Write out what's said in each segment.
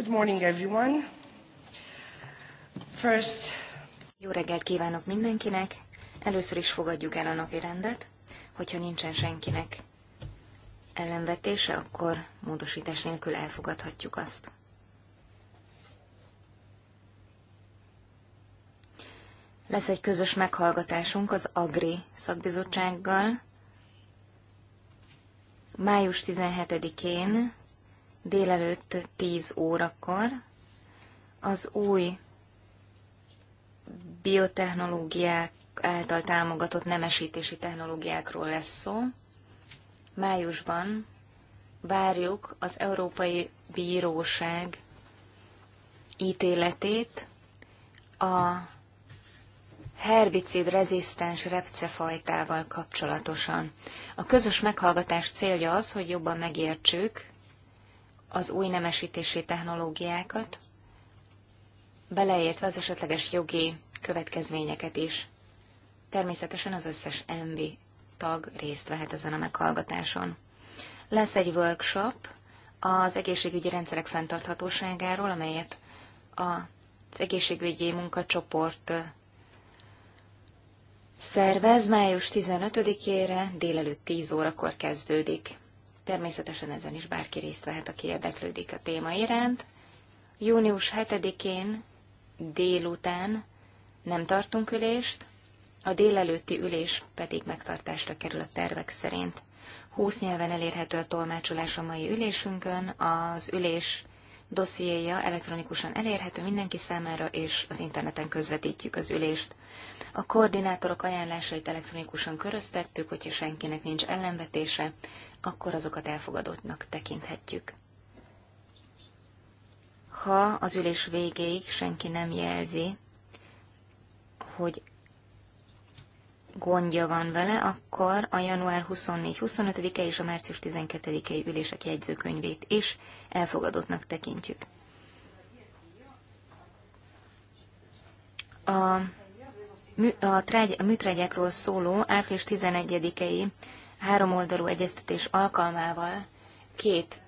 Good morning, everyone. First... Jó reggelt kívánok mindenkinek. Először is fogadjuk el a napi rendet. Hogyha nincsen senkinek ellenvetése, akkor módosítás nélkül elfogadhatjuk azt. Lesz egy közös meghallgatásunk az Agri szakbizottsággal. Május 17-én délelőtt 10 órakor az új biotechnológiák által támogatott nemesítési technológiákról lesz szó. Májusban várjuk az Európai Bíróság ítéletét a herbicid rezisztens repcefajtával kapcsolatosan. A közös meghallgatás célja az, hogy jobban megértsük az új nemesítési technológiákat, beleértve az esetleges jogi következményeket is. Természetesen az összes ENVI tag részt vehet ezen a meghallgatáson. Lesz egy workshop az egészségügyi rendszerek fenntarthatóságáról, amelyet az egészségügyi munkacsoport szervez május 15-ére délelőtt 10 órakor kezdődik. Természetesen ezen is bárki részt vehet, aki érdeklődik a téma iránt. Június 7-én délután nem tartunk ülést, a délelőtti ülés pedig megtartásra kerül a tervek szerint. 20 nyelven elérhető a tolmácsolás a mai ülésünkön, az ülés dossziéja elektronikusan elérhető mindenki számára, és az interneten közvetítjük az ülést. A koordinátorok ajánlásait elektronikusan köröztettük, hogyha senkinek nincs ellenvetése, akkor azokat elfogadottnak tekinthetjük. Ha az ülés végéig senki nem jelzi, hogy gondja van vele, akkor a január 24-25-e és a március 12 e ülések jegyzőkönyvét is elfogadottnak tekintjük. A, mű, a, trágy, a műtrágyákról szóló április 11 ei háromoldalú egyeztetés alkalmával két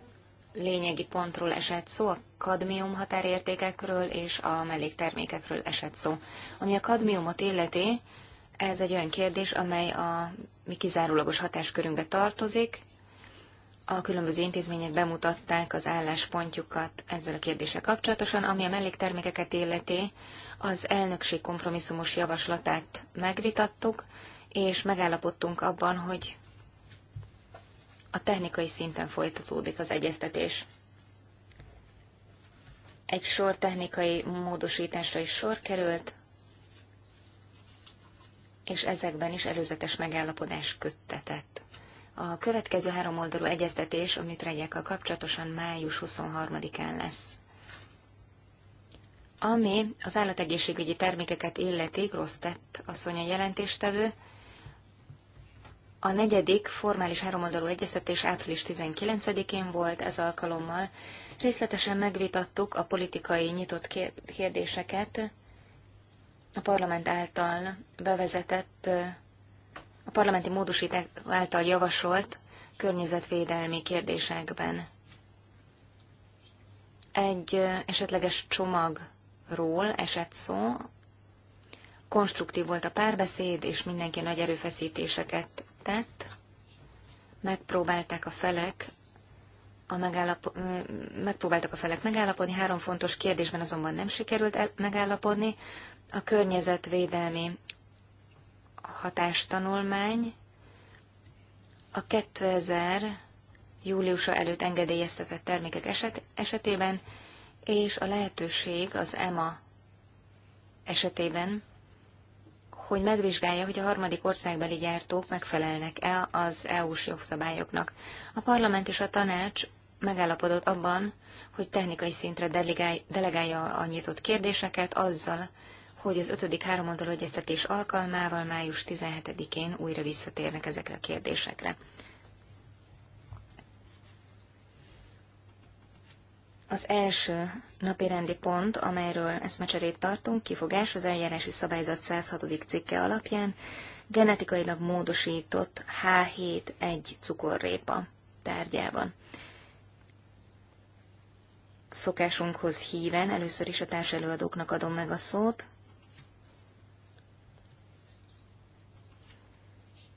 lényegi pontról esett szó, a kadmium határértékekről és a melléktermékekről esett szó. Ami a kadmiumot illeti, ez egy olyan kérdés, amely a mi kizárólagos hatáskörünkbe tartozik. A különböző intézmények bemutatták az álláspontjukat ezzel a kérdéssel kapcsolatosan, ami a melléktermékeket illeti, az elnökség kompromisszumos javaslatát megvitattuk, és megállapodtunk abban, hogy a technikai szinten folytatódik az egyeztetés. Egy sor technikai módosításra is sor került, és ezekben is előzetes megállapodás köttetett. A következő három oldalú egyeztetés a műtrágyákkal kapcsolatosan május 23-án lesz. Ami az állategészségügyi termékeket illeti, Grosztett asszony a jelentéstevő, a negyedik formális háromoldalú egyeztetés április 19-én volt ez alkalommal. Részletesen megvitattuk a politikai nyitott kérdéseket, a parlament által bevezetett, a parlamenti módosítás által javasolt környezetvédelmi kérdésekben. Egy esetleges csomagról esett szó, konstruktív volt a párbeszéd, és mindenki nagy erőfeszítéseket tett, megpróbálták a felek a megállap, megpróbáltak a felek megállapodni, három fontos kérdésben azonban nem sikerült el, megállapodni. A környezetvédelmi hatástanulmány a 2000 júliusa előtt engedélyeztetett termékek eset, esetében, és a lehetőség az EMA esetében, hogy megvizsgálja, hogy a harmadik országbeli gyártók megfelelnek-e az EU-s jogszabályoknak. A parlament és a tanács megállapodott abban, hogy technikai szintre delegálja a nyitott kérdéseket azzal, hogy az ötödik háromoldalú egyeztetés alkalmával május 17-én újra visszatérnek ezekre a kérdésekre. Az első napi rendi pont, amelyről eszmecserét tartunk, kifogás az eljárási szabályzat 106. cikke alapján, genetikailag módosított H7-1 cukorrépa tárgyában. Szokásunkhoz híven először is a társelőadóknak adom meg a szót,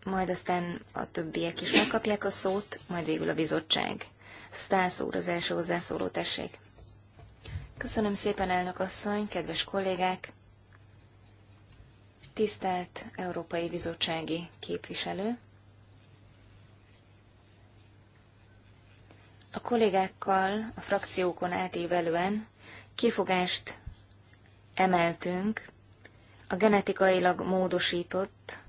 majd aztán a többiek is megkapják a szót, majd végül a bizottság. Stász úr az első hozzászóló, tessék. Köszönöm szépen, elnök asszony, kedves kollégák, tisztelt Európai Bizottsági képviselő. A kollégákkal a frakciókon átívelően kifogást emeltünk a genetikailag módosított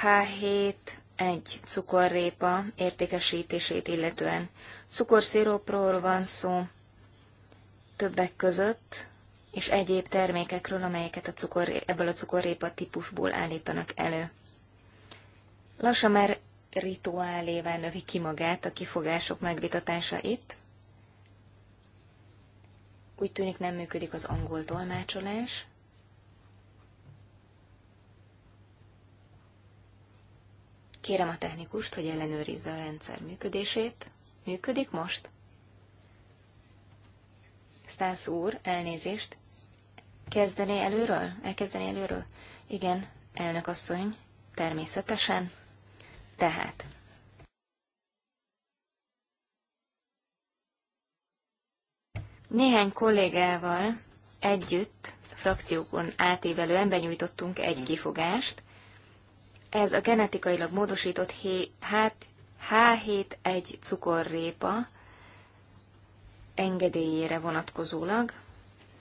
h 7 egy cukorrépa értékesítését illetően. Cukorszirupról van szó, többek között, és egyéb termékekről, amelyeket a cukor, ebből a cukorrépa típusból állítanak elő. Lassan már rituálével növi ki magát a kifogások megvitatása itt. Úgy tűnik nem működik az angol tolmácsolás. Kérem a technikust, hogy ellenőrizze a rendszer működését. Működik most? Stász úr, elnézést. Kezdené előről? Elkezdené előről? Igen, elnök asszony, természetesen. Tehát. Néhány kollégával együtt, frakciókon átévelően benyújtottunk egy kifogást. Ez a genetikailag módosított H7-1 hát cukorrépa, engedélyére vonatkozólag,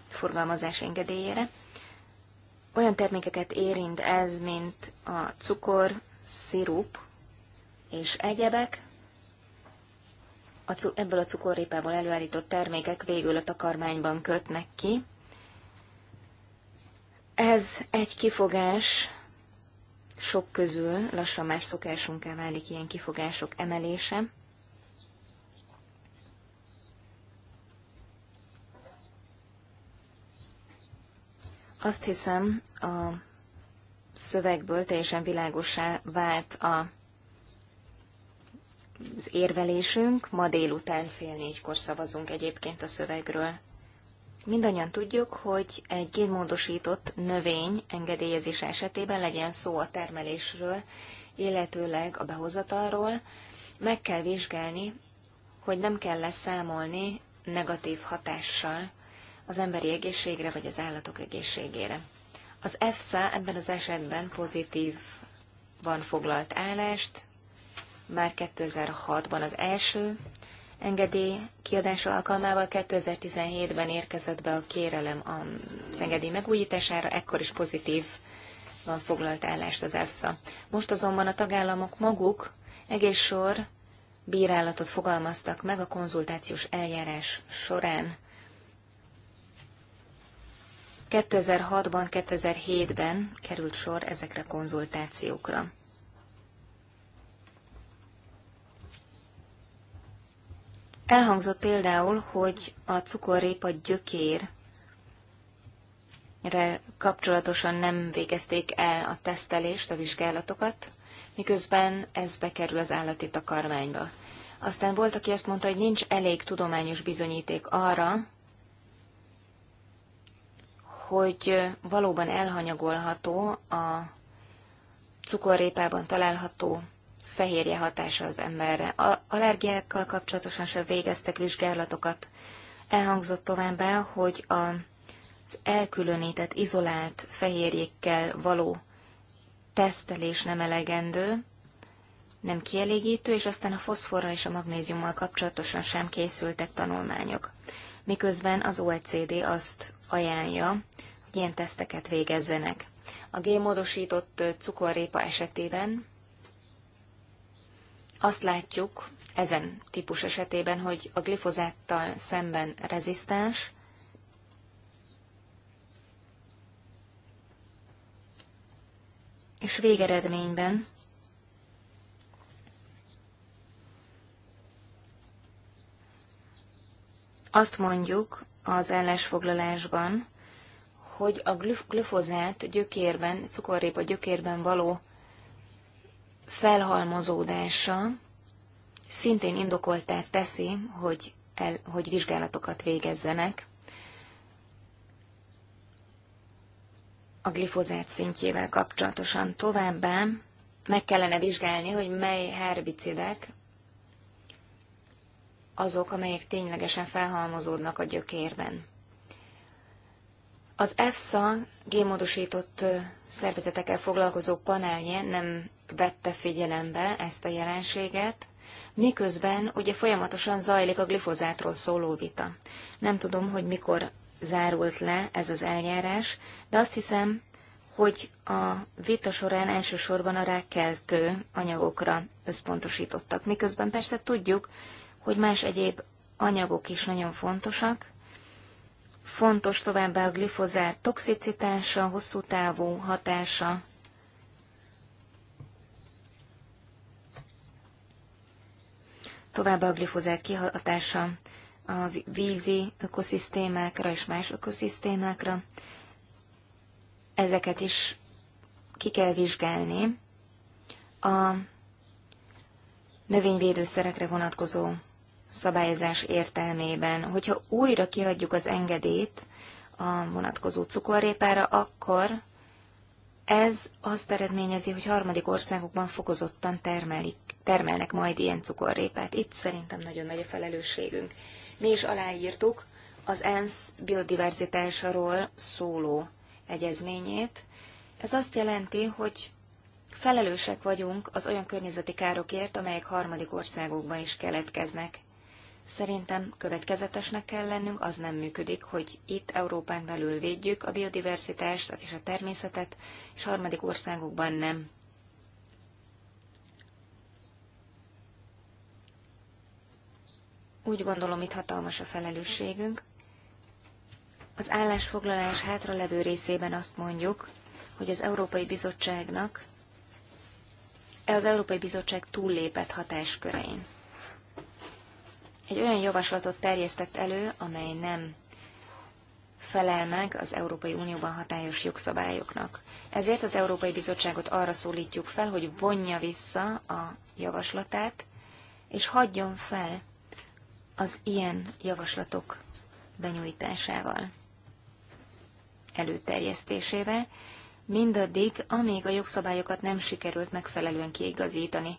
forgalmazás engedélyére. Olyan termékeket érint ez, mint a cukor, szirup és egyebek. A ebből a cukorrépából előállított termékek végül a takarmányban kötnek ki. Ez egy kifogás sok közül lassan más szokásunká válik ilyen kifogások emelése. Azt hiszem, a szövegből teljesen világosá vált a, az érvelésünk. Ma délután fél négykor szavazunk egyébként a szövegről. Mindannyian tudjuk, hogy egy génmódosított növény engedélyezése esetében legyen szó a termelésről, illetőleg a behozatalról, meg kell vizsgálni, hogy nem kell leszámolni negatív hatással az emberi egészségre vagy az állatok egészségére. Az EFSA ebben az esetben pozitív van foglalt állást, már 2006-ban az első engedély kiadása alkalmával 2017-ben érkezett be a kérelem az engedély megújítására, ekkor is pozitív van foglalt állást az EFSA. Most azonban a tagállamok maguk egész sor bírálatot fogalmaztak meg a konzultációs eljárás során 2006-ban, 2007-ben került sor ezekre a konzultációkra. Elhangzott például, hogy a cukorrépa gyökér kapcsolatosan nem végezték el a tesztelést, a vizsgálatokat, miközben ez bekerül az állati takarmányba. Aztán volt, aki azt mondta, hogy nincs elég tudományos bizonyíték arra, hogy valóban elhanyagolható a cukorrépában található fehérje hatása az emberre. A allergiákkal kapcsolatosan sem végeztek vizsgálatokat. Elhangzott továbbá, hogy a, az elkülönített, izolált fehérjékkel való tesztelés nem elegendő, nem kielégítő, és aztán a foszforral és a magnéziummal kapcsolatosan sem készültek tanulmányok. Miközben az OECD azt ajánlja, hogy ilyen teszteket végezzenek. A gémódosított cukorrépa esetében azt látjuk ezen típus esetében, hogy a glifozáttal szemben rezisztens, és végeredményben azt mondjuk, az ellensfoglalásban, hogy a glifozát gyökérben, cukorrépa gyökérben való felhalmozódása szintén indokoltá teszi, hogy, el, hogy vizsgálatokat végezzenek a glifozát szintjével kapcsolatosan. Továbbá meg kellene vizsgálni, hogy mely herbicidek azok, amelyek ténylegesen felhalmozódnak a gyökérben. Az EFSA gémódosított szervezetekkel foglalkozó panelje nem vette figyelembe ezt a jelenséget, miközben ugye folyamatosan zajlik a glifozátról szóló vita. Nem tudom, hogy mikor zárult le ez az eljárás, de azt hiszem, hogy a vita során elsősorban a rákkeltő anyagokra összpontosítottak. Miközben persze tudjuk, hogy más egyéb anyagok is nagyon fontosak. Fontos továbbá a glifozát toxicitása, hosszú távú hatása. Továbbá a glifozát kihatása a vízi ökoszisztémákra és más ökoszisztémákra. Ezeket is ki kell vizsgálni. A növényvédőszerekre vonatkozó szabályozás értelmében. Hogyha újra kiadjuk az engedélyt a vonatkozó cukorrépára, akkor ez azt eredményezi, hogy harmadik országokban fokozottan termelik, termelnek majd ilyen cukorrépát. Itt szerintem nagyon nagy a felelősségünk. Mi is aláírtuk az ENSZ biodiverzitásról szóló egyezményét. Ez azt jelenti, hogy felelősek vagyunk az olyan környezeti károkért, amelyek harmadik országokban is keletkeznek. Szerintem következetesnek kell lennünk, az nem működik, hogy itt Európán belül védjük a biodiversitást és a természetet, és harmadik országokban nem. Úgy gondolom, itt hatalmas a felelősségünk. Az állásfoglalás hátra levő részében azt mondjuk, hogy az Európai Bizottságnak, az Európai Bizottság túllépett hatáskörein egy olyan javaslatot terjesztett elő, amely nem felel meg az Európai Unióban hatályos jogszabályoknak. Ezért az Európai Bizottságot arra szólítjuk fel, hogy vonja vissza a javaslatát, és hagyjon fel az ilyen javaslatok benyújtásával, előterjesztésével, mindaddig, amíg a jogszabályokat nem sikerült megfelelően kiigazítani.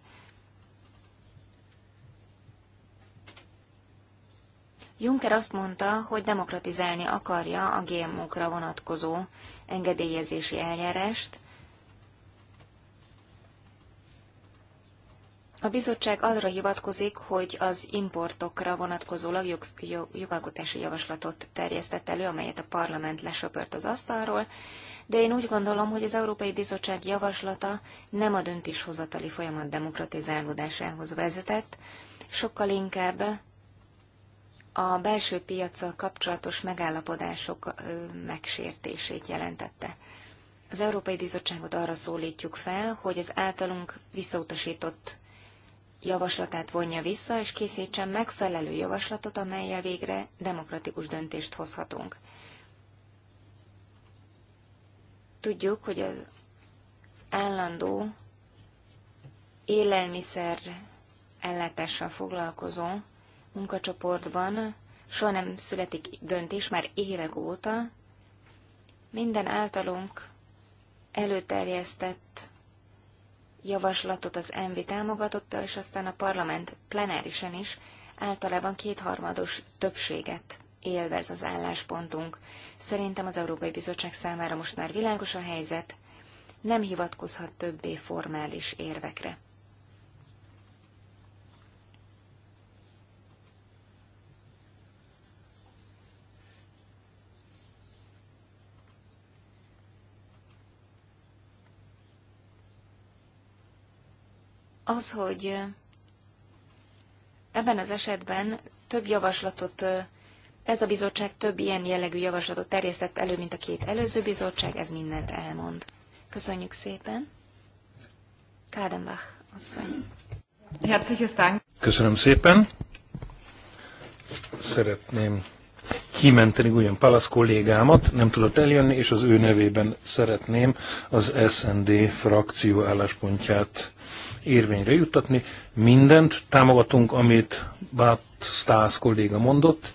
Juncker azt mondta, hogy demokratizálni akarja a GMO-kra vonatkozó engedélyezési eljárást. A bizottság arra hivatkozik, hogy az importokra vonatkozólag jog, jog, jogalkotási javaslatot terjesztett elő, amelyet a parlament lesöpört az asztalról, de én úgy gondolom, hogy az Európai Bizottság javaslata nem a döntéshozatali folyamat demokratizálódásához vezetett, sokkal inkább a belső piacsal kapcsolatos megállapodások megsértését jelentette. Az Európai Bizottságot arra szólítjuk fel, hogy az általunk visszautasított javaslatát vonja vissza, és készítsen megfelelő javaslatot, amelyel végre demokratikus döntést hozhatunk. Tudjuk, hogy az állandó élelmiszer ellátással foglalkozó munkacsoportban soha nem születik döntés már évek óta. Minden általunk előterjesztett javaslatot az MV támogatotta, és aztán a parlament plenárisen is általában kétharmados többséget élvez az álláspontunk. Szerintem az Európai Bizottság számára most már világos a helyzet, nem hivatkozhat többé formális érvekre. az, hogy ebben az esetben több javaslatot, ez a bizottság több ilyen jellegű javaslatot terjesztett elő, mint a két előző bizottság, ez mindent elmond. Köszönjük szépen. Kádenbach asszony. Herzliches Dank. Köszönöm szépen. Szeretném kimenteni olyan Palasz kollégámat, nem tudott eljönni, és az ő nevében szeretném az SND frakció álláspontját érvényre juttatni. Mindent támogatunk, amit Bát Stász kolléga mondott.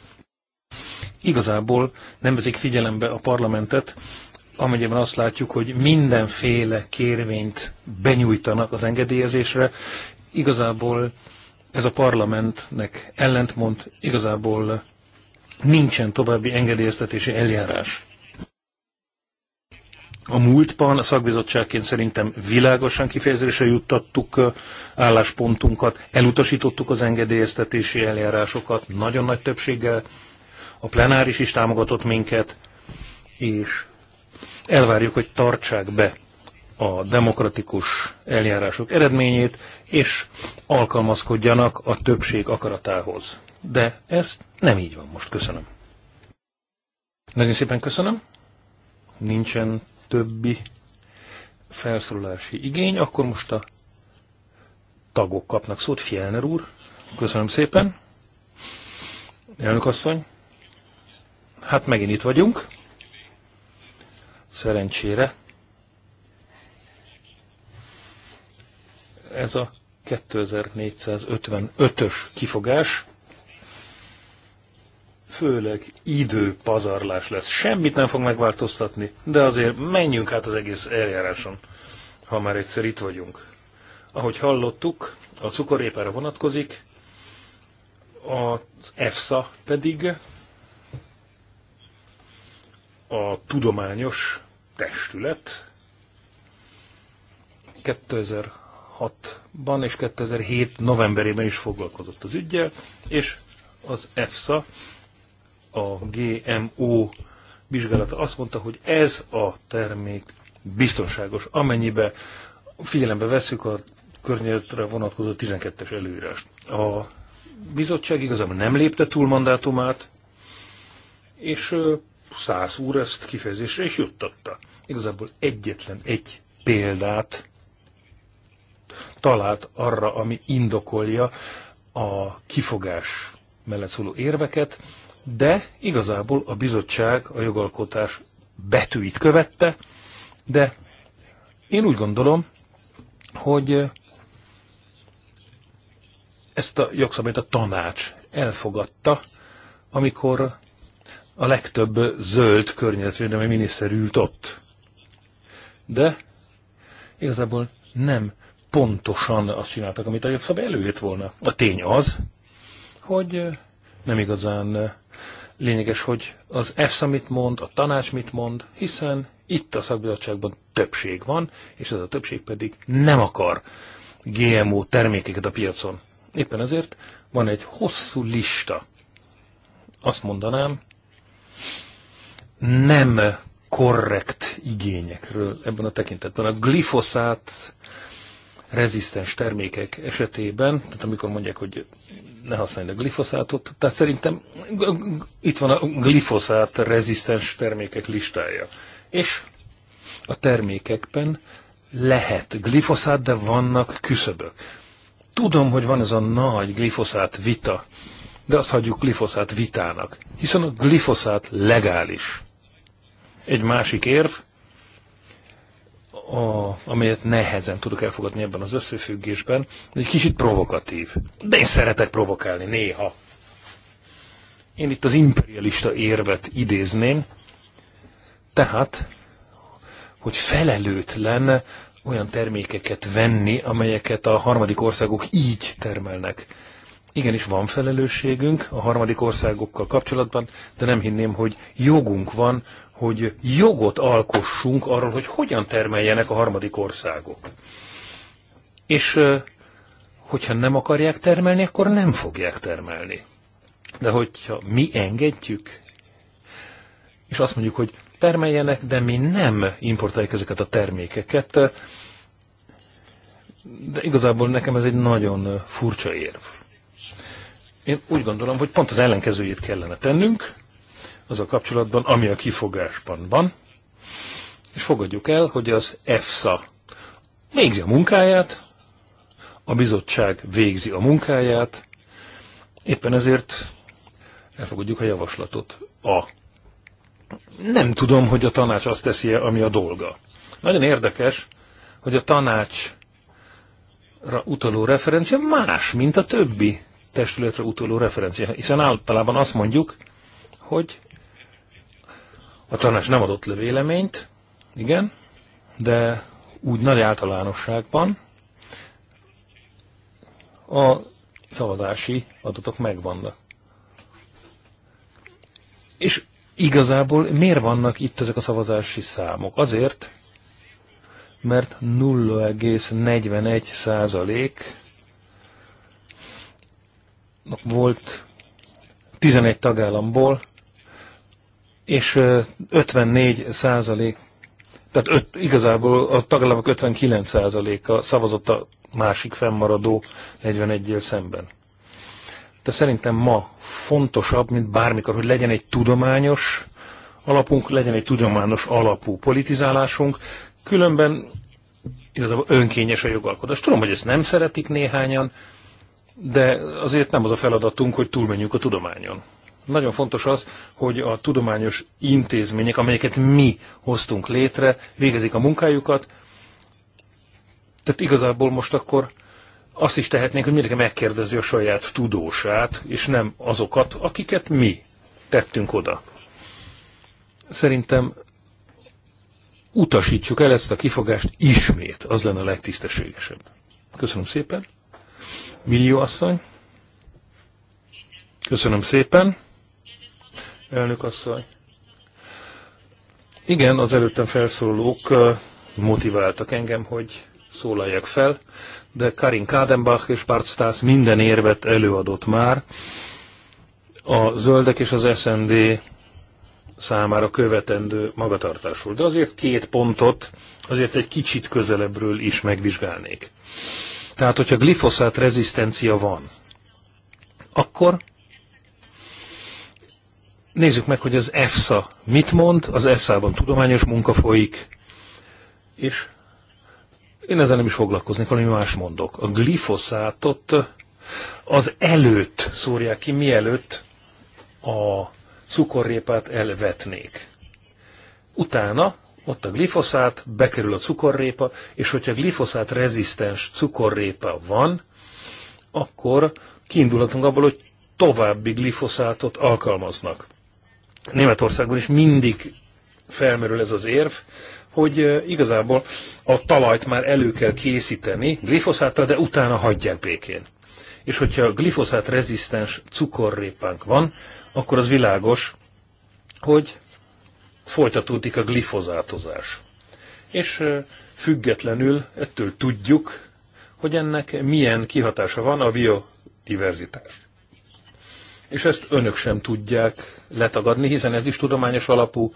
Igazából nem vezik figyelembe a parlamentet, amennyiben azt látjuk, hogy mindenféle kérvényt benyújtanak az engedélyezésre. Igazából ez a parlamentnek ellentmond, igazából nincsen további engedélyeztetési eljárás a múltban a szakbizottságként szerintem világosan kifejezésre juttattuk álláspontunkat, elutasítottuk az engedélyeztetési eljárásokat nagyon nagy többséggel, a plenáris is támogatott minket, és elvárjuk, hogy tartsák be a demokratikus eljárások eredményét, és alkalmazkodjanak a többség akaratához. De ezt nem így van most. Köszönöm. Nagyon szépen köszönöm. Nincsen többi felszólalási igény, akkor most a tagok kapnak szót. Fjellner úr, köszönöm szépen. Elnök asszony, hát megint itt vagyunk. Szerencsére. Ez a 2455-ös kifogás főleg időpazarlás lesz. Semmit nem fog megváltoztatni, de azért menjünk át az egész eljáráson, ha már egyszer itt vagyunk. Ahogy hallottuk, a cukorépára vonatkozik, az EFSA pedig a tudományos testület 2006-ban és 2007 novemberében is foglalkozott az ügyjel, és az EFSA a GMO vizsgálata azt mondta, hogy ez a termék biztonságos, amennyibe figyelembe veszük a környezetre vonatkozó 12-es előírást. A bizottság igazából nem lépte túl mandátumát, és 100 úr ezt kifejezésre is juttatta. Igazából egyetlen egy példát talált arra, ami indokolja a kifogás mellett szóló érveket, de igazából a bizottság a jogalkotás betűit követte, de én úgy gondolom, hogy ezt a jogszabályt a tanács elfogadta, amikor a legtöbb zöld környezetvédelmi miniszter ült ott. De igazából nem pontosan azt csináltak, amit a jogszabály előírt volna. A tény az, hogy nem igazán eh, lényeges, hogy az EFSA mit mond, a tanács mit mond, hiszen itt a szakbizottságban többség van, és ez a többség pedig nem akar GMO termékeket a piacon. Éppen ezért van egy hosszú lista. Azt mondanám, nem korrekt igényekről ebben a tekintetben. A glifoszát rezisztens termékek esetében, tehát amikor mondják, hogy ne használni a glifoszátot. Tehát szerintem itt van a glifoszát rezisztens termékek listája. És a termékekben lehet glifoszát, de vannak küszöbök. Tudom, hogy van ez a nagy glifoszát vita, de azt hagyjuk glifoszát vitának, hiszen a glifoszát legális. Egy másik érv, a, amelyet nehezen tudok elfogadni ebben az összefüggésben, egy kicsit provokatív. De én szeretek provokálni néha. Én itt az imperialista érvet idézném, tehát, hogy felelőtlen olyan termékeket venni, amelyeket a harmadik országok így termelnek. Igenis van felelősségünk a harmadik országokkal kapcsolatban, de nem hinném, hogy jogunk van, hogy jogot alkossunk arról, hogy hogyan termeljenek a harmadik országok. És hogyha nem akarják termelni, akkor nem fogják termelni. De hogyha mi engedjük, és azt mondjuk, hogy termeljenek, de mi nem importáljuk ezeket a termékeket, de igazából nekem ez egy nagyon furcsa érv. Én úgy gondolom, hogy pont az ellenkezőjét kellene tennünk, az a kapcsolatban, ami a kifogásban van, és fogadjuk el, hogy az EFSA végzi a munkáját, a bizottság végzi a munkáját, éppen ezért elfogadjuk a javaslatot. A nem tudom, hogy a tanács azt teszi -e, ami a dolga. Nagyon érdekes, hogy a tanácsra utaló referencia más, mint a többi testületre utaló referencia, hiszen általában azt mondjuk, hogy a tanács nem adott le véleményt, igen, de úgy nagy általánosságban a szavazási adatok megvannak. És igazából miért vannak itt ezek a szavazási számok? Azért, mert 0,41 százalék volt 11 tagállamból és 54 százalék, tehát öt, igazából a tagállamok 59 százaléka szavazott a másik fennmaradó 41 él szemben. De szerintem ma fontosabb, mint bármikor, hogy legyen egy tudományos alapunk, legyen egy tudományos alapú politizálásunk, különben igazából önkényes a jogalkodás. Tudom, hogy ezt nem szeretik néhányan, de azért nem az a feladatunk, hogy túlmenjünk a tudományon. Nagyon fontos az, hogy a tudományos intézmények, amelyeket mi hoztunk létre, végezik a munkájukat. Tehát igazából most akkor azt is tehetnénk, hogy mindenki megkérdezi a saját tudósát, és nem azokat, akiket mi tettünk oda. Szerintem utasítsuk el ezt a kifogást ismét, az lenne a legtisztességesebb. Köszönöm szépen. Millió asszony. Köszönöm szépen elnök asszony. Igen, az előttem felszólók motiváltak engem, hogy szólaljak fel, de Karin Kadenbach és Bart Stász minden érvet előadott már. A zöldek és az SND számára követendő volt. De azért két pontot azért egy kicsit közelebbről is megvizsgálnék. Tehát, hogyha glifoszát rezisztencia van, akkor Nézzük meg, hogy az EFSA mit mond, az EFSA-ban tudományos munka folyik, és én ezzel nem is foglalkoznék, valami más mondok. A glifoszátot az előtt szórják ki, mielőtt a cukorrépát elvetnék. Utána ott a glifoszát, bekerül a cukorrépa, és hogyha glifoszát rezisztens cukorrépa van, akkor kiindulhatunk abból, hogy további glifoszátot alkalmaznak. Németországban is mindig felmerül ez az érv, hogy igazából a talajt már elő kell készíteni glifoszáttal, de utána hagyják békén. És hogyha glifoszát rezisztens cukorrépánk van, akkor az világos, hogy folytatódik a glifozátozás. És függetlenül ettől tudjuk, hogy ennek milyen kihatása van a biodiverzitás. És ezt önök sem tudják letagadni, hiszen ez is tudományos alapú,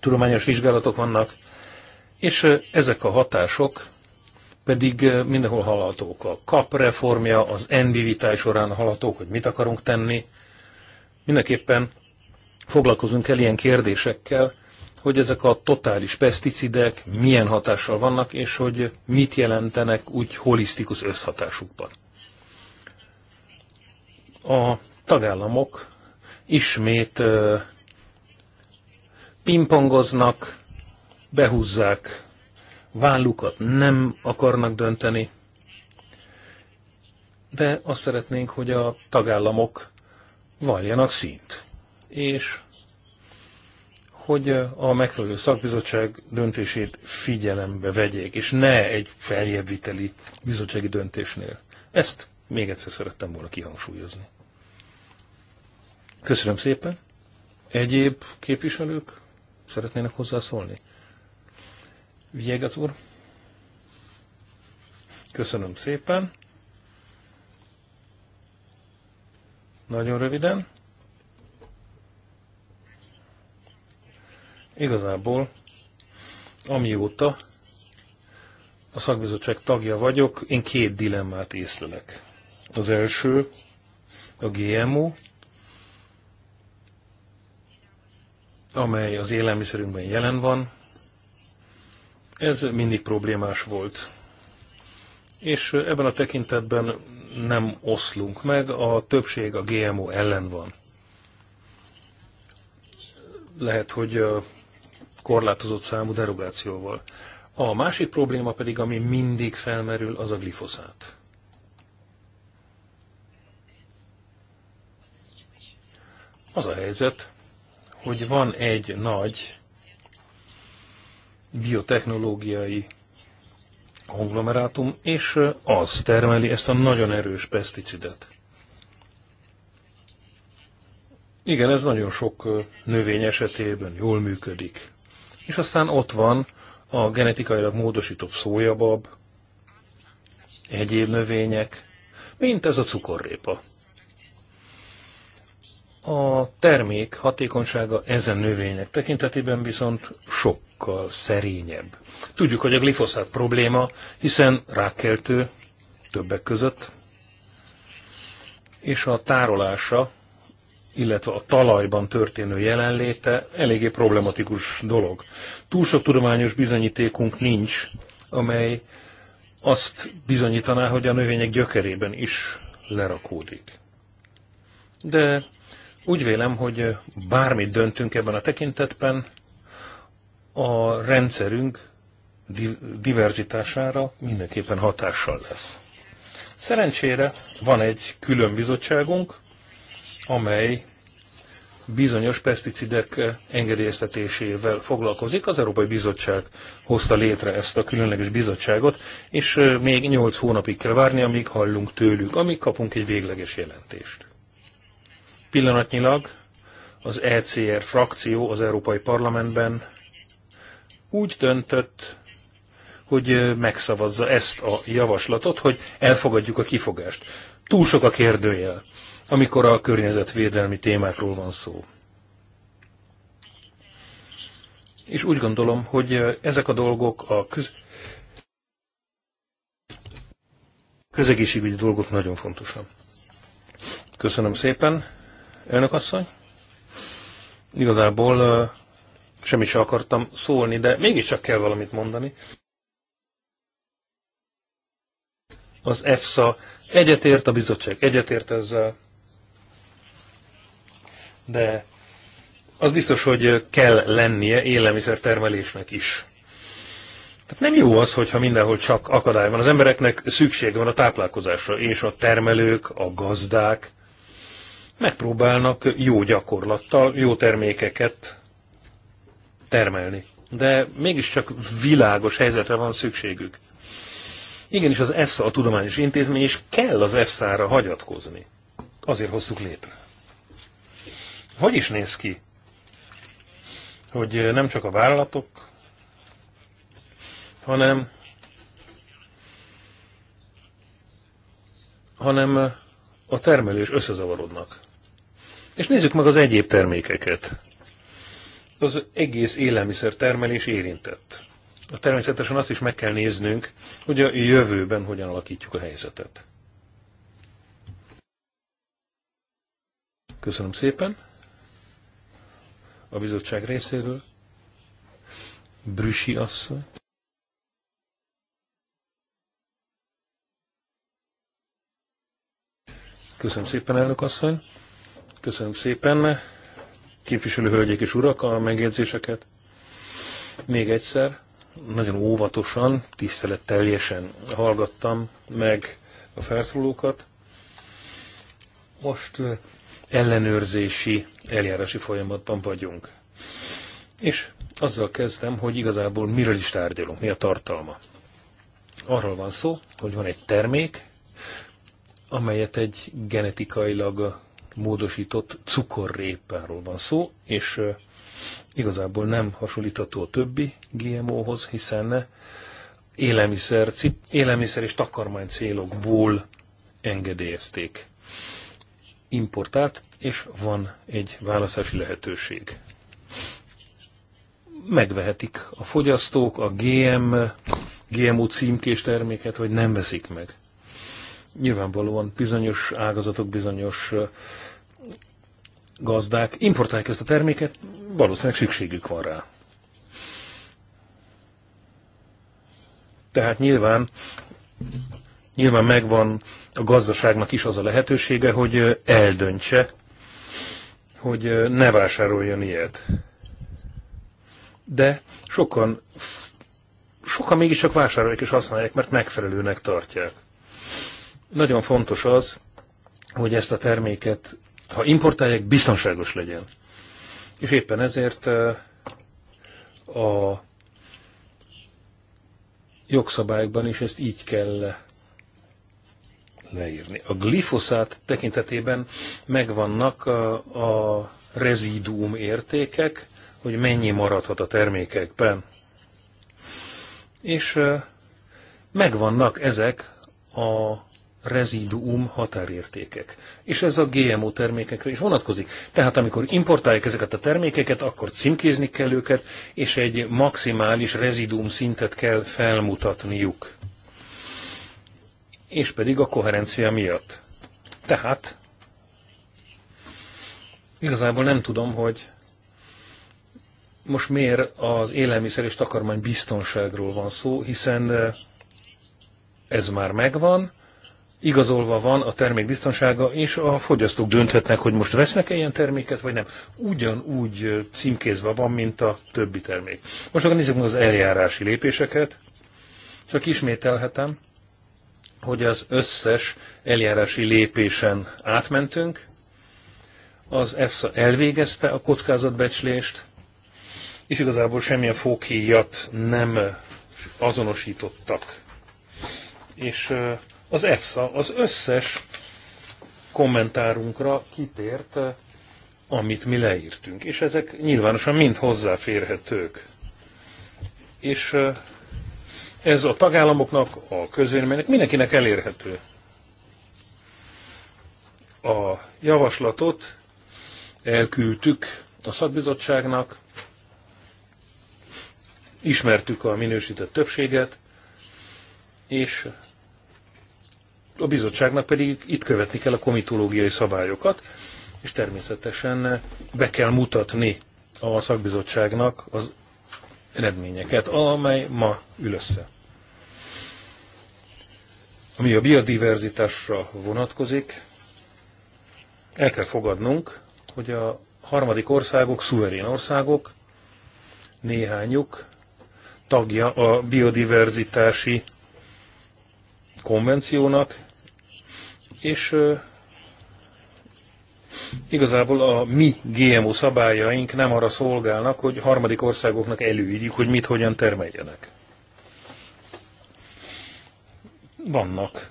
tudományos vizsgálatok vannak, és ezek a hatások pedig mindenhol hallhatók. A KAP reformja, az endivitás során hallhatók, hogy mit akarunk tenni. Mindenképpen foglalkozunk el ilyen kérdésekkel, hogy ezek a totális peszticidek milyen hatással vannak, és hogy mit jelentenek úgy holisztikus összhatásukban. A tagállamok ismét pingpongoznak, behúzzák vállukat, nem akarnak dönteni, de azt szeretnénk, hogy a tagállamok valljanak szint, és hogy a megfelelő szakbizottság döntését figyelembe vegyék, és ne egy feljebbviteli bizottsági döntésnél. Ezt még egyszer szerettem volna kihangsúlyozni. Köszönöm szépen. Egyéb képviselők szeretnének hozzászólni? Viegas úr. Köszönöm szépen. Nagyon röviden. Igazából, amióta a szakbizottság tagja vagyok, én két dilemmát észlelek. Az első a GMO, amely az élelmiszerünkben jelen van, ez mindig problémás volt. És ebben a tekintetben nem oszlunk meg, a többség a GMO ellen van. Lehet, hogy korlátozott számú derogációval. A másik probléma pedig, ami mindig felmerül, az a glifoszát. Az a helyzet, hogy van egy nagy biotechnológiai konglomerátum, és az termeli ezt a nagyon erős peszticidet. Igen, ez nagyon sok növény esetében jól működik. És aztán ott van a genetikailag módosított szójabab, egyéb növények, mint ez a cukorrépa. A termék hatékonysága ezen növények tekintetében viszont sokkal szerényebb. Tudjuk, hogy a glifoszát probléma, hiszen rákkeltő többek között, és a tárolása, illetve a talajban történő jelenléte eléggé problematikus dolog. Túl sok tudományos bizonyítékunk nincs, amely azt bizonyítaná, hogy a növények gyökerében is lerakódik. De úgy vélem, hogy bármit döntünk ebben a tekintetben, a rendszerünk diverzitására mindenképpen hatással lesz. Szerencsére van egy külön bizottságunk, amely bizonyos peszticidek engedélyeztetésével foglalkozik. Az Európai Bizottság hozta létre ezt a különleges bizottságot, és még 8 hónapig kell várni, amíg hallunk tőlük, amíg kapunk egy végleges jelentést. Pillanatnyilag az ECR frakció az Európai Parlamentben úgy döntött, hogy megszavazza ezt a javaslatot, hogy elfogadjuk a kifogást. Túl sok a kérdőjel, amikor a környezetvédelmi témákról van szó. És úgy gondolom, hogy ezek a dolgok a köz... közegészségügyi dolgok nagyon fontosak. Köszönöm szépen. Önök asszony? Igazából semmit sem akartam szólni, de mégiscsak kell valamit mondani. Az EFSA egyetért, a bizottság egyetért ezzel, de az biztos, hogy kell lennie élelmiszertermelésnek is. Tehát nem jó az, hogyha mindenhol csak akadály van. Az embereknek szüksége van a táplálkozásra, és a termelők, a gazdák, megpróbálnak jó gyakorlattal, jó termékeket termelni. De mégiscsak világos helyzetre van szükségük. Igenis az EFSA a tudományos intézmény, és kell az EFSA-ra hagyatkozni. Azért hoztuk létre. Hogy is néz ki? Hogy nem csak a vállalatok, hanem hanem a termelés összezavarodnak. És nézzük meg az egyéb termékeket. Az egész élelmiszer termelés érintett. A Természetesen azt is meg kell néznünk, hogy a jövőben hogyan alakítjuk a helyzetet. Köszönöm szépen. A bizottság részéről. Brüsi asszony. Köszönöm szépen, elnök asszony. Köszönöm szépen, képviselő hölgyek és urak, a megjegyzéseket. Még egyszer, nagyon óvatosan, tiszteletteljesen hallgattam meg a felszólókat. Most ellenőrzési, eljárási folyamatban vagyunk. És azzal kezdem, hogy igazából miről is tárgyalunk, mi a tartalma. Arról van szó, hogy van egy termék, amelyet egy genetikailag módosított cukorrépáról van szó, és igazából nem hasonlítható a többi GMO-hoz, hiszen élelmiszer, élelmiszer és takarmány célokból engedélyezték. Importált, és van egy választási lehetőség. Megvehetik a fogyasztók a GM, GMO címkés terméket, vagy nem veszik meg. Nyilvánvalóan bizonyos ágazatok, bizonyos gazdák importálják ezt a terméket, valószínűleg szükségük van rá. Tehát nyilván, nyilván megvan a gazdaságnak is az a lehetősége, hogy eldöntse, hogy ne vásároljon ilyet. De sokan, sokan mégiscsak vásárolják és használják, mert megfelelőnek tartják. Nagyon fontos az, hogy ezt a terméket ha importálják, biztonságos legyen. És éppen ezért eh, a jogszabályokban is ezt így kell leírni. A glifoszát tekintetében megvannak eh, a, a rezidúm értékek, hogy mennyi maradhat a termékekben. És eh, megvannak ezek a reziduum határértékek. És ez a GMO termékekre is vonatkozik. Tehát amikor importálják ezeket a termékeket, akkor címkézni kell őket, és egy maximális reziduum szintet kell felmutatniuk. És pedig a koherencia miatt. Tehát igazából nem tudom, hogy most miért az élelmiszer és takarmány biztonságról van szó, hiszen eh, ez már megvan, igazolva van a termék biztonsága, és a fogyasztók dönthetnek, hogy most vesznek-e ilyen terméket, vagy nem. Ugyanúgy címkézve van, mint a többi termék. Most akkor nézzük meg az eljárási lépéseket. Csak ismételhetem, hogy az összes eljárási lépésen átmentünk. Az EFSA elvégezte a kockázatbecslést, és igazából semmilyen fókéjat nem azonosítottak. És az EFSA az összes kommentárunkra kitért, eh, amit mi leírtunk. És ezek nyilvánosan mind hozzáférhetők. És eh, ez a tagállamoknak, a közvéleménynek, mindenkinek elérhető. A javaslatot elküldtük a szakbizottságnak, ismertük a minősített többséget, és a bizottságnak pedig itt követni kell a komitológiai szabályokat, és természetesen be kell mutatni a szakbizottságnak az eredményeket, amely ma ül össze. Ami a biodiverzitásra vonatkozik, el kell fogadnunk, hogy a harmadik országok, szuverén országok, néhányuk tagja a biodiverzitási konvenciónak, és igazából a mi GMO szabályaink nem arra szolgálnak, hogy harmadik országoknak előírjuk, hogy mit hogyan termeljenek. Vannak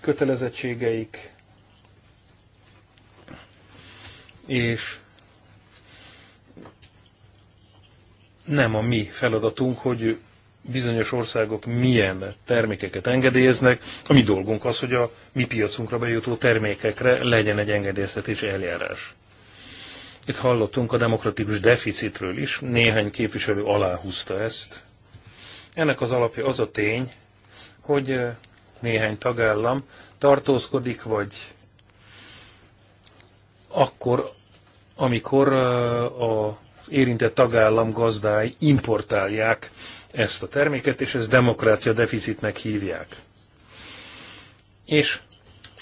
kötelezettségeik, és nem a mi feladatunk, hogy bizonyos országok milyen termékeket engedélyeznek. A mi dolgunk az, hogy a mi piacunkra bejutó termékekre legyen egy engedélyeztetés eljárás. Itt hallottunk a demokratikus deficitről is, néhány képviselő aláhúzta ezt. Ennek az alapja az a tény, hogy eh, néhány tagállam tartózkodik, vagy akkor, amikor eh, az érintett tagállam gazdái importálják ezt a terméket, és ezt demokrácia deficitnek hívják. És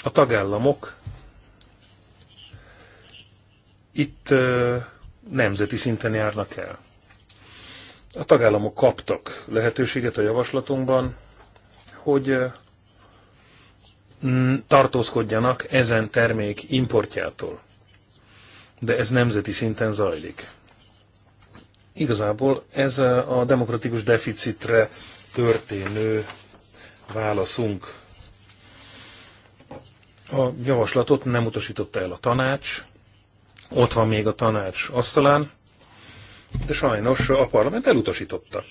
a tagállamok itt ö, nemzeti szinten járnak el. A tagállamok kaptak lehetőséget a javaslatunkban, hogy ö, tartózkodjanak ezen termék importjától. De ez nemzeti szinten zajlik. Igazából ez a demokratikus deficitre történő válaszunk. A javaslatot nem utasította el a tanács, ott van még a tanács asztalán, de sajnos a parlament elutasította.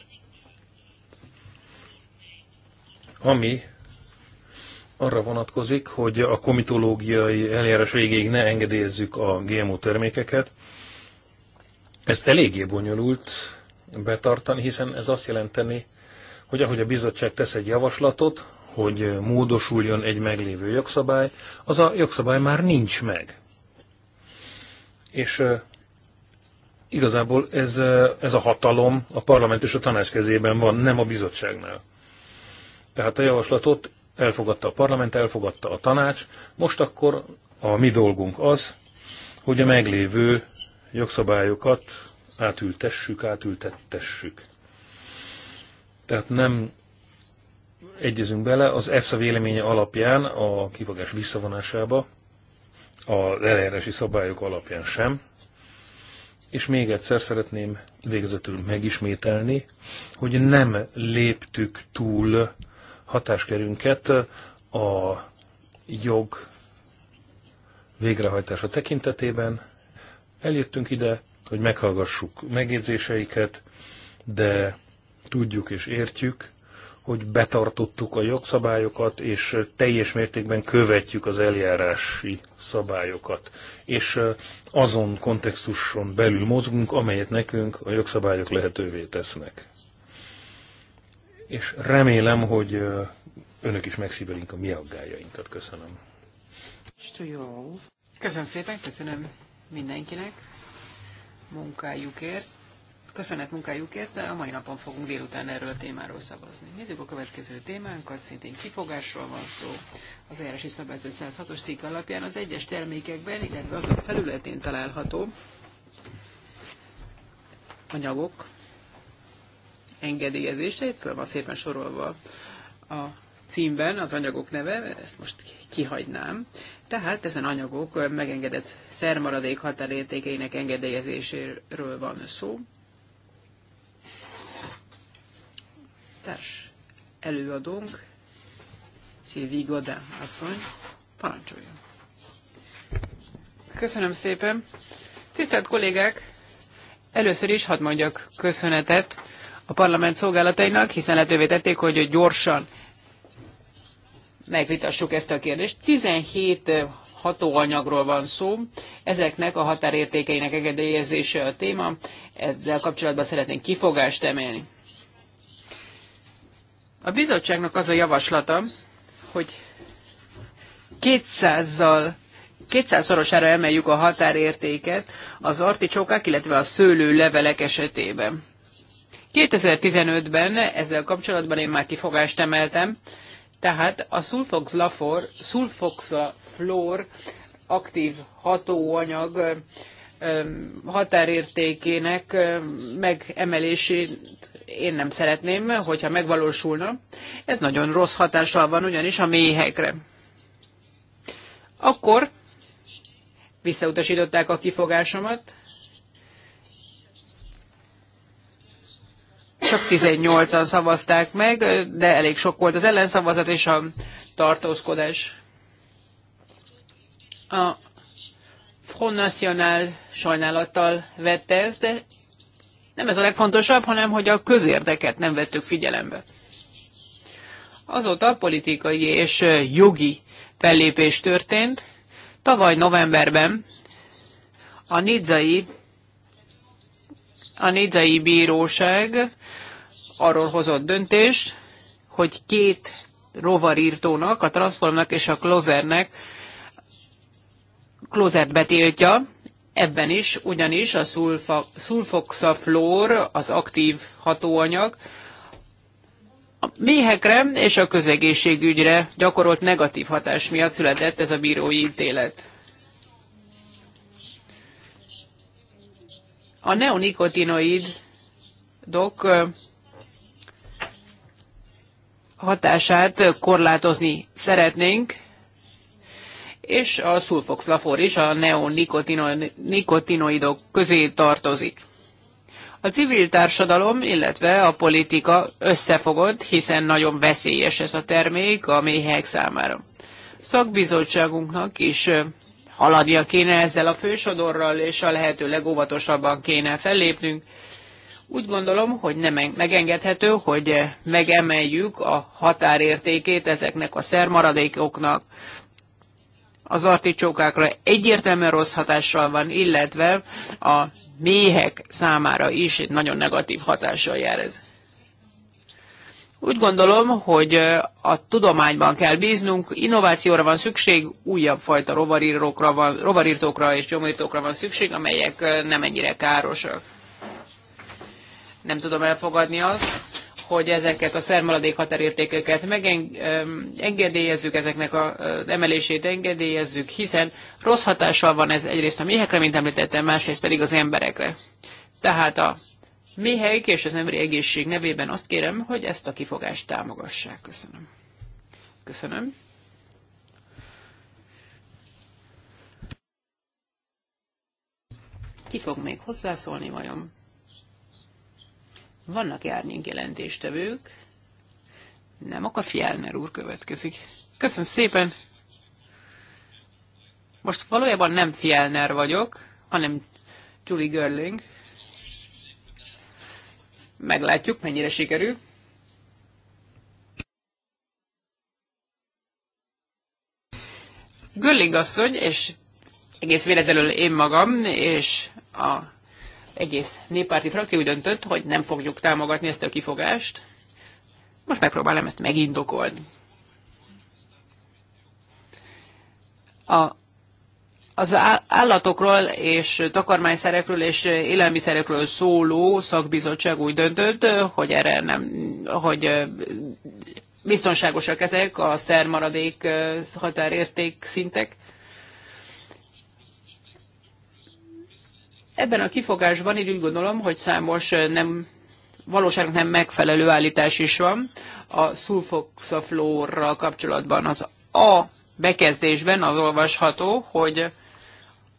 Ami arra vonatkozik, hogy a komitológiai eljárás végéig ne engedélyezzük a GMO termékeket, ezt eléggé bonyolult betartani, hiszen ez azt jelenteni, hogy ahogy a bizottság tesz egy javaslatot, hogy módosuljon egy meglévő jogszabály, az a jogszabály már nincs meg. És igazából ez, ez a hatalom a parlament és a tanács kezében van, nem a bizottságnál. Tehát a javaslatot elfogadta a parlament, elfogadta a tanács, most akkor a mi dolgunk az, hogy a meglévő jogszabályokat átültessük, átültettessük. Tehát nem egyezünk bele az EFSA véleménye alapján a kivagás visszavonásába, az eljárási szabályok alapján sem. És még egyszer szeretném végezetül megismételni, hogy nem léptük túl hatáskerünket a jog végrehajtása tekintetében, Eljöttünk ide, hogy meghallgassuk megjegyzéseiket, de tudjuk és értjük, hogy betartottuk a jogszabályokat, és teljes mértékben követjük az eljárási szabályokat. És azon kontextuson belül mozgunk, amelyet nekünk a jogszabályok lehetővé tesznek. És remélem, hogy önök is megszívelik a mi aggájainkat. Köszönöm. Köszönöm szépen, köszönöm mindenkinek munkájukért. Köszönet munkájukért, a mai napon fogunk délután erről a témáról szavazni. Nézzük a következő témánkat, szintén kifogásról van szó. Az eljárási szabályzat 106-os cikk alapján az egyes termékekben, illetve azok felületén található anyagok engedélyezése, itt van szépen sorolva a címben az anyagok neve, ezt most kihagynám. Tehát ezen anyagok megengedett szermaradék határértékeinek engedélyezéséről van szó. Társ előadónk, Szilvi Godá asszony, parancsoljon. Köszönöm szépen. Tisztelt kollégák, először is hadd mondjak köszönetet a parlament szolgálatainak, hiszen lehetővé tették, hogy gyorsan megvitassuk ezt a kérdést. 17 hatóanyagról van szó, ezeknek a határértékeinek engedélyezése a téma, ezzel kapcsolatban szeretnénk kifogást emelni. A bizottságnak az a javaslata, hogy 200-zal 200-szorosára emeljük a határértéket az articsókák, illetve a szőlő levelek esetében. 2015-ben ezzel kapcsolatban én már kifogást emeltem, tehát a szulfoxlafor, szulfoxaflor aktív hatóanyag határértékének megemelését én nem szeretném, hogyha megvalósulna. Ez nagyon rossz hatással van ugyanis a méhekre. Akkor visszautasították a kifogásomat, csak 18-an szavazták meg, de elég sok volt az ellenszavazat és a tartózkodás. A Front National sajnálattal vette ezt, de nem ez a legfontosabb, hanem hogy a közérdeket nem vettük figyelembe. Azóta politikai és jogi fellépés történt. Tavaly novemberben a nidzai a Nidzei Bíróság arról hozott döntést, hogy két rovarírtónak, a Transformnak és a Closernek Closert betiltja, ebben is ugyanis a szulfoxaflór az aktív hatóanyag, a méhekre és a közegészségügyre gyakorolt negatív hatás miatt született ez a bírói ítélet. A neonikotinoidok hatását korlátozni szeretnénk, és a szulfoxlafor is a neonikotinoidok közé tartozik. A civil társadalom, illetve a politika összefogott, hiszen nagyon veszélyes ez a termék a méhek számára. Szakbizottságunknak is haladnia kéne ezzel a fősodorral, és a lehető legóvatosabban kéne fellépnünk. Úgy gondolom, hogy nem megengedhető, hogy megemeljük a határértékét ezeknek a szermaradékoknak. Az articsókákra egyértelműen rossz hatással van, illetve a méhek számára is egy nagyon negatív hatással jár ez. Úgy gondolom, hogy a tudományban kell bíznunk, innovációra van szükség, újabb fajta van, rovarírtókra és gyomírtókra van szükség, amelyek nem ennyire károsak. Nem tudom elfogadni azt, hogy ezeket a szermaladék határértékeket megengedélyezzük, ezeknek a emelését engedélyezzük, hiszen rossz hatással van ez egyrészt a méhekre, mint említettem, másrészt pedig az emberekre. Tehát a Méhelyik és az emberi egészség nevében azt kérem, hogy ezt a kifogást támogassák. Köszönöm. Köszönöm. Ki fog még hozzászólni vajon? Vannak járnénk jelentéstevők. Nem, akkor Fjellner úr következik. Köszönöm szépen! Most valójában nem Fjellner vagyok, hanem Julie Görling. Meglátjuk, mennyire sikerül. Gölling asszony, és egész véletlenül én magam, és a egész néppárti frakció úgy döntött, hogy nem fogjuk támogatni ezt a kifogást. Most megpróbálom ezt megindokolni. A az állatokról és takarmányszerekről és élelmiszerekről szóló szakbizottság úgy döntött, hogy erre nem, hogy biztonságosak ezek a szermaradék határérték szintek. Ebben a kifogásban én úgy gondolom, hogy számos nem, valóságnak nem megfelelő állítás is van a szulfoxaflórral kapcsolatban. Az A bekezdésben az olvasható, hogy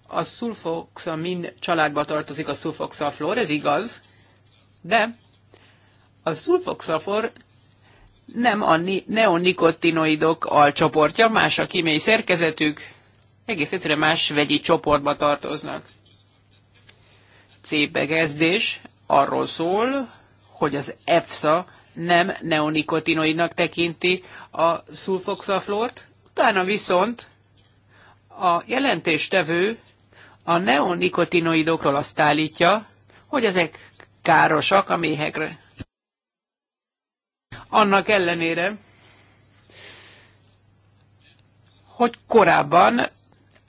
a szulfoxa mind családba tartozik a szulfoxaflor, ez igaz, de a szulfoxafor nem a neonikotinoidok alcsoportja, más a kimély szerkezetük, egész egyszerűen más vegyi csoportba tartoznak. C begezdés arról szól, hogy az EFSA nem neonikotinoidnak tekinti a szulfoxaflort, utána viszont a jelentéstevő a neonikotinoidokról azt állítja, hogy ezek károsak a méhekre. Annak ellenére, hogy korábban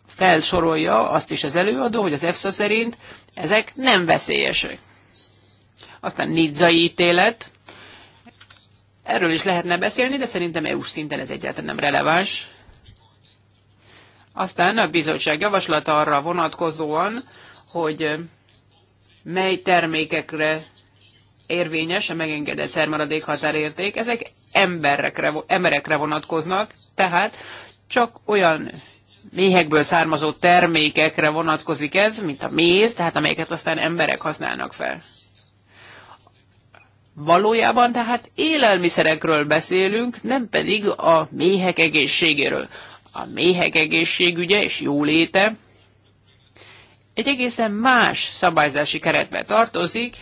felsorolja azt is az előadó, hogy az EFSA szerint ezek nem veszélyesek. Aztán nidzai ítélet, erről is lehetne beszélni, de szerintem EU-s szinten ez egyáltalán nem releváns. Aztán a bizottság javaslata arra vonatkozóan, hogy mely termékekre érvényes a megengedett szermaradék határérték, ezek emberekre, emberekre vonatkoznak, tehát csak olyan méhekből származó termékekre vonatkozik ez, mint a méz, tehát amelyeket aztán emberek használnak fel. Valójában tehát élelmiszerekről beszélünk, nem pedig a méhek egészségéről a méhek egészségügye és jóléte egy egészen más szabályzási keretbe tartozik,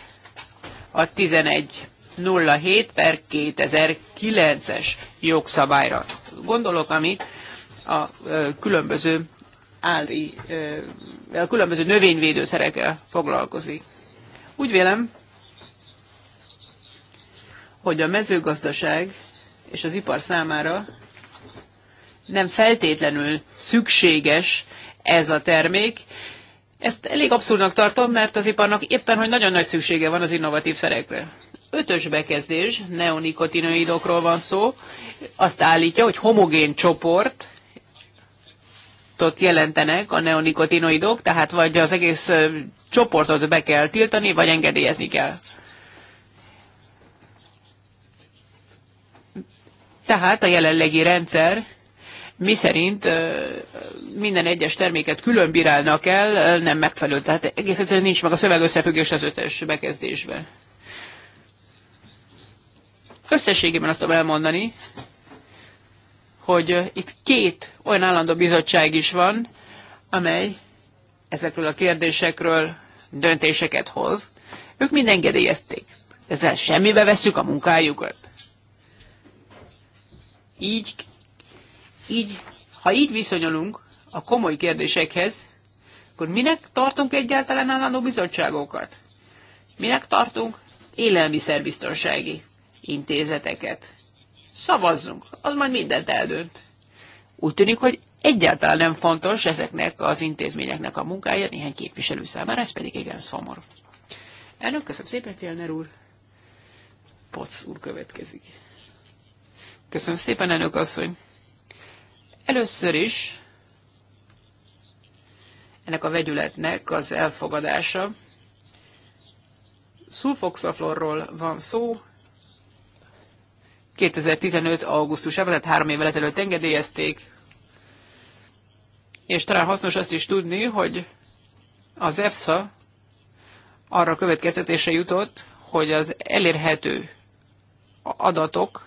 a 1107 per 2009-es jogszabályra. Gondolok, amit a különböző áldi, a különböző növényvédőszerekkel foglalkozik. Úgy vélem, hogy a mezőgazdaság és az ipar számára nem feltétlenül szükséges ez a termék. Ezt elég abszurdnak tartom, mert az iparnak éppen, hogy nagyon nagy szüksége van az innovatív szerekre. Ötös bekezdés, neonikotinoidokról van szó, azt állítja, hogy homogén csoport, jelentenek a neonikotinoidok, tehát vagy az egész csoportot be kell tiltani, vagy engedélyezni kell. Tehát a jelenlegi rendszer mi szerint minden egyes terméket külön bírálnak el, nem megfelelő. Tehát egész egyszerűen nincs meg a szöveg összefüggés az ötös bekezdésben. Összességében azt tudom elmondani, hogy itt két olyan állandó bizottság is van, amely ezekről a kérdésekről döntéseket hoz. Ők mind engedélyezték. Ezzel semmibe veszük a munkájukat. Így így, ha így viszonyulunk a komoly kérdésekhez, akkor minek tartunk egyáltalán állandó bizottságokat? Minek tartunk élelmiszerbiztonsági intézeteket? Szavazzunk, az majd mindent eldönt. Úgy tűnik, hogy egyáltalán nem fontos ezeknek az intézményeknek a munkája néhány képviselő számára, ez pedig igen szomorú. Elnök, köszönöm szépen, Fjellner úr. Poc úr következik. Köszönöm szépen, elnök asszony. Először is ennek a vegyületnek az elfogadása. Szulfoxaflorról van szó, 2015. augusztus tehát három évvel ezelőtt engedélyezték, és talán hasznos azt is tudni, hogy az EFSA arra következtetése jutott, hogy az elérhető adatok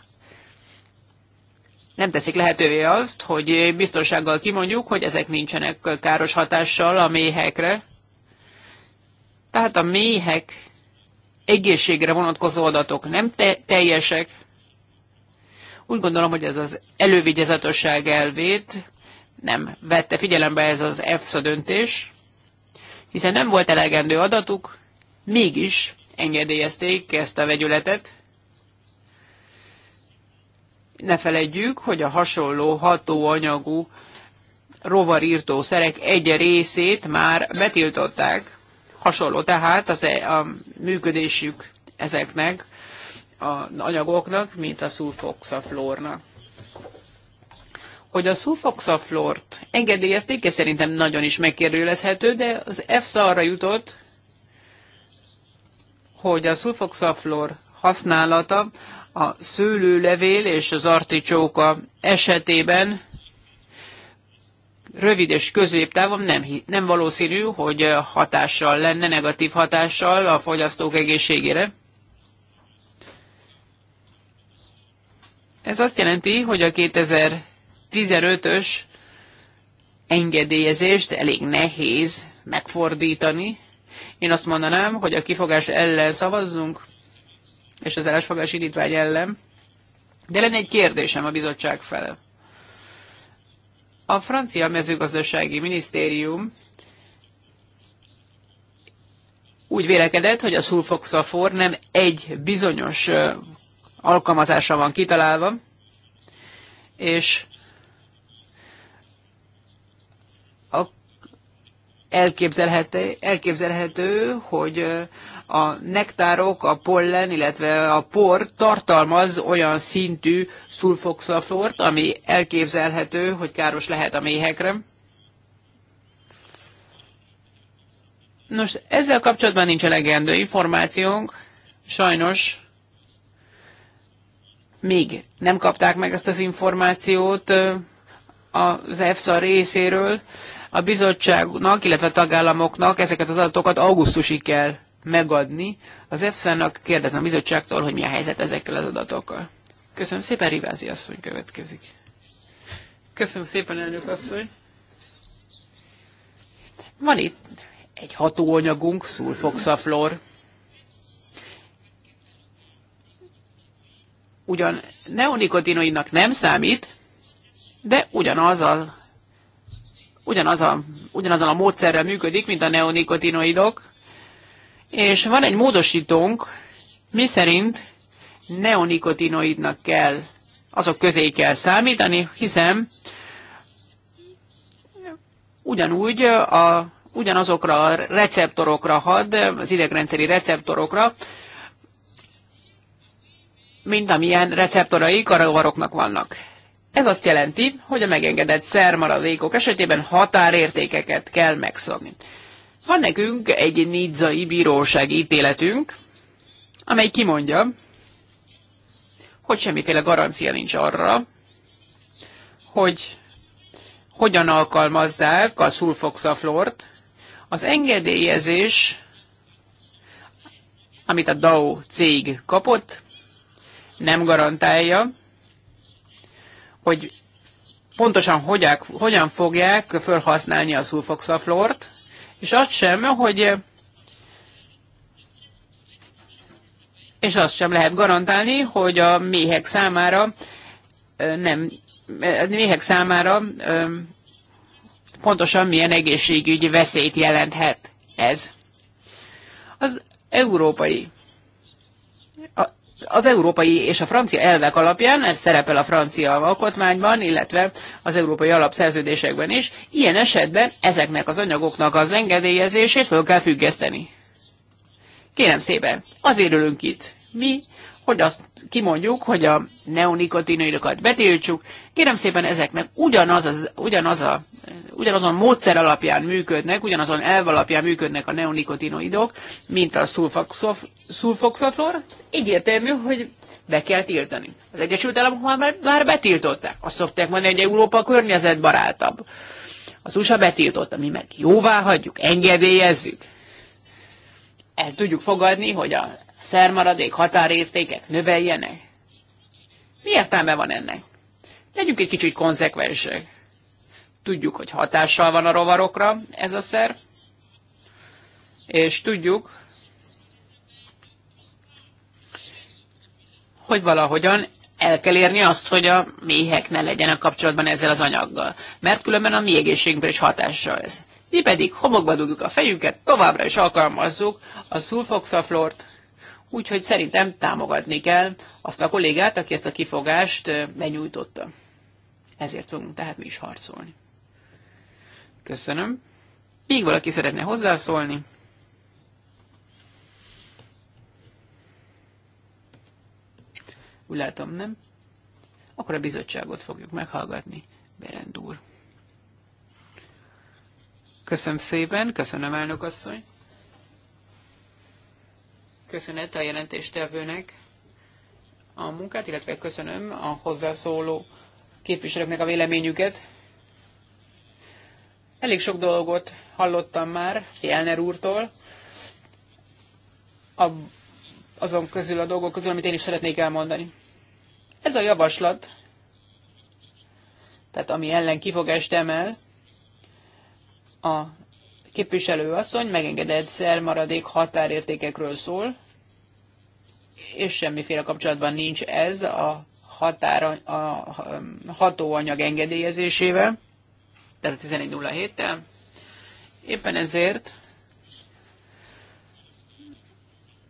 nem teszik lehetővé azt, hogy biztonsággal kimondjuk, hogy ezek nincsenek káros hatással a méhekre. Tehát a méhek egészségre vonatkozó adatok nem te- teljesek. Úgy gondolom, hogy ez az elővigyezetosság elvét nem vette figyelembe ez az EFSA döntés, hiszen nem volt elegendő adatuk, mégis engedélyezték ezt a vegyületet. Ne feledjük, hogy a hasonló hatóanyagú rovarírtószerek egy részét már betiltották. Hasonló tehát az e, a működésük ezeknek a anyagoknak, mint a szulfoxaflórnak. Hogy a szulfoxaflort engedélyezték, ez szerintem nagyon is megkérdőjelezhető, de az EFSA arra jutott, hogy a szulfoxaflor használata a szőlőlevél és az articsóka esetében rövid és középtávon nem, nem valószínű, hogy hatással lenne, negatív hatással a fogyasztók egészségére. Ez azt jelenti, hogy a 2015-ös engedélyezést elég nehéz megfordítani. Én azt mondanám, hogy a kifogás ellen szavazzunk, és az elsfogás indítvány ellen. De lenne egy kérdésem a bizottság felé. A francia mezőgazdasági minisztérium úgy vélekedett, hogy a szulfoxafor nem egy bizonyos alkalmazása van kitalálva, és elképzelhető, elképzelhető hogy a nektárok, a pollen, illetve a por tartalmaz olyan szintű szulfoxaflort, ami elképzelhető, hogy káros lehet a méhekre. Nos, ezzel kapcsolatban nincs elegendő információnk, sajnos még nem kapták meg ezt az információt az EFSA részéről. A bizottságnak, illetve a tagállamoknak ezeket az adatokat augusztusig kell megadni. Az EFSA-nak kérdezem a bizottságtól, hogy mi a helyzet ezekkel az adatokkal. Köszönöm szépen, Rivázi asszony következik. Köszönöm szépen, elnök asszony. Van itt egy hatóanyagunk, szulfoxaflor. Ugyan neonikotinoidnak nem számít, de ugyanaz a ugyanaz a, ugyanazzal a módszerrel működik, mint a neonikotinoidok, és van egy módosítónk, mi szerint neonikotinoidnak kell, azok közé kell számítani, hiszen ugyanúgy a, ugyanazokra a receptorokra had, az idegrendszeri receptorokra, mint amilyen receptorai karavaroknak vannak. Ez azt jelenti, hogy a megengedett szermaradékok esetében határértékeket kell megszabni. Van nekünk egy nidzai bíróság ítéletünk, amely kimondja, hogy semmiféle garancia nincs arra, hogy hogyan alkalmazzák a szulfoxaflort. Az engedélyezés, amit a DAO cég kapott, nem garantálja, hogy pontosan hogyan, hogyan fogják felhasználni a szulfoxaflort, és azt sem, hogy és azt sem lehet garantálni, hogy a méhek számára nem, a méhek számára pontosan milyen egészségügyi veszélyt jelenthet ez. Az európai az európai és a francia elvek alapján, ez szerepel a francia alkotmányban, illetve az európai alapszerződésekben is, ilyen esetben ezeknek az anyagoknak az engedélyezését föl kell függeszteni. Kérem szépen, azért ülünk itt. Mi hogy azt kimondjuk, hogy a neonikotinoidokat betiltsuk. Kérem szépen ezeknek ugyanaz, az, ugyanaz a, ugyanazon módszer alapján működnek, ugyanazon elv alapján működnek a neonikotinoidok, mint a szulfoxaflor. értelmű, hogy be kell tiltani. Az Egyesült Államok már, már betiltották. Azt szokták mondani, hogy Európa környezetbarátabb. Az USA betiltotta, mi meg jóvá hagyjuk, engedélyezzük. El tudjuk fogadni, hogy a szermaradék határértéket növeljenek. Mi értelme van ennek? Legyünk egy kicsit konzekvensek. Tudjuk, hogy hatással van a rovarokra ez a szer, és tudjuk, hogy valahogyan el kell érni azt, hogy a méhek ne legyenek kapcsolatban ezzel az anyaggal, mert különben a mi egészségünkre is hatással ez. Mi pedig homokba dugjuk a fejünket, továbbra is alkalmazzuk a szulfoxaflort, úgyhogy szerintem támogatni kell azt a kollégát, aki ezt a kifogást benyújtotta. Ezért fogunk tehát mi is harcolni. Köszönöm. Még valaki szeretne hozzászólni? Úgy látom, nem? Akkor a bizottságot fogjuk meghallgatni, Berend úr. Köszönöm szépen, köszönöm elnök asszony. Köszönet a jelentéstevőnek a munkát, illetve köszönöm a hozzászóló képviselőknek a véleményüket. Elég sok dolgot hallottam már Fjellner úrtól, a, azon közül a dolgok közül, amit én is szeretnék elmondani. Ez a javaslat, tehát ami ellen kifogást emel, a képviselő asszony megengedett szermaradék határértékekről szól, és semmiféle kapcsolatban nincs ez a, határa, a hatóanyag engedélyezésével, tehát a 1107-tel. Éppen ezért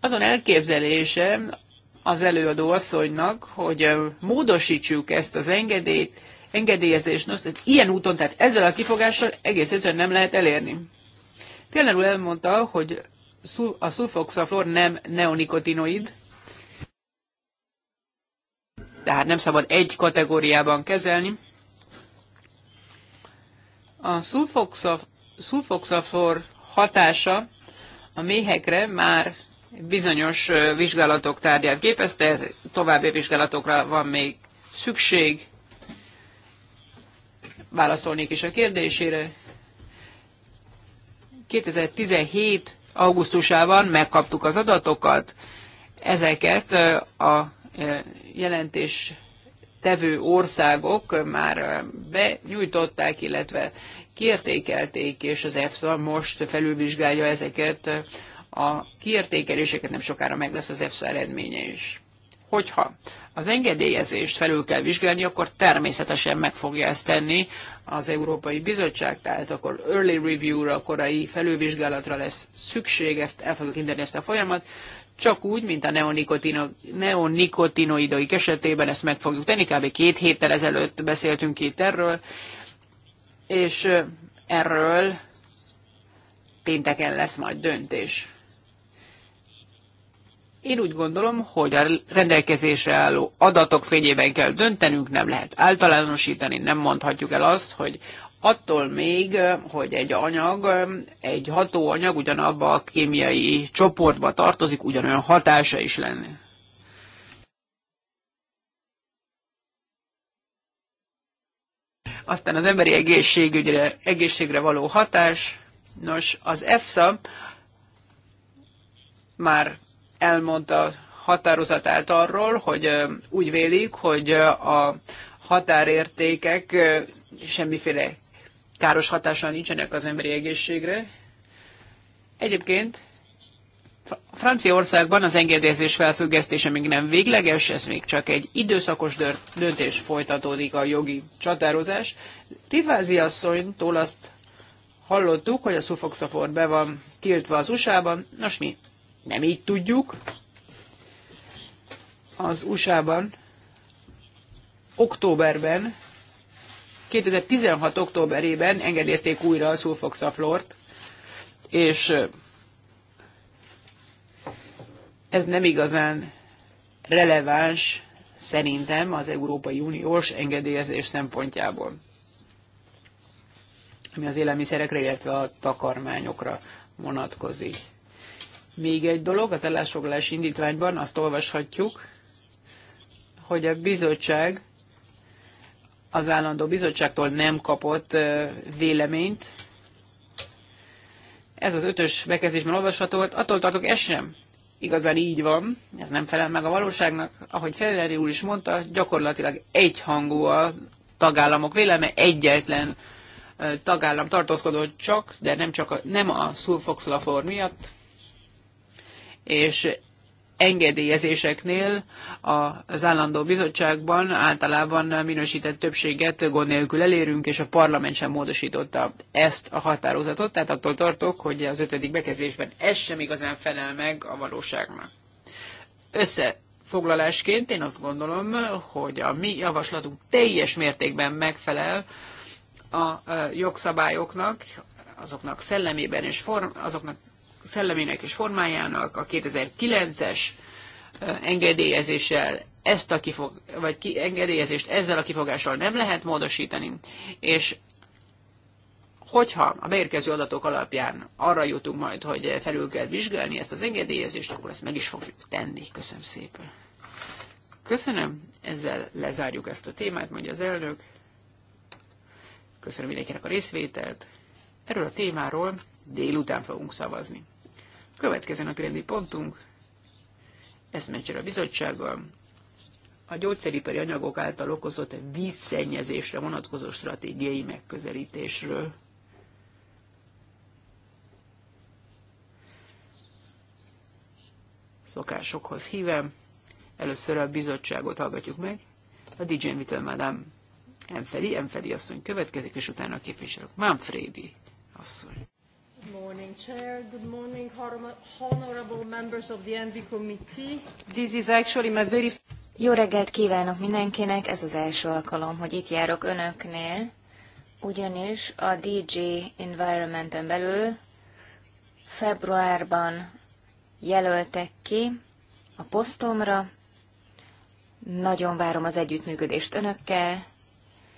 azon elképzelése az előadó asszonynak, hogy módosítsuk ezt az engedélyt, engedélyezést, nos, tehát ilyen úton, tehát ezzel a kifogással egész egyszerűen nem lehet elérni. Például elmondta, hogy a szulfoxaflor nem neonikotinoid, tehát nem szabad egy kategóriában kezelni. A szulfoxaflor hatása a méhekre már bizonyos vizsgálatok tárgyát képezte, ez további vizsgálatokra van még szükség. Válaszolnék is a kérdésére. 2017 augusztusában megkaptuk az adatokat, ezeket a jelentés tevő országok már benyújtották, illetve kiértékelték, és az EFSA most felülvizsgálja ezeket a kiértékeléseket, nem sokára meg lesz az EFSA eredménye is. Hogyha az engedélyezést felül kell vizsgálni, akkor természetesen meg fogja ezt tenni az Európai Bizottság, tehát akkor early review-ra, korai felülvizsgálatra lesz szükség, ezt el fogjuk indítani ezt a folyamat, csak úgy, mint a neonikotino, neonikotinoidoik esetében ezt meg fogjuk tenni, kb. két héttel ezelőtt beszéltünk itt erről, és erről pénteken lesz majd döntés. Én úgy gondolom, hogy a rendelkezésre álló adatok fényében kell döntenünk, nem lehet általánosítani, nem mondhatjuk el azt, hogy attól még, hogy egy anyag, egy hatóanyag ugyanabba a kémiai csoportba tartozik, ugyanolyan hatása is lenne. Aztán az emberi egészségügyre, egészségre való hatás. Nos, az EFSA már elmondta határozatát arról, hogy úgy vélik, hogy a határértékek semmiféle káros hatással nincsenek az emberi egészségre. Egyébként Franciaországban az engedélyezés felfüggesztése még nem végleges, ez még csak egy időszakos döntés folytatódik a jogi csatározás. Rivázi asszonytól azt hallottuk, hogy a szufoxafor be van tiltva az USA-ban. Nos mi nem így tudjuk. Az USA-ban októberben, 2016. októberében engedélyezték újra a szulfoxaflort, és ez nem igazán releváns szerintem az Európai Uniós engedélyezés szempontjából, ami az élelmiszerekre, illetve a takarmányokra vonatkozik. Még egy dolog, az ellásfoglalás indítványban azt olvashatjuk, hogy a bizottság az állandó bizottságtól nem kapott véleményt. Ez az ötös bekezdésben olvasható, attól tartok, ez sem igazán így van, ez nem felel meg a valóságnak. Ahogy Ferrari úr is mondta, gyakorlatilag egyhangú a tagállamok véleme, egyetlen tagállam tartózkodott csak, de nem, csak a, nem a szulfoxlafor miatt, és engedélyezéseknél az állandó bizottságban általában minősített többséget gond nélkül elérünk, és a parlament sem módosította ezt a határozatot, tehát attól tartok, hogy az ötödik bekezdésben ez sem igazán felel meg a valóságnak. Összefoglalásként én azt gondolom, hogy a mi javaslatunk teljes mértékben megfelel a jogszabályoknak, azoknak szellemében és form, azoknak szellemének és formájának, a 2009-es engedélyezéssel ezt a kifog, vagy ki, engedélyezést ezzel a kifogással nem lehet módosítani, és hogyha a beérkező adatok alapján arra jutunk majd, hogy felül kell vizsgálni ezt az engedélyezést, akkor ezt meg is fogjuk tenni. Köszönöm szépen. Köszönöm, ezzel lezárjuk ezt a témát, mondja az elnök. Köszönöm mindenkinek a részvételt. Erről a témáról délután fogunk szavazni. Következő a rendi pontunk, eszmecsere a bizottsággal, a gyógyszeripari anyagok által okozott vízszennyezésre vonatkozó stratégiai megközelítésről. Szokásokhoz hívem, először a bizottságot hallgatjuk meg, a DJ Mittel Madame Enfedi, Enfedi asszony következik, és utána a képviselők Manfredi asszony morning, Chair. Good morning, honorable members of the Committee. This is actually my very... Jó reggelt kívánok mindenkinek, ez az első alkalom, hogy itt járok önöknél, ugyanis a DG Environmenten belül februárban jelöltek ki a posztomra. Nagyon várom az együttműködést önökkel,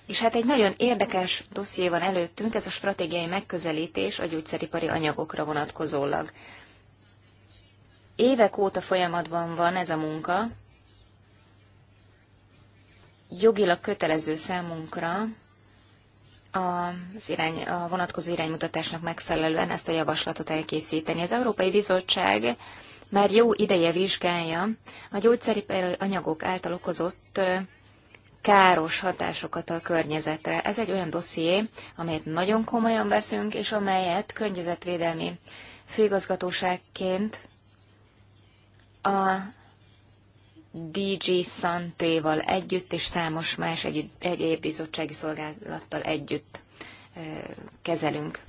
és hát egy nagyon érdekes dosszié van előttünk, ez a stratégiai megközelítés a gyógyszeripari anyagokra vonatkozólag. Évek óta folyamatban van ez a munka, jogilag kötelező számunkra az irány, a vonatkozó iránymutatásnak megfelelően ezt a javaslatot elkészíteni. Az Európai Bizottság már jó ideje vizsgálja a gyógyszeripari anyagok által okozott káros hatásokat a környezetre. Ez egy olyan dosszié, amelyet nagyon komolyan veszünk, és amelyet környezetvédelmi főigazgatóságként a DG Santéval együtt, és számos más egyéb bizottsági szolgálattal együtt kezelünk.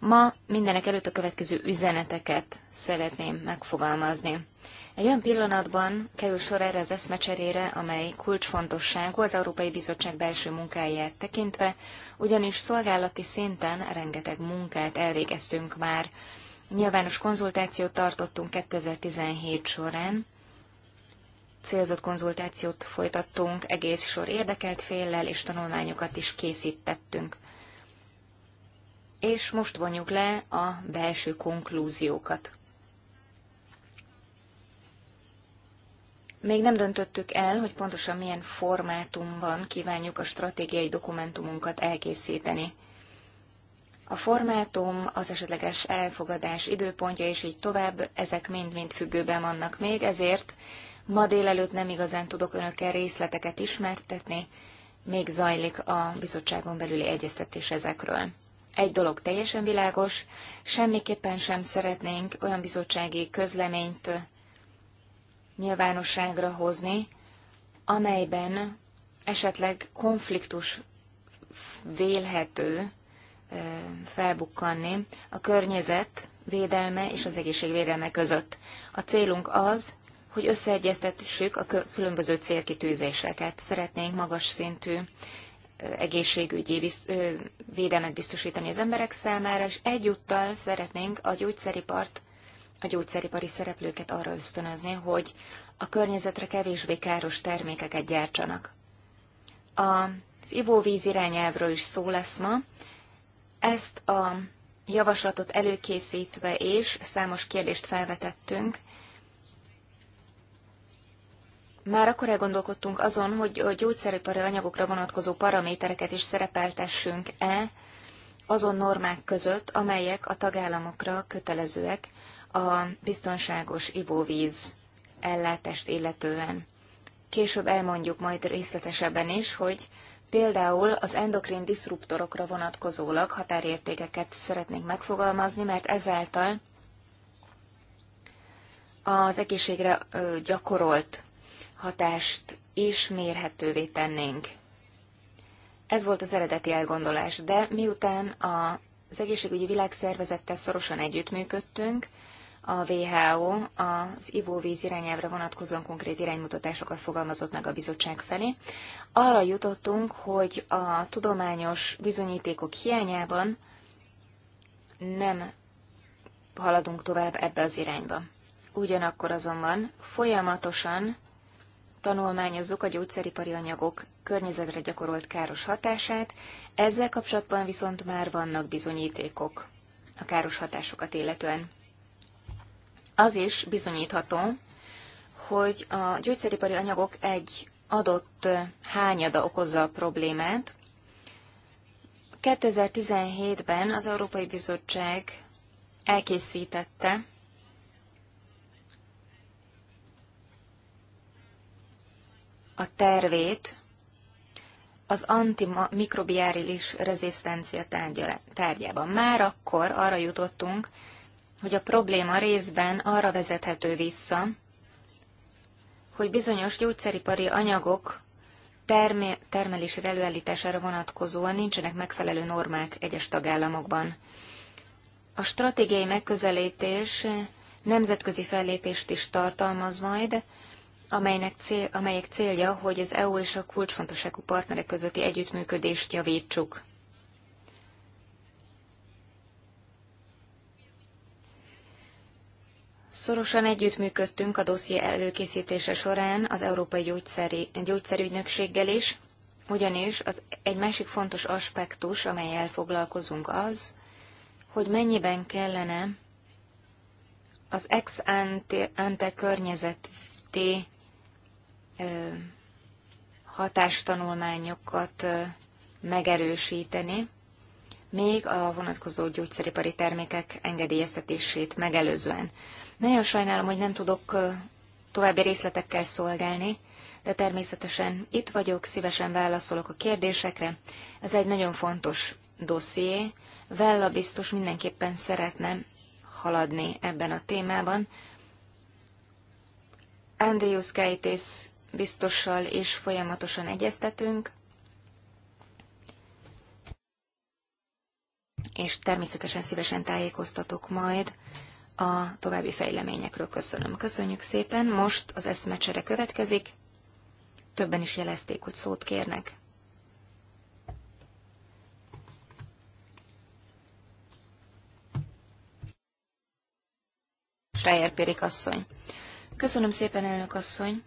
Ma mindenek előtt a következő üzeneteket szeretném megfogalmazni. Egy olyan pillanatban kerül sor erre az eszmecserére, amely kulcsfontosságú az Európai Bizottság belső munkáját tekintve, ugyanis szolgálati szinten rengeteg munkát elvégeztünk már. Nyilvános konzultációt tartottunk 2017 során, célzott konzultációt folytattunk egész sor érdekelt féllel, és tanulmányokat is készítettünk és most vonjuk le a belső konklúziókat. Még nem döntöttük el, hogy pontosan milyen formátumban kívánjuk a stratégiai dokumentumunkat elkészíteni. A formátum, az esetleges elfogadás időpontja és így tovább, ezek mind-mind függőben vannak még, ezért ma délelőtt nem igazán tudok önökkel részleteket ismertetni, még zajlik a bizottságon belüli egyeztetés ezekről. Egy dolog teljesen világos, semmiképpen sem szeretnénk olyan bizottsági közleményt nyilvánosságra hozni, amelyben esetleg konfliktus vélhető felbukkanni a környezet védelme és az védelme között. A célunk az, hogy összeegyeztessük a különböző célkitűzéseket. Szeretnénk magas szintű egészségügyi védelmet biztosítani az emberek számára, és egyúttal szeretnénk a gyógyszeripart, a gyógyszeripari szereplőket arra ösztönözni, hogy a környezetre kevésbé káros termékeket gyártsanak. Az ivóvíz irányelvről is szó lesz ma. Ezt a javaslatot előkészítve és számos kérdést felvetettünk már akkor elgondolkodtunk azon, hogy a gyógyszeripari anyagokra vonatkozó paramétereket is szerepeltessünk-e azon normák között, amelyek a tagállamokra kötelezőek a biztonságos ivóvíz ellátást illetően. Később elmondjuk majd részletesebben is, hogy Például az endokrin diszruptorokra vonatkozólag határértékeket szeretnénk megfogalmazni, mert ezáltal az egészségre gyakorolt hatást is mérhetővé tennénk. Ez volt az eredeti elgondolás, de miután a az egészségügyi világszervezettel szorosan együttműködtünk, a WHO az ivóvíz irányelvre vonatkozóan konkrét iránymutatásokat fogalmazott meg a bizottság felé. Arra jutottunk, hogy a tudományos bizonyítékok hiányában nem haladunk tovább ebbe az irányba. Ugyanakkor azonban folyamatosan tanulmányozzuk a gyógyszeripari anyagok környezetre gyakorolt káros hatását, ezzel kapcsolatban viszont már vannak bizonyítékok a káros hatásokat illetően. Az is bizonyítható, hogy a gyógyszeripari anyagok egy adott hányada okozza a problémát. 2017-ben az Európai Bizottság elkészítette a tervét az antimikrobiális rezisztencia tárgyában. Már akkor arra jutottunk, hogy a probléma részben arra vezethető vissza, hogy bizonyos gyógyszeripari anyagok termé- termelésére előállítására vonatkozóan nincsenek megfelelő normák egyes tagállamokban. A stratégiai megközelítés nemzetközi fellépést is tartalmaz majd, amelynek cél, amelyek célja, hogy az EU és a kulcsfontosságú partnerek közötti együttműködést javítsuk. Szorosan együttműködtünk a dosszié előkészítése során az Európai Gyógyszeri, Gyógyszerügynökséggel is, ugyanis az egy másik fontos aspektus, amelyel foglalkozunk az, hogy mennyiben kellene az ex-ante környezeti hatástanulmányokat megerősíteni, még a vonatkozó gyógyszeripari termékek engedélyeztetését megelőzően. Nagyon sajnálom, hogy nem tudok további részletekkel szolgálni, de természetesen itt vagyok, szívesen válaszolok a kérdésekre. Ez egy nagyon fontos dosszié. Vella biztos mindenképpen szeretne haladni ebben a témában. Andrius Kaitis biztossal és folyamatosan egyeztetünk, és természetesen szívesen tájékoztatok majd a további fejleményekről. Köszönöm. Köszönjük szépen. Most az eszmecsere következik. Többen is jelezték, hogy szót kérnek. Schreier Périk asszony. Köszönöm szépen, elnök asszony.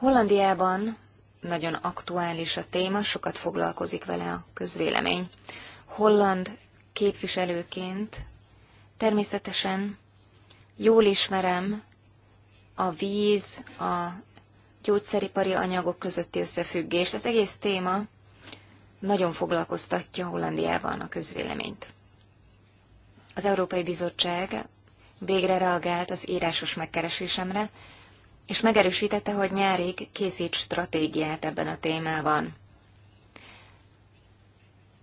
Hollandiában nagyon aktuális a téma, sokat foglalkozik vele a közvélemény. Holland képviselőként természetesen jól ismerem a víz, a gyógyszeripari anyagok közötti összefüggést. Az egész téma nagyon foglalkoztatja Hollandiában a közvéleményt. Az Európai Bizottság végre reagált az írásos megkeresésemre, és megerősítette, hogy nyárig készít stratégiát ebben a témában.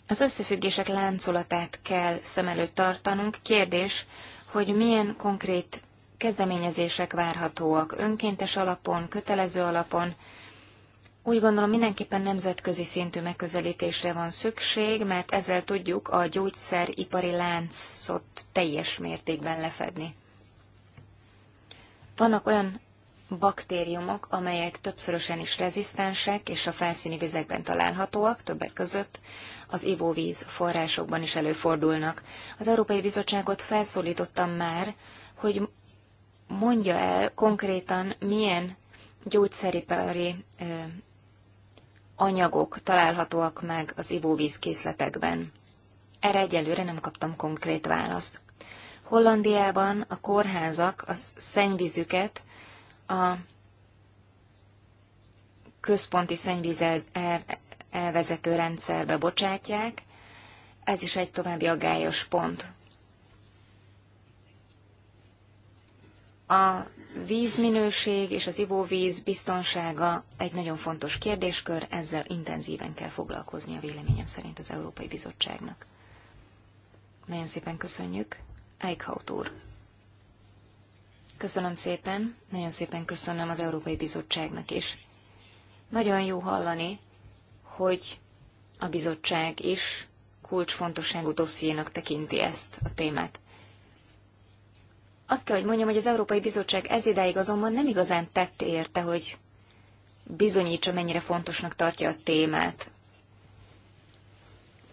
Az összefüggések láncolatát kell szem előtt tartanunk. Kérdés, hogy milyen konkrét kezdeményezések várhatóak önkéntes alapon, kötelező alapon. Úgy gondolom mindenképpen nemzetközi szintű megközelítésre van szükség, mert ezzel tudjuk a gyógyszeripari láncot teljes mértékben lefedni. Vannak olyan baktériumok, amelyek többszörösen is rezisztensek és a felszíni vizekben találhatóak, többek között az ivóvíz forrásokban is előfordulnak. Az Európai Bizottságot felszólítottam már, hogy mondja el konkrétan, milyen gyógyszeripari ö, anyagok találhatóak meg az ivóvíz készletekben. Erre egyelőre nem kaptam konkrét választ. Hollandiában a kórházak a szennyvízüket a központi szennyvíz elvezető rendszerbe bocsátják, ez is egy további aggályos pont. A vízminőség és az ivóvíz biztonsága egy nagyon fontos kérdéskör, ezzel intenzíven kell foglalkozni a véleményem szerint az Európai Bizottságnak. Nagyon szépen köszönjük. Eichhaut úr. Köszönöm szépen, nagyon szépen köszönöm az Európai Bizottságnak is. Nagyon jó hallani, hogy a bizottság is kulcsfontosságú dossziénak tekinti ezt a témát. Azt kell, hogy mondjam, hogy az Európai Bizottság ez idáig azonban nem igazán tett érte, hogy bizonyítsa, mennyire fontosnak tartja a témát.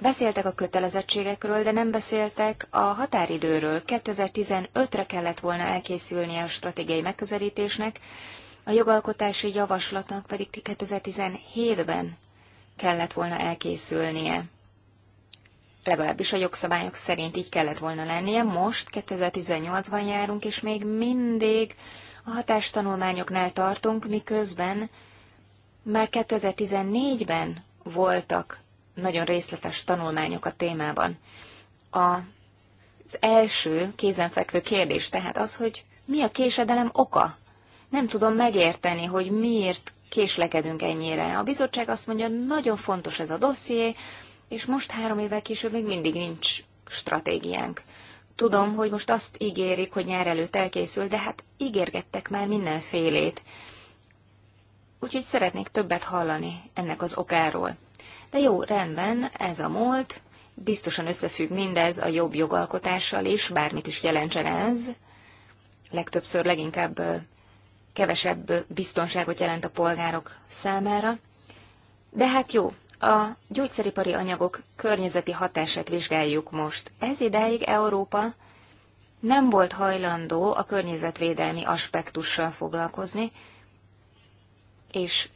Beszéltek a kötelezettségekről, de nem beszéltek a határidőről. 2015-re kellett volna elkészülnie a stratégiai megközelítésnek, a jogalkotási javaslatnak pedig 2017-ben kellett volna elkészülnie. Legalábbis a jogszabályok szerint így kellett volna lennie. Most 2018-ban járunk, és még mindig a hatástanulmányoknál tartunk, miközben már 2014-ben voltak nagyon részletes tanulmányok a témában. A, az első kézenfekvő kérdés tehát az, hogy mi a késedelem oka? Nem tudom megérteni, hogy miért késlekedünk ennyire. A bizottság azt mondja, nagyon fontos ez a dosszié, és most három évvel később még mindig nincs stratégiánk. Tudom, hogy most azt ígérik, hogy nyár előtt elkészül, de hát ígérgettek már mindenfélét. Úgyhogy szeretnék többet hallani ennek az okáról. De jó, rendben, ez a múlt, biztosan összefügg mindez a jobb jogalkotással is, bármit is jelentsen ez. Legtöbbször leginkább kevesebb biztonságot jelent a polgárok számára. De hát jó, a gyógyszeripari anyagok környezeti hatását vizsgáljuk most. Ez idáig Európa nem volt hajlandó a környezetvédelmi aspektussal foglalkozni, és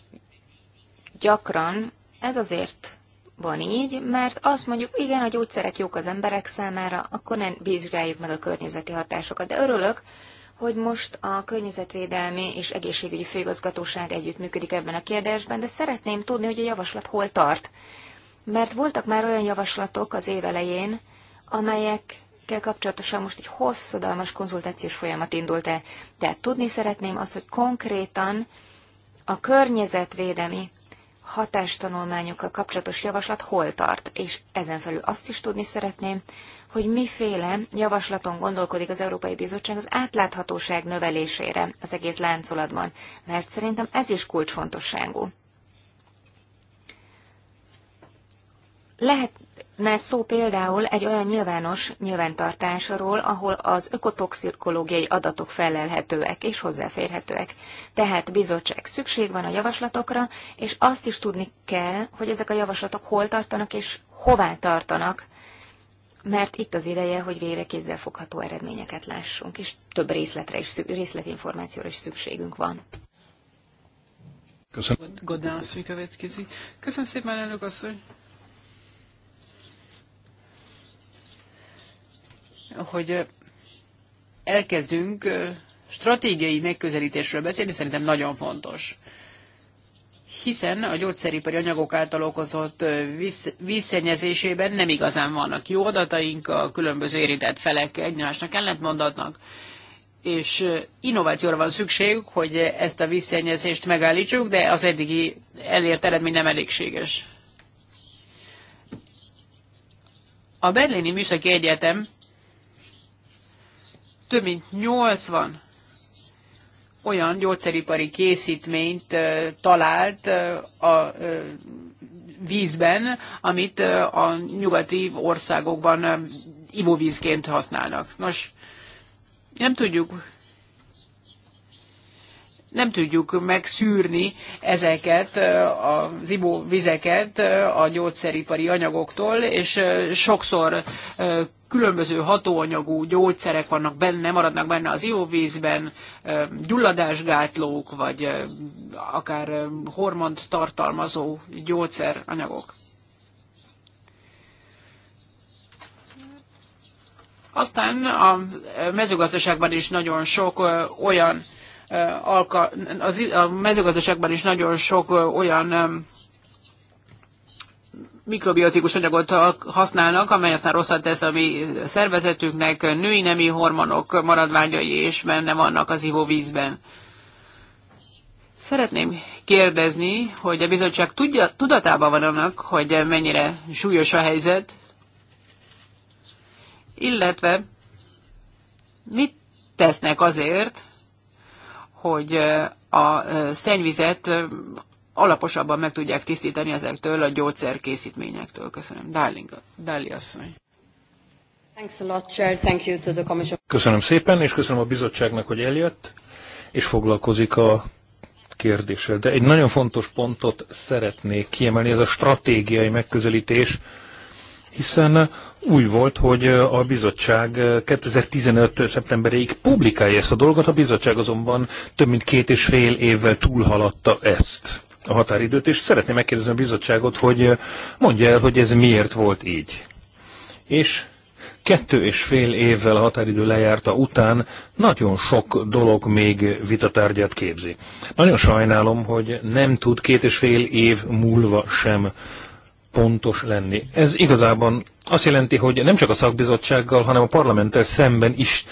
gyakran ez azért van így, mert azt mondjuk, igen, a gyógyszerek jók az emberek számára, akkor nem vizsgáljuk meg a környezeti hatásokat. De örülök, hogy most a Környezetvédelmi és Egészségügyi Főigazgatóság együttműködik ebben a kérdésben, de szeretném tudni, hogy a javaslat hol tart. Mert voltak már olyan javaslatok az év elején, amelyekkel kapcsolatosan most egy hosszadalmas konzultációs folyamat indult el. Tehát tudni szeretném azt, hogy konkrétan a környezetvédelmi hatástanulmányokkal kapcsolatos javaslat hol tart, és ezen felül azt is tudni szeretném, hogy miféle javaslaton gondolkodik az Európai Bizottság az átláthatóság növelésére az egész láncolatban, mert szerintem ez is kulcsfontosságú. Lehet, ne szó például egy olyan nyilvános nyilvántartásról, ahol az ökotoxikológiai adatok felelhetőek és hozzáférhetőek. Tehát bizottság szükség van a javaslatokra, és azt is tudni kell, hogy ezek a javaslatok hol tartanak és hová tartanak, mert itt az ideje, hogy végre fogható eredményeket lássunk, és több részletre is, részletinformációra is szükségünk van. Köszönöm. Köszönöm szépen, elnök asszony. hogy elkezdünk stratégiai megközelítésről beszélni, szerintem nagyon fontos. Hiszen a gyógyszeripari anyagok által okozott vízszennyezésében nem igazán vannak jó adataink, a különböző érintett felek egymásnak ellentmondatnak, és innovációra van szükség, hogy ezt a vízszennyezést megállítsuk, de az eddigi elért eredmény nem elégséges. A Berlini Műszaki Egyetem több mint 80 olyan gyógyszeripari készítményt talált a vízben, amit a nyugati országokban ivóvízként használnak. Nos, nem tudjuk nem tudjuk megszűrni ezeket az ivóvizeket a gyógyszeripari anyagoktól, és sokszor különböző hatóanyagú gyógyszerek vannak benne, maradnak benne az ivóvízben, gyulladásgátlók, vagy akár hormont tartalmazó gyógyszeranyagok. Aztán a mezőgazdaságban is nagyon sok olyan a mezőgazdaságban is nagyon sok olyan mikrobiotikus anyagot használnak, amely aztán rosszat tesz a mi szervezetünknek, női nemi hormonok maradványai és benne vannak az ivóvízben. Szeretném kérdezni, hogy a bizottság tudja, tudatában van annak, hogy mennyire súlyos a helyzet, illetve mit tesznek azért, hogy a szennyvizet alaposabban meg tudják tisztítani ezektől a gyógyszerkészítményektől. Köszönöm. Darling, Dali asszony. Köszönöm szépen, és köszönöm a bizottságnak, hogy eljött, és foglalkozik a kérdéssel. De egy nagyon fontos pontot szeretnék kiemelni, ez a stratégiai megközelítés, hiszen új volt, hogy a bizottság 2015. szeptemberéig publikálja ezt a dolgot, a bizottság azonban több mint két és fél évvel túlhaladta ezt a határidőt, és szeretném megkérdezni a bizottságot, hogy eh, mondja el, hogy ez miért volt így. És kettő és fél évvel a határidő lejárta után nagyon sok dolog még vitatárgyát képzi. Nagyon sajnálom, hogy nem tud két és fél év múlva sem pontos lenni. Ez igazában azt jelenti, hogy nem csak a szakbizottsággal, hanem a parlamenttel szemben is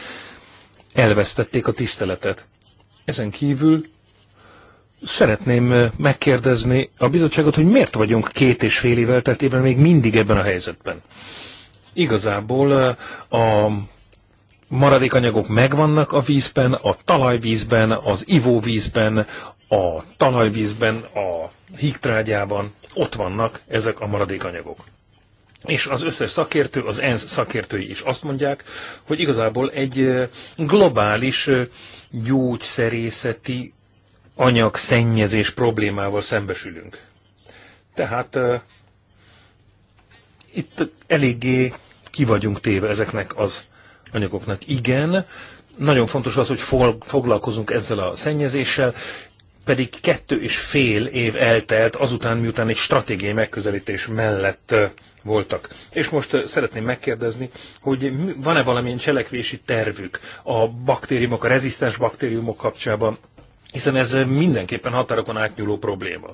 elvesztették a tiszteletet. Ezen kívül Szeretném megkérdezni a bizottságot, hogy miért vagyunk két és fél évvel teltében még mindig ebben a helyzetben. Igazából a maradékanyagok megvannak a vízben, a talajvízben, az ivóvízben, a talajvízben, a hígtrágyában, ott vannak ezek a maradékanyagok. És az összes szakértő, az ENSZ szakértői is azt mondják, hogy igazából egy globális gyógyszerészeti anyagszennyezés problémával szembesülünk. Tehát uh, itt eléggé ki vagyunk téve ezeknek az anyagoknak. Igen, nagyon fontos az, hogy foglalkozunk ezzel a szennyezéssel, pedig kettő és fél év eltelt azután, miután egy stratégiai megközelítés mellett voltak. És most szeretném megkérdezni, hogy van-e valamilyen cselekvési tervük a baktériumok, a rezisztens baktériumok kapcsában, hiszen ez mindenképpen határokon átnyúló probléma.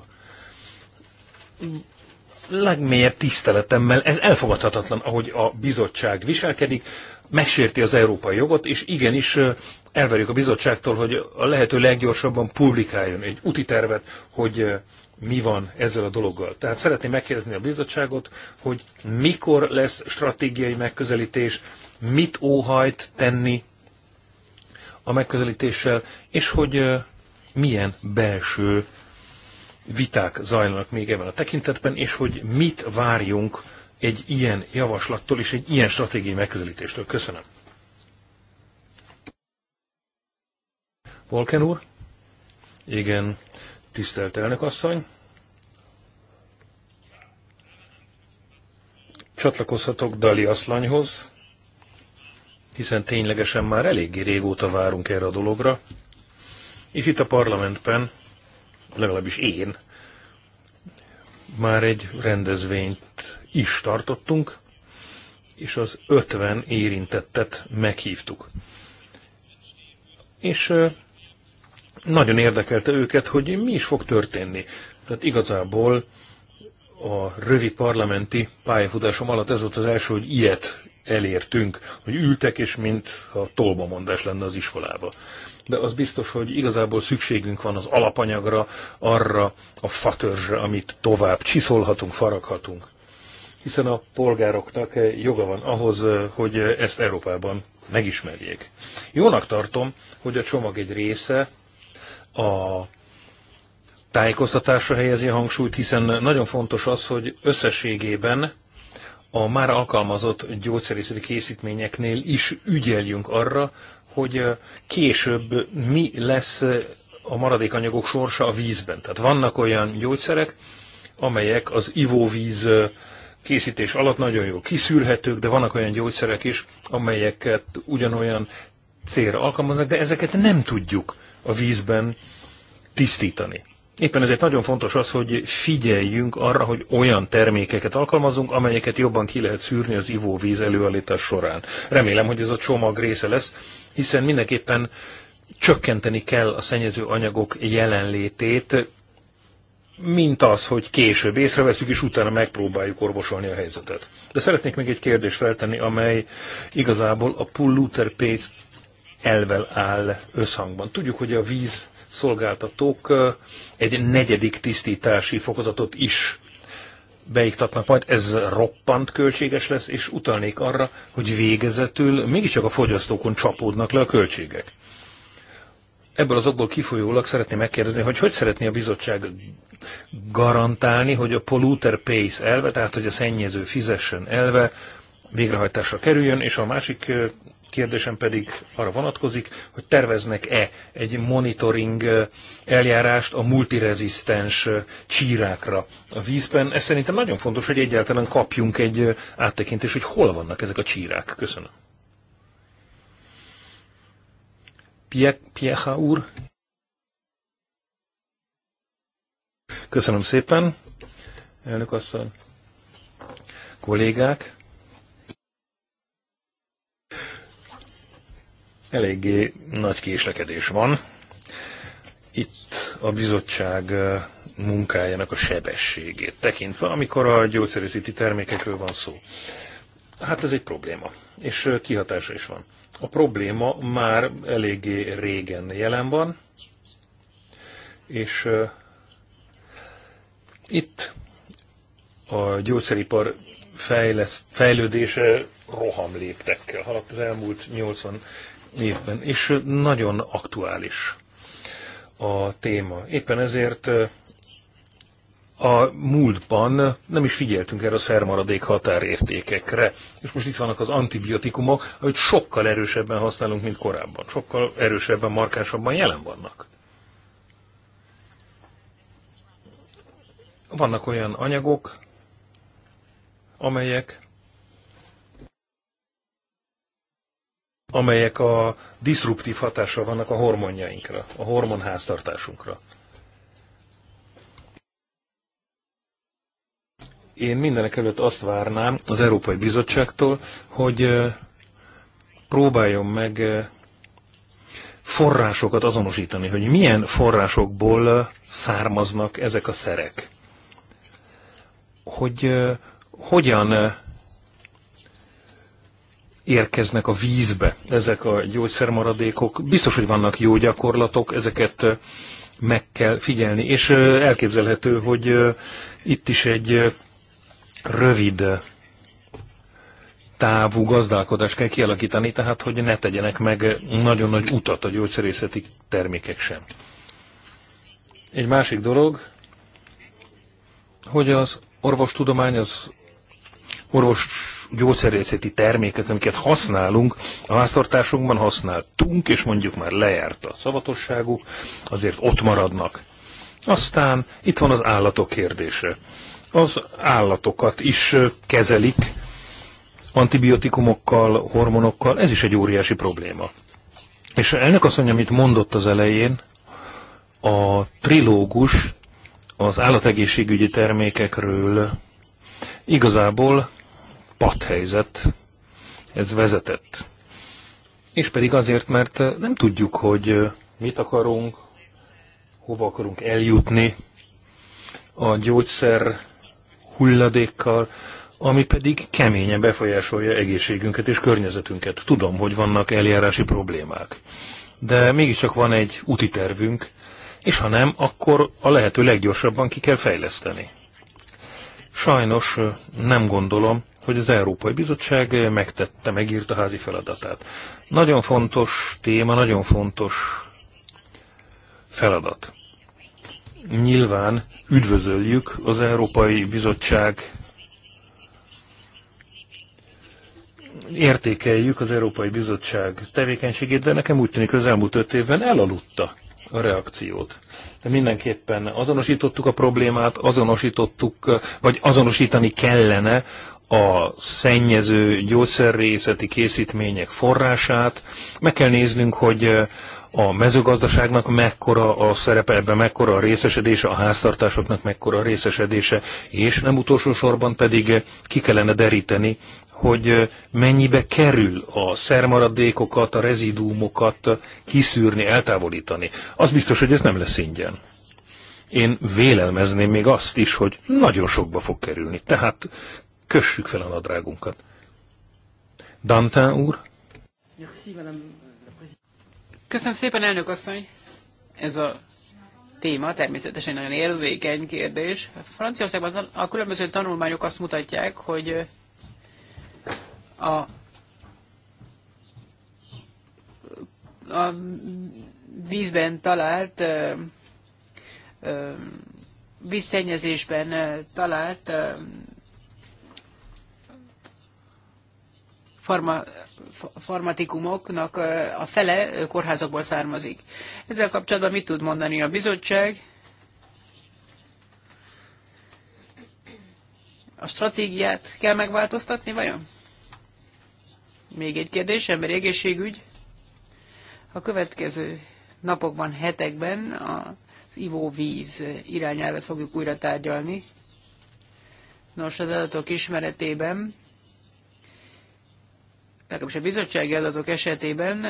Legmélyebb tiszteletemmel ez elfogadhatatlan, ahogy a bizottság viselkedik, megsérti az európai jogot, és igenis elverjük a bizottságtól, hogy a lehető leggyorsabban publikáljon egy úti tervet, hogy mi van ezzel a dologgal. Tehát szeretném megkérdezni a bizottságot, hogy mikor lesz stratégiai megközelítés, mit óhajt tenni a megközelítéssel, és hogy milyen belső viták zajlanak még ebben a tekintetben, és hogy mit várjunk egy ilyen javaslattól és egy ilyen stratégiai megközelítéstől. Köszönöm. Volken úr? Igen, tisztelt elnök asszony. Csatlakozhatok Dali asszonyhoz, hiszen ténylegesen már eléggé régóta várunk erre a dologra. És itt a parlamentben, legalábbis én, már egy rendezvényt is tartottunk, és az 50 érintettet meghívtuk. És nagyon érdekelte őket, hogy mi is fog történni. Tehát igazából a rövid parlamenti pályafutásom alatt ez volt az első, hogy ilyet elértünk, hogy ültek, és mint a mondás lenne az iskolába de az biztos, hogy igazából szükségünk van az alapanyagra, arra a fatörzsre, amit tovább csiszolhatunk, faraghatunk. Hiszen a polgároknak joga van ahhoz, hogy ezt Európában megismerjék. Jónak tartom, hogy a csomag egy része a tájékoztatásra helyezi a hangsúlyt, hiszen nagyon fontos az, hogy összességében a már alkalmazott gyógyszerészeti készítményeknél is ügyeljünk arra, hogy később mi lesz a maradékanyagok sorsa a vízben. Tehát vannak olyan gyógyszerek, amelyek az ivóvíz készítés alatt nagyon jól kiszűrhetők, de vannak olyan gyógyszerek is, amelyeket ugyanolyan célra alkalmaznak, de ezeket nem tudjuk a vízben tisztítani. Éppen ezért nagyon fontos az, hogy figyeljünk arra, hogy olyan termékeket alkalmazunk, amelyeket jobban ki lehet szűrni az ivóvíz előállítás során. Remélem, hogy ez a csomag része lesz, hiszen mindenképpen csökkenteni kell a szennyező anyagok jelenlétét, mint az, hogy később észreveszünk, és utána megpróbáljuk orvosolni a helyzetet. De szeretnék még egy kérdést feltenni, amely igazából a polluter pays elvel áll összhangban. Tudjuk, hogy a víz szolgáltatók egy negyedik tisztítási fokozatot is beiktatnak majd, ez roppant költséges lesz, és utalnék arra, hogy végezetül mégiscsak a fogyasztókon csapódnak le a költségek. Ebből az okból kifolyólag szeretném megkérdezni, hogy hogy szeretné a bizottság garantálni, hogy a polluter pays elve, tehát hogy a szennyező fizessen elve végrehajtásra kerüljön, és a másik kérdésem pedig arra vonatkozik, hogy terveznek-e egy monitoring eljárást a multirezisztens csírákra a vízben. Ez szerintem nagyon fontos, hogy egyáltalán kapjunk egy áttekintést, hogy hol vannak ezek a csírák. Köszönöm. Pie Piecha úr. Köszönöm szépen, elnök asszony, kollégák. eléggé nagy késlekedés van. Itt a bizottság munkájának a sebességét tekintve, amikor a gyógyszerészíti termékekről van szó. Hát ez egy probléma, és kihatása is van. A probléma már eléggé régen jelen van, és itt a gyógyszeripar fejlesz, fejlődése roham léptekkel haladt az elmúlt 80 évben, és nagyon aktuális a téma. Éppen ezért eh, a múltban nem is figyeltünk erre a szermaradék határértékekre. És most itt vannak az antibiotikumok, amit sokkal erősebben használunk, mint korábban. Sokkal erősebben, markánsabban jelen vannak. Vannak olyan anyagok, amelyek amelyek a diszruptív hatással vannak a hormonjainkra, a hormonháztartásunkra. Én mindenek előtt azt várnám az Európai Bizottságtól, hogy próbáljon meg forrásokat azonosítani, hogy milyen forrásokból származnak ezek a szerek. Hogy hogyan érkeznek a vízbe ezek a gyógyszermaradékok. Biztos, hogy vannak jó gyakorlatok, ezeket meg kell figyelni. És elképzelhető, hogy itt is egy rövid távú gazdálkodást kell kialakítani, tehát hogy ne tegyenek meg nagyon nagy utat a gyógyszerészeti termékek sem. Egy másik dolog, hogy az orvostudomány, az orvos gyógyszerészeti termékek, amiket használunk, a háztartásunkban használtunk, és mondjuk már lejárt a szavatosságuk, azért ott maradnak. Aztán itt van az állatok kérdése. Az állatokat is kezelik antibiotikumokkal, hormonokkal, ez is egy óriási probléma. És elnök asszony, amit mondott az elején, a trilógus az állategészségügyi termékekről igazából patthelyzet ez vezetett. És pedig azért, mert eh, nem tudjuk, hogy eh, mit akarunk, hova akarunk eljutni a gyógyszer hulladékkal, ami pedig keményen befolyásolja egészségünket és környezetünket. Tudom, hogy vannak eljárási problémák, de mégiscsak van egy úti tervünk, és ha nem, akkor a lehető leggyorsabban ki kell fejleszteni. Sajnos eh, nem gondolom, hogy az Európai Bizottság megtette, megírta házi feladatát. Nagyon fontos téma, nagyon fontos feladat. Nyilván üdvözöljük az Európai Bizottság értékeljük az Európai Bizottság tevékenységét, de nekem úgy tűnik, hogy az elmúlt öt évben elaludta a reakciót. De mindenképpen azonosítottuk a problémát, azonosítottuk, vagy azonosítani kellene a szennyező gyógyszerrészeti készítmények forrását. Meg kell néznünk, hogy a mezőgazdaságnak mekkora a szerepe ebben, mekkora a részesedése, a háztartásoknak mekkora a részesedése, és nem utolsó sorban pedig ki kellene deríteni, hogy mennyibe kerül a szermaradékokat, a rezidúmokat kiszűrni, eltávolítani. Az biztos, hogy ez nem lesz ingyen. Én vélelmezném még azt is, hogy nagyon sokba fog kerülni. Tehát kössük fel a nadrágunkat. Dantán úr? Köszönöm szépen, elnök asszony. Ez a téma természetesen nagyon érzékeny kérdés. Franciaországban a különböző tanulmányok azt mutatják, hogy a, a vízben talált vízszennyezésben talált farma, farmatikumoknak a fele kórházakból származik. Ezzel kapcsolatban mit tud mondani a bizottság? A stratégiát kell megváltoztatni, vajon? Még egy kérdés, emberi egészségügy. A következő napokban, hetekben az ivóvíz irányelvet fogjuk újra tárgyalni. Nos, az adatok ismeretében legalábbis a bizottság adatok esetében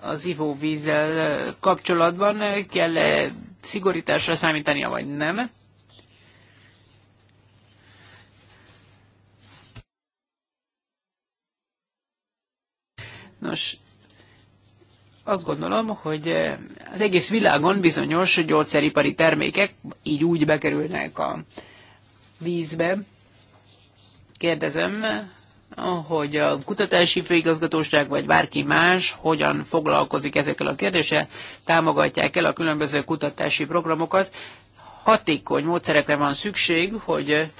az ivóvízzel kapcsolatban kell -e szigorításra számítania, vagy nem? Nos, azt gondolom, hogy az egész világon bizonyos gyógyszeripari termékek így úgy bekerülnek a vízbe. Kérdezem, hogy a kutatási főigazgatóság vagy bárki más hogyan foglalkozik ezekkel a kérdéssel, támogatják el a különböző kutatási programokat. Hatékony módszerekre van szükség, hogy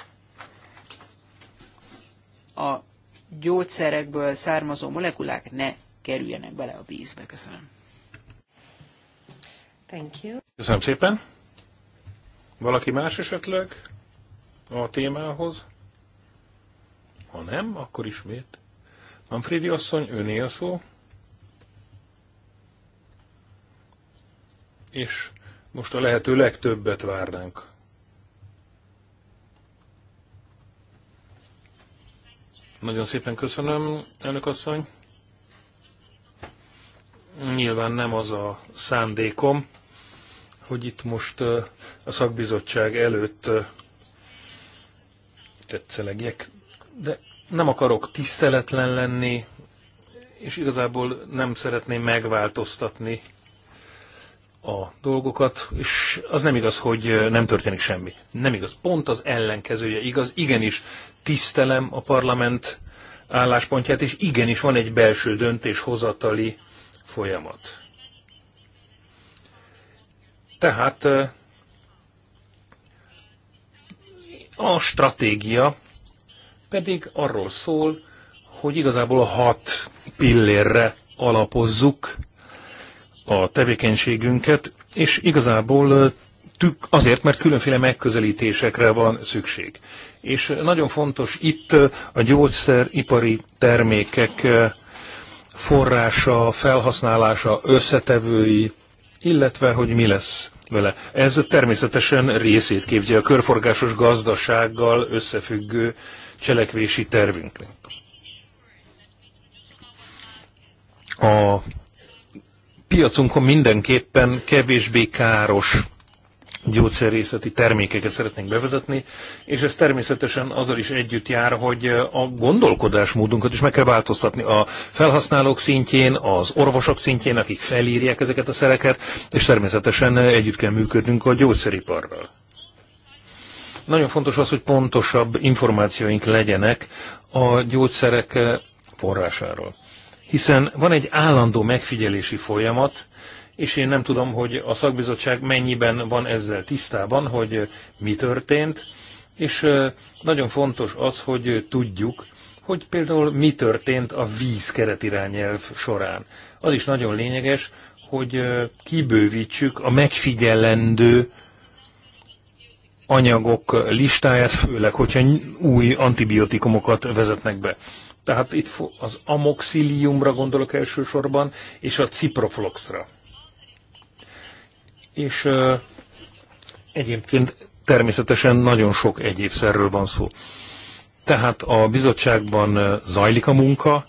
a gyógyszerekből származó molekulák ne kerüljenek bele a vízbe. Köszönöm. Thank you. Köszönöm szépen. Valaki más esetleg a témához? Ha nem, akkor ismét. Manfredi asszony, öné a szó. És most a lehető legtöbbet várnánk. Nagyon szépen köszönöm, elnök asszony. Nyilván nem az a szándékom, hogy itt most a szakbizottság előtt tetszelegjek de nem akarok tiszteletlen lenni, és igazából nem szeretném megváltoztatni a dolgokat, és az nem igaz, hogy nem történik semmi. Nem igaz. Pont az ellenkezője igaz. Igenis tisztelem a parlament álláspontját, és igenis van egy belső döntéshozatali folyamat. Tehát a stratégia pedig arról szól, hogy igazából a hat pillérre alapozzuk a tevékenységünket, és igazából tük, azért, mert különféle megközelítésekre van szükség. És nagyon fontos itt a gyógyszeripari termékek forrása, felhasználása, összetevői, illetve hogy mi lesz vele. Ez természetesen részét képzi a körforgásos gazdasággal összefüggő cselekvési tervünknek. A piacunkon mindenképpen kevésbé káros gyógyszerészeti termékeket szeretnénk bevezetni, és ez természetesen azzal is együtt jár, hogy a gondolkodásmódunkat is meg kell változtatni a felhasználók szintjén, az orvosok szintjén, akik felírják ezeket a szereket, és természetesen együtt kell működnünk a gyógyszeriparral. Nagyon fontos az, hogy pontosabb információink legyenek a gyógyszerek eh, forrásáról. Hiszen van egy állandó megfigyelési folyamat, és én nem tudom, hogy a szakbizottság mennyiben van ezzel tisztában, hogy eh, mi történt, és eh, nagyon fontos az, hogy tudjuk, hogy például mi történt a víz keretirányelv során. Az is nagyon lényeges, hogy kibővítsük a megfigyelendő anyagok listáját, főleg, hogyha új antibiotikumokat vezetnek be. Tehát itt az amoxiliumra gondolok elsősorban, és a ciprofloxra. És uh, egyébként természetesen nagyon sok egyéb szerről van szó. Tehát a bizottságban zajlik a munka,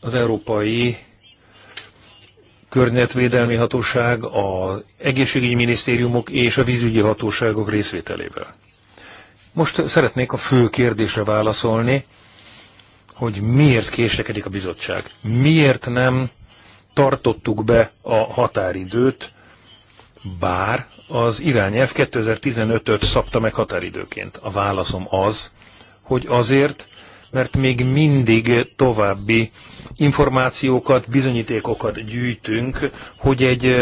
az Európai környezetvédelmi hatóság, az egészségügyi minisztériumok és a vízügyi hatóságok részvételével. Most szeretnék a fő kérdésre válaszolni, hogy miért késlekedik a bizottság. Miért nem tartottuk be a határidőt, bár az irányelv 2015-öt szabta meg határidőként. A válaszom az, hogy azért, mert még mindig további információkat, bizonyítékokat gyűjtünk, hogy egy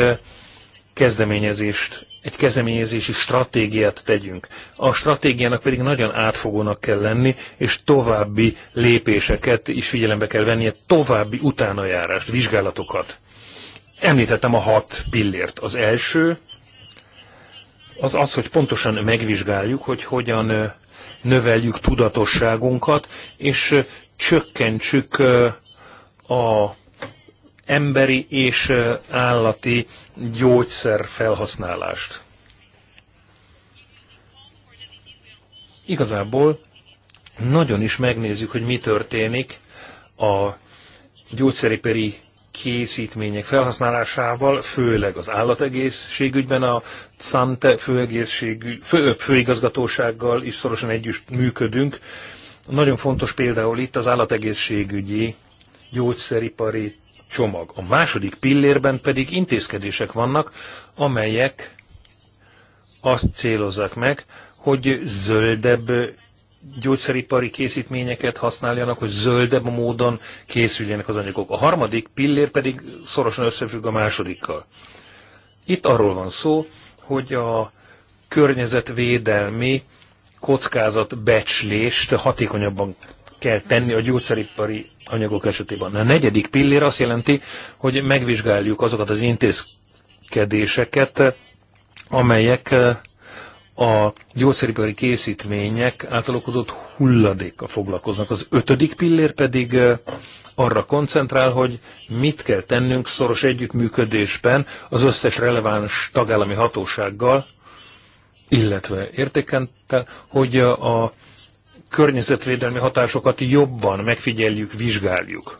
kezdeményezést, egy kezdeményezési stratégiát tegyünk. A stratégiának pedig nagyon átfogónak kell lenni, és további lépéseket is figyelembe kell vennie, további utánajárást, vizsgálatokat. Említettem a hat pillért. Az első az az, hogy pontosan megvizsgáljuk, hogy hogyan növeljük tudatosságunkat, és csökkentsük a emberi és állati gyógyszer felhasználást. Igazából nagyon is megnézzük, hogy mi történik a gyógyszeripari készítmények felhasználásával, főleg az állategészségügyben, a Szante fő, főigazgatósággal is szorosan együtt működünk. Nagyon fontos például itt az állategészségügyi gyógyszeripari csomag. A második pillérben pedig intézkedések vannak, amelyek azt célozzák meg, hogy zöldebb gyógyszeripari készítményeket használjanak, hogy zöldebb módon készüljenek az anyagok. A harmadik pillér pedig szorosan összefügg a másodikkal. Itt arról van szó, hogy a környezetvédelmi kockázatbecslést hatékonyabban kell tenni a gyógyszeripari anyagok esetében. A negyedik pillér azt jelenti, hogy megvizsgáljuk azokat az intézkedéseket, amelyek eh, a gyógyszeripari készítmények által okozott hulladékkal foglalkoznak. Az ötödik pillér pedig eh, arra koncentrál, hogy mit kell tennünk szoros együttműködésben az összes releváns tagállami hatósággal, illetve értékentel, hogy eh, a környezetvédelmi hatásokat jobban megfigyeljük, vizsgáljuk.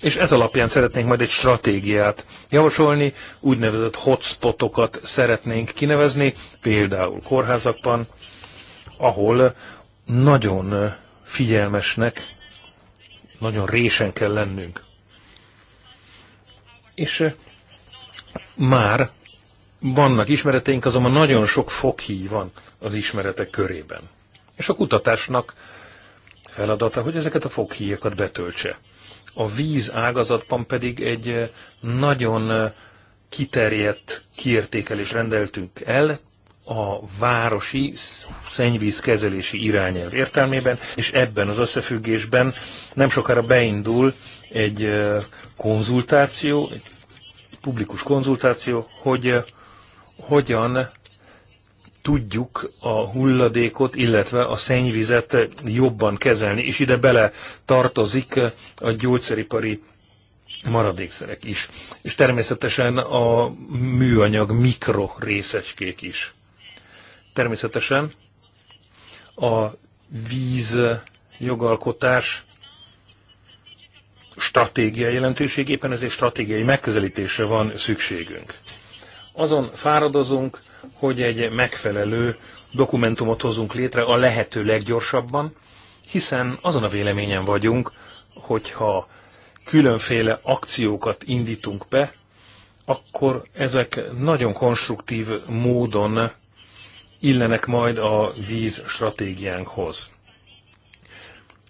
És ez alapján szeretnénk majd egy stratégiát javasolni, úgynevezett hotspotokat szeretnénk kinevezni, például kórházakban, ahol nagyon figyelmesnek, nagyon résen kell lennünk. És eh, már vannak ismereteink, azonban nagyon sok fokhíj van az ismeretek körében. És a kutatásnak feladata, hogy ezeket a foghíjakat betöltse. A víz ágazatban pedig egy eh, nagyon eh, kiterjedt kiértékelés rendeltünk el a városi szennyvízkezelési irányelv értelmében, és ebben az összefüggésben nem sokára beindul egy eh, konzultáció, egy publikus konzultáció, hogy hogyan tudjuk a hulladékot, illetve a szennyvizet jobban kezelni, és ide bele tartozik a gyógyszeripari maradékszerek is, és természetesen a műanyag mikro részecskék is. Természetesen a víz jogalkotás stratégiai jelentőségében ezért stratégiai megközelítésre van szükségünk. Azon fáradozunk, hogy egy megfelelő dokumentumot hozunk létre a lehető leggyorsabban, hiszen azon a véleményen vagyunk, hogyha különféle akciókat indítunk be, akkor ezek nagyon konstruktív módon illenek majd a víz stratégiánkhoz.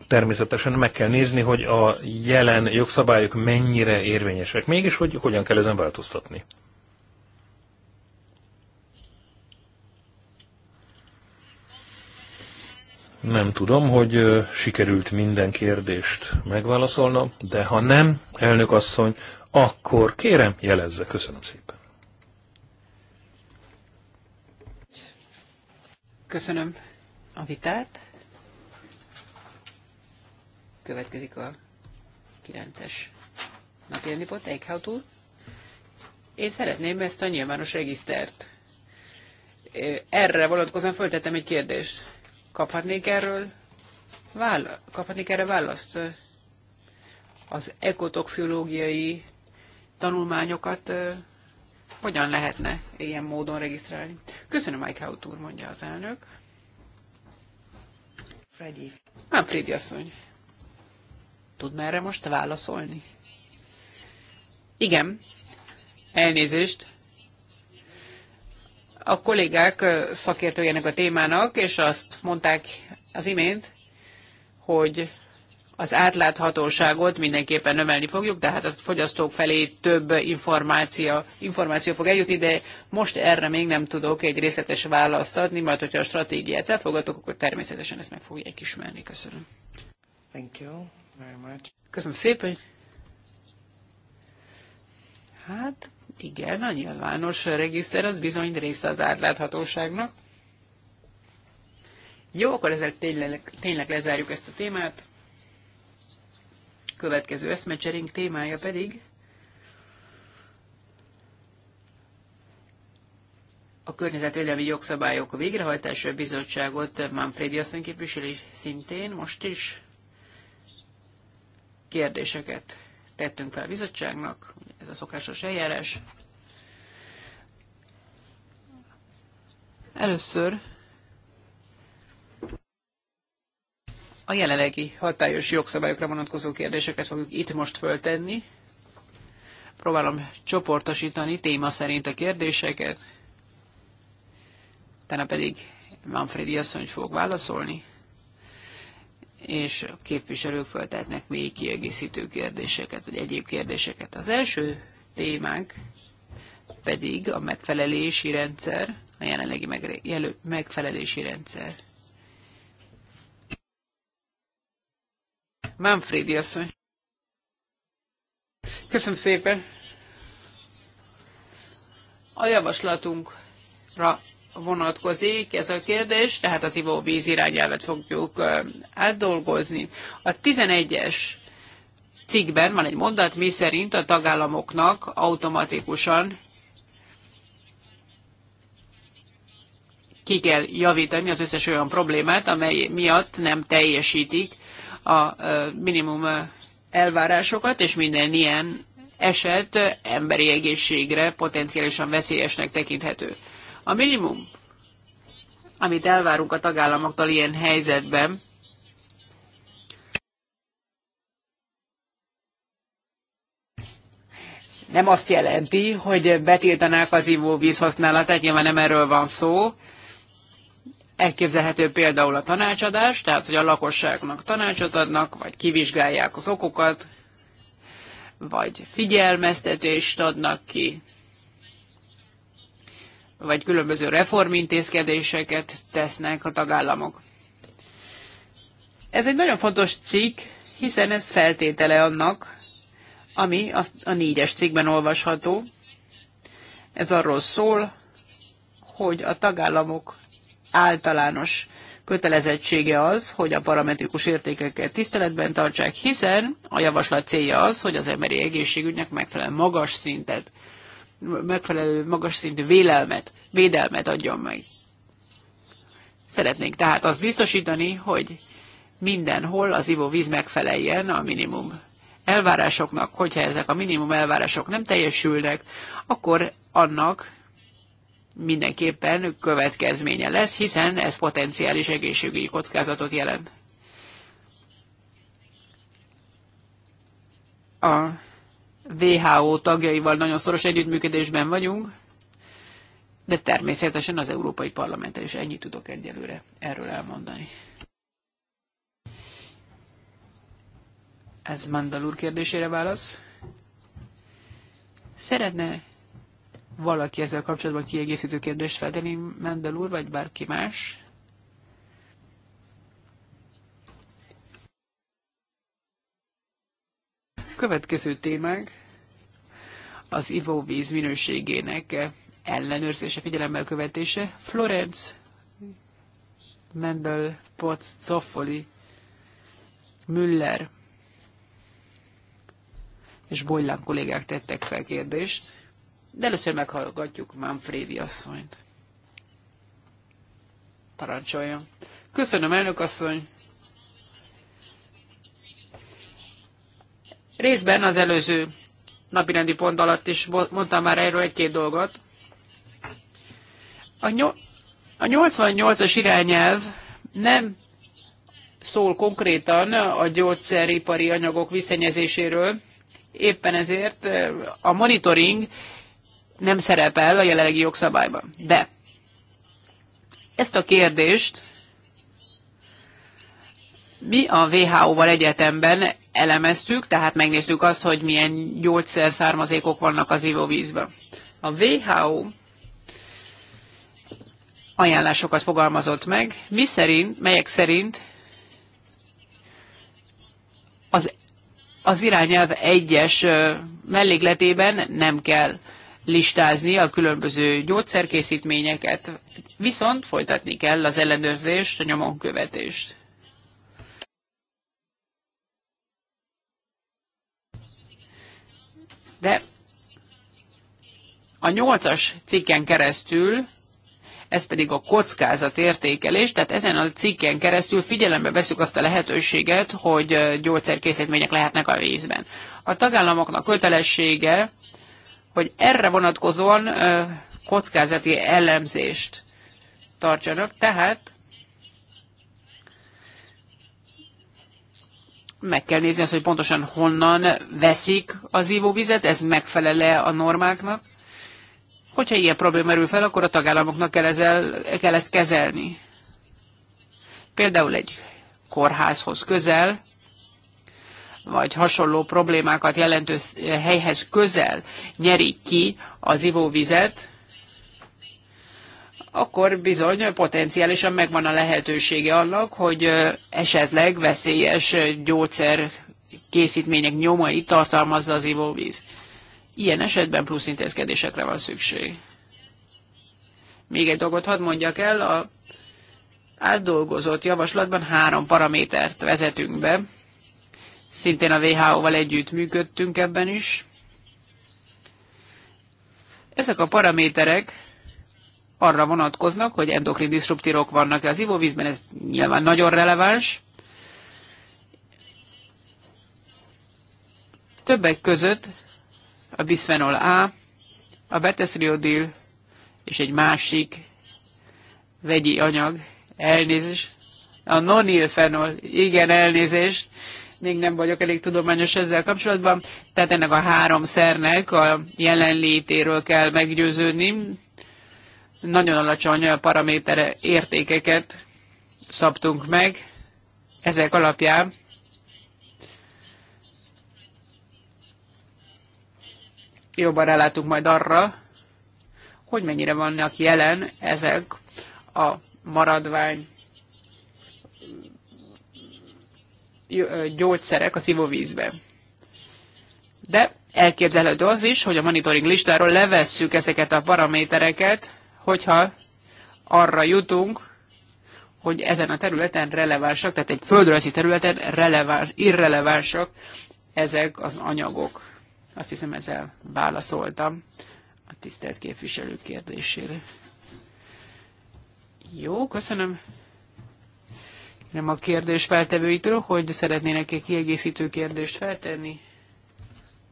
Természetesen meg kell nézni, hogy a jelen jogszabályok mennyire érvényesek, mégis hogy hogyan kell ezen változtatni. Nem tudom, hogy sikerült minden kérdést megválaszolnom, de ha nem, elnök asszony, akkor kérem, jelezze. Köszönöm szépen. Köszönöm a vitát. Következik a 9-es napjelni pont, Eichhaut Én szeretném ezt a nyilvános regisztert. Erre vonatkozóan föltettem egy kérdést. Kaphatnék erről vála- kaphatnék erre választ? Az ekotoxiológiai tanulmányokat hogyan lehetne ilyen módon regisztrálni? Köszönöm, Mike Hout úr, mondja az elnök. Freddy. Nem, Freddy asszony. Tudna erre most válaszolni? Igen. Elnézést a kollégák szakértőjének a témának, és azt mondták az imént, hogy az átláthatóságot mindenképpen növelni fogjuk, tehát a fogyasztók felé több információ, információ fog eljutni, de most erre még nem tudok egy részletes választ adni, majd hogyha a stratégiát elfogadok, akkor természetesen ezt meg fogják ismerni. Köszönöm. Thank you very much. Köszönöm szépen. Hát, igen, a nyilvános regiszter az bizony része az átláthatóságnak. Jó, akkor ezzel tényleg, tényleg lezárjuk ezt a témát. Következő eszmecserénk témája pedig a Környezetvédelmi Jogszabályok Végrehajtása Bizottságot Manfredi asszony képviseli szintén most is kérdéseket tettünk fel a bizottságnak, ez a szokásos eljárás. Először a jelenlegi hatályos jogszabályokra vonatkozó kérdéseket fogjuk itt most föltenni. Próbálom csoportosítani téma szerint a kérdéseket, utána pedig Manfredi asszony fog válaszolni és a képviselők föltetnek még kiegészítő kérdéseket, vagy egyéb kérdéseket. Az első témánk pedig a megfelelési rendszer, a jelenlegi megfelelési rendszer. Manfredi asszony. Köszönöm szépen. A javaslatunkra vonatkozik ez a kérdés, tehát az ivóvíz irányelvet fogjuk átdolgozni. A 11-es cikkben van egy mondat, mi szerint a tagállamoknak automatikusan ki kell javítani az összes olyan problémát, amely miatt nem teljesítik a minimum elvárásokat, és minden ilyen eset emberi egészségre potenciálisan veszélyesnek tekinthető. A minimum, amit elvárunk a tagállamoktól ilyen helyzetben, nem azt jelenti, hogy betiltanák az ivóvíz használatát, nyilván nem erről van szó. Elképzelhető például a tanácsadás, tehát hogy a lakosságnak tanácsot adnak, vagy kivizsgálják az okokat, vagy figyelmeztetést adnak ki vagy különböző reformintézkedéseket tesznek a tagállamok. Ez egy nagyon fontos cikk, hiszen ez feltétele annak, ami a, négyes cikkben olvasható. Ez arról szól, hogy a tagállamok általános kötelezettsége az, hogy a parametrikus értékeket tiszteletben tartsák, hiszen a javaslat célja az, hogy az emberi egészségügynek megfelelően magas szintet megfelelő magas szintű vélelmet, védelmet adjon meg. Szeretnénk tehát azt biztosítani, hogy mindenhol az ivóvíz megfeleljen a minimum elvárásoknak, hogyha ezek a minimum elvárások nem teljesülnek, akkor annak mindenképpen következménye lesz, hiszen ez potenciális egészségügyi kockázatot jelent. A WHO tagjaival nagyon szoros együttműködésben vagyunk, de természetesen az Európai Parlamenttel is ennyit tudok egyelőre erről elmondani. Ez Mandal úr kérdésére válasz. Szeretne valaki ezzel kapcsolatban kiegészítő kérdést feltenni, Mandal úr, vagy bárki más? Következő témák az ivóvíz minőségének ellenőrzése, figyelemmel követése. Florence Mendel Potts Zoffoli Müller és Bojlán kollégák tettek fel kérdést, de először meghallgatjuk Manfredi asszonyt. Parancsoljon. Köszönöm, elnök asszony! Részben az előző napirendi pont alatt is mondtam már erről egy-két dolgot. A, nyol, a 88-as irányelv nem szól konkrétan a gyógyszeripari anyagok visszanyezéséről, éppen ezért eh, a monitoring nem szerepel a jelenlegi jogszabályban. De ezt a kérdést mi a WHO-val egyetemben elemeztük, tehát megnéztük azt, hogy milyen gyógyszer származékok vannak az ivóvízben. A WHO ajánlásokat fogalmazott meg, mi szerint, melyek szerint az, az irányelv egyes mellékletében nem kell listázni a különböző gyógyszerkészítményeket, viszont folytatni kell az ellenőrzést, a nyomon követést. de a nyolcas cikken keresztül, ez pedig a kockázat értékelés, tehát ezen a cikken keresztül figyelembe veszük azt a lehetőséget, hogy gyógyszerkészítmények lehetnek a vízben. A tagállamoknak kötelessége, hogy erre vonatkozóan kockázati elemzést tartsanak, tehát meg kell nézni azt, hogy pontosan honnan veszik az ivóvizet, ez megfelele a normáknak. Hogyha ilyen probléma merül fel, akkor a tagállamoknak kell, ezzel, kell ezt kezelni. Például egy kórházhoz közel, vagy hasonló problémákat jelentő helyhez közel nyerik ki az ivóvizet, akkor bizony potenciálisan megvan a lehetősége annak, hogy esetleg veszélyes gyógyszer készítmények nyomait tartalmazza az ivóvíz. Ilyen esetben plusz intézkedésekre van szükség. Még egy dolgot hadd mondjak el, a átdolgozott javaslatban három paramétert vezetünk be. Szintén a WHO-val együtt működtünk ebben is. Ezek a paraméterek arra vonatkoznak, hogy endokrin disruptírok vannak az ivóvízben, ez nyilván nagyon releváns. Többek között a bisphenol A, a betesriodil és egy másik vegyi anyag, elnézés, a nonilfenol, igen, elnézést, még nem vagyok elég tudományos ezzel kapcsolatban, tehát ennek a három szernek a jelenlétéről kell meggyőződni, nagyon alacsony paraméter értékeket szabtunk meg. Ezek alapján jobban rálátunk majd arra, hogy mennyire vannak jelen ezek a maradvány gyógyszerek a szivóvízbe. De elképzelhető az is, hogy a monitoring listáról levesszük ezeket a paramétereket, hogyha arra jutunk, hogy ezen a területen relevánsak, tehát egy földrajzi területen releváns, irrelevánsak ezek az anyagok. Azt hiszem ezzel válaszoltam a tisztelt képviselő kérdésére. Jó, köszönöm. Nem a kérdés feltevőitől, hogy szeretnének egy kiegészítő kérdést feltenni.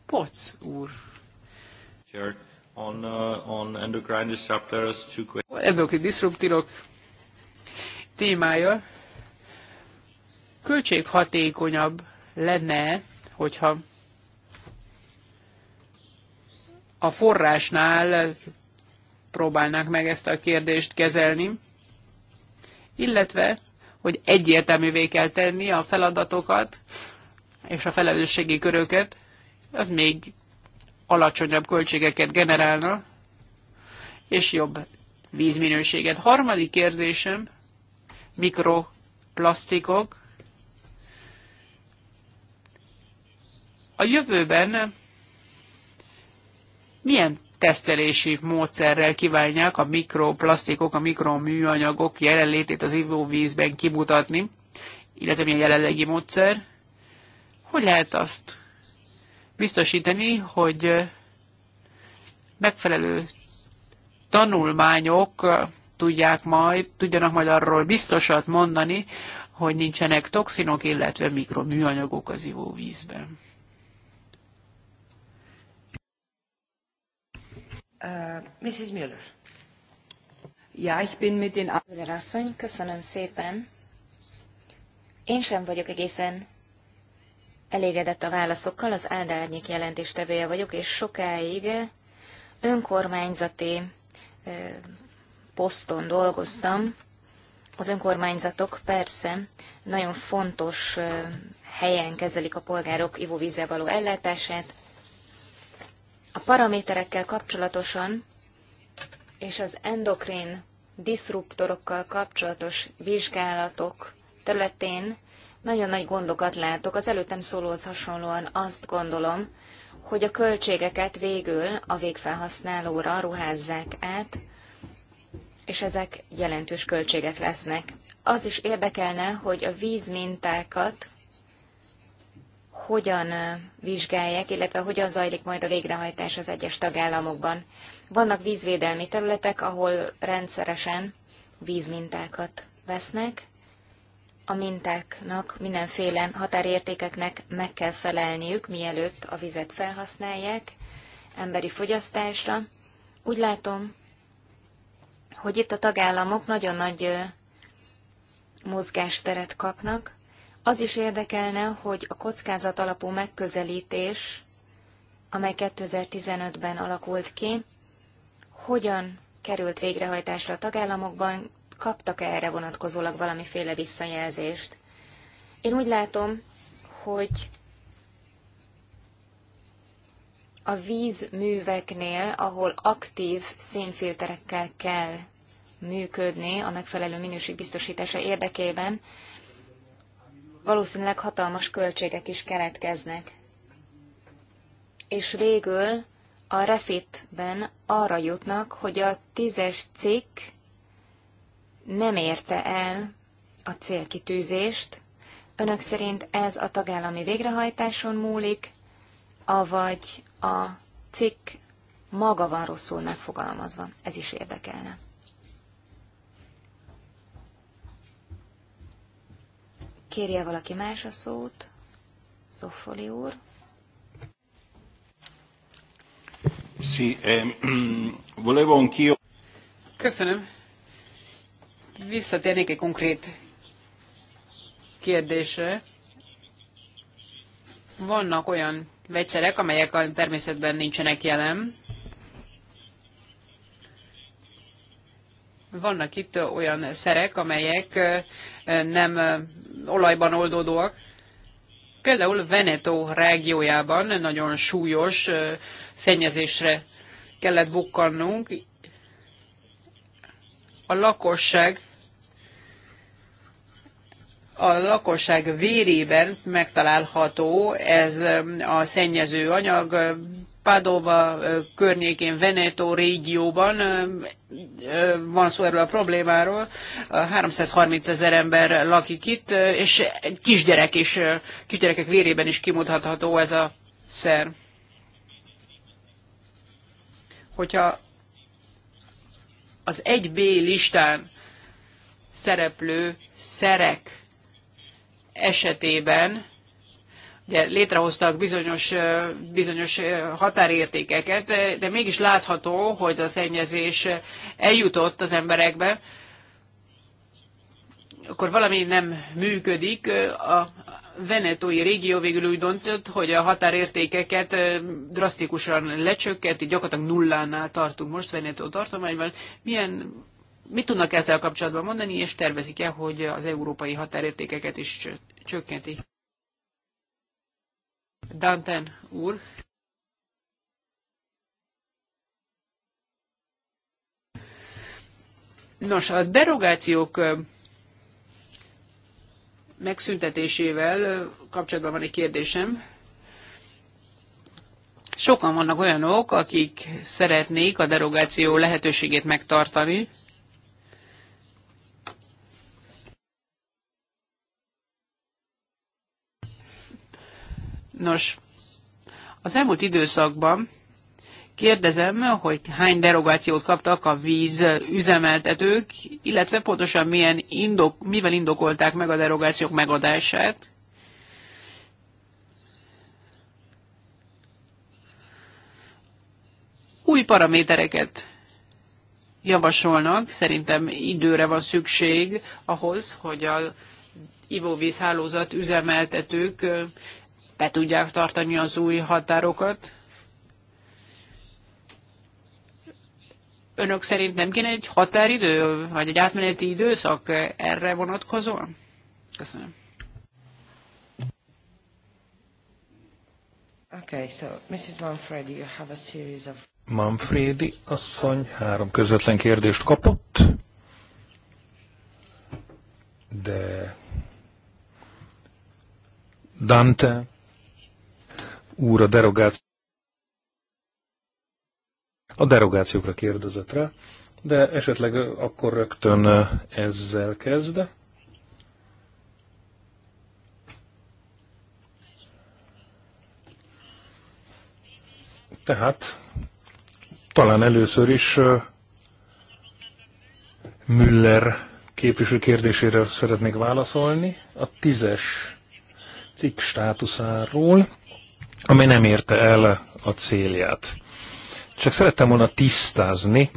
Poc úr. Sure on, uh, on endocrine disruptors to... Endokrin disruptorok témája költséghatékonyabb lenne, hogyha a forrásnál próbálnák meg ezt a kérdést kezelni, illetve, hogy egyértelművé kell tenni a feladatokat és a felelősségi köröket, az még alacsonyabb költségeket generálna, és jobb vízminőséget. Harmadik kérdésem, mikroplasztikok. A jövőben milyen tesztelési módszerrel kívánják a mikroplasztikok, a mikroműanyagok jelenlétét az ivóvízben kimutatni, illetve milyen jelenlegi módszer? Hogy lehet azt biztosítani, hogy megfelelő tanulmányok tudják majd, tudjanak majd arról biztosat mondani, hogy nincsenek toxinok, illetve mikroműanyagok az ivóvízben. Uh, Mrs. Müller. Ja, ich bin mit den... Müller asszony, köszönöm szépen. Én sem vagyok egészen elégedett a válaszokkal, az áldárnyék jelentéstevője vagyok, és sokáig önkormányzati poszton dolgoztam. Az önkormányzatok persze nagyon fontos helyen kezelik a polgárok ivóvízzel való ellátását. A paraméterekkel kapcsolatosan és az endokrin diszruptorokkal kapcsolatos vizsgálatok területén nagyon nagy gondokat látok. Az előttem szólóhoz hasonlóan azt gondolom, hogy a költségeket végül a végfelhasználóra ruházzák át, és ezek jelentős költségek lesznek. Az is érdekelne, hogy a vízmintákat hogyan vizsgálják, illetve hogyan zajlik majd a végrehajtás az egyes tagállamokban. Vannak vízvédelmi területek, ahol rendszeresen vízmintákat vesznek, a mintáknak, mindenféle határértékeknek meg kell felelniük, mielőtt a vizet felhasználják emberi fogyasztásra. Úgy látom, hogy itt a tagállamok nagyon nagy mozgásteret kapnak. Az is érdekelne, hogy a kockázat alapú megközelítés, amely 2015-ben alakult ki, hogyan került végrehajtásra a tagállamokban, kaptak -e erre vonatkozólag valamiféle visszajelzést. Én úgy látom, hogy a vízműveknél, ahol aktív szénfilterekkel kell működni a megfelelő minőség biztosítása érdekében, valószínűleg hatalmas költségek is keletkeznek. És végül a refitben arra jutnak, hogy a tízes cikk nem érte el a célkitűzést. Önök szerint ez a tagállami végrehajtáson múlik, avagy a cikk maga van rosszul megfogalmazva. Ez is érdekelne. Kérje valaki más a szót? Zoffoli úr. Sì, volevo anch'io. Köszönöm visszatérnék egy konkrét kérdésre. Vannak olyan vegyszerek, amelyek a természetben nincsenek jelen. Vannak itt olyan szerek, amelyek nem olajban oldódóak. Például Veneto régiójában nagyon súlyos szennyezésre kellett bukkannunk. A lakosság a lakosság vérében megtalálható ez um, a szennyező anyag. Uh, Padova uh, környékén, Veneto régióban um, uh, van szó erről a problémáról. 330 ezer ember lakik itt, és egy kisgyerek is, kisgyerekek vérében is kimutatható ez a szer. Hogyha az 1B listán szereplő szerek esetében ugye létrehoztak bizonyos, bizonyos határértékeket, de mégis látható, hogy a szennyezés eljutott az emberekbe, akkor valami nem működik. A venetói régió végül úgy döntött, hogy a határértékeket drasztikusan lecsökkenti, gyakorlatilag nullánál tartunk most Venetó tartományban. Milyen mit tudnak ezzel kapcsolatban mondani, és tervezik-e, hogy az európai határértékeket is csökkenti? Danten úr. Nos, a derogációk megszüntetésével kapcsolatban van egy kérdésem. Sokan vannak olyanok, akik szeretnék a derogáció lehetőségét megtartani, Nos, az elmúlt időszakban kérdezem, hogy hány derogációt kaptak a víz üzemeltetők, illetve pontosan milyen indok, mivel indokolták meg a derogációk megadását. Új paramétereket javasolnak, szerintem időre van szükség ahhoz, hogy a ivóvízhálózat üzemeltetők be tudják tartani az új határokat. Önök szerint nem kéne egy határidő, vagy egy átmeneti időszak erre vonatkozóan? Köszönöm. Okay, so Mrs. Manfredi, you have a series of... Manfredi asszony három közvetlen kérdést kapott, de Dante úr a derogáció a derogációkra kérdezett rá, de esetleg akkor rögtön ezzel kezd. Tehát talán először is Müller képviselő kérdésére szeretnék válaszolni. A tízes cikk státuszáról amely nem érte el a célját. Csak szerettem volna tisztázni,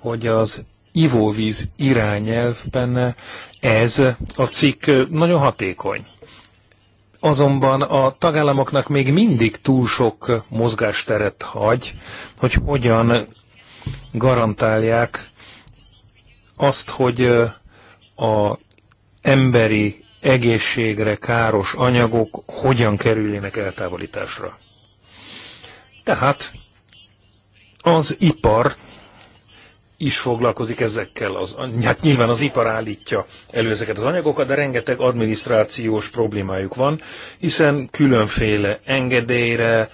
hogy az ivóvíz irányelvben ez a cikk nagyon hatékony. Azonban a tagállamoknak még mindig túl sok mozgásteret hagy, hogy hogyan garantálják azt, hogy a emberi egészségre káros anyagok hogyan kerüljenek eltávolításra. Tehát az ipar is foglalkozik ezekkel. Az, hát nyilván az ipar állítja elő ezeket az anyagokat, de rengeteg adminisztrációs problémájuk van, hiszen különféle engedélyre,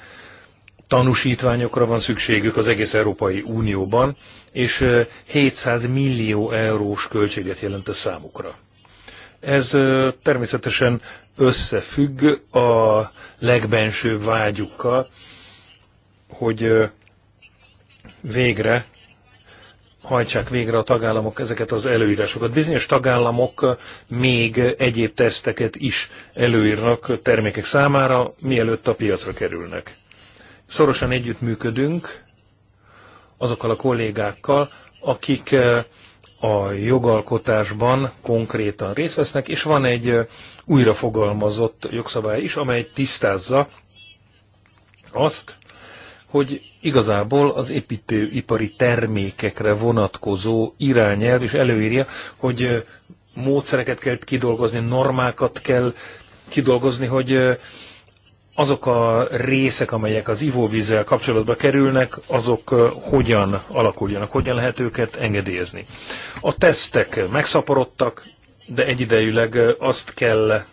tanúsítványokra van szükségük az egész Európai Unióban, és 700 millió eurós költséget jelent a számukra. Ez természetesen összefügg a legbenső vágyukkal, hogy végre hajtsák végre a tagállamok ezeket az előírásokat. Bizonyos tagállamok még egyéb teszteket is előírnak termékek számára, mielőtt a piacra kerülnek. Szorosan együttműködünk azokkal a kollégákkal, akik a jogalkotásban konkrétan részt vesznek, és van egy újrafogalmazott jogszabály is, amely tisztázza azt, hogy igazából az építőipari termékekre vonatkozó irányelv is előírja, hogy módszereket kell kidolgozni, normákat kell kidolgozni, hogy azok a részek, amelyek az ivóvízzel kapcsolatba kerülnek, azok hogyan alakuljanak, hogyan lehet őket engedélyezni. A tesztek megszaporodtak, de egyidejűleg azt kell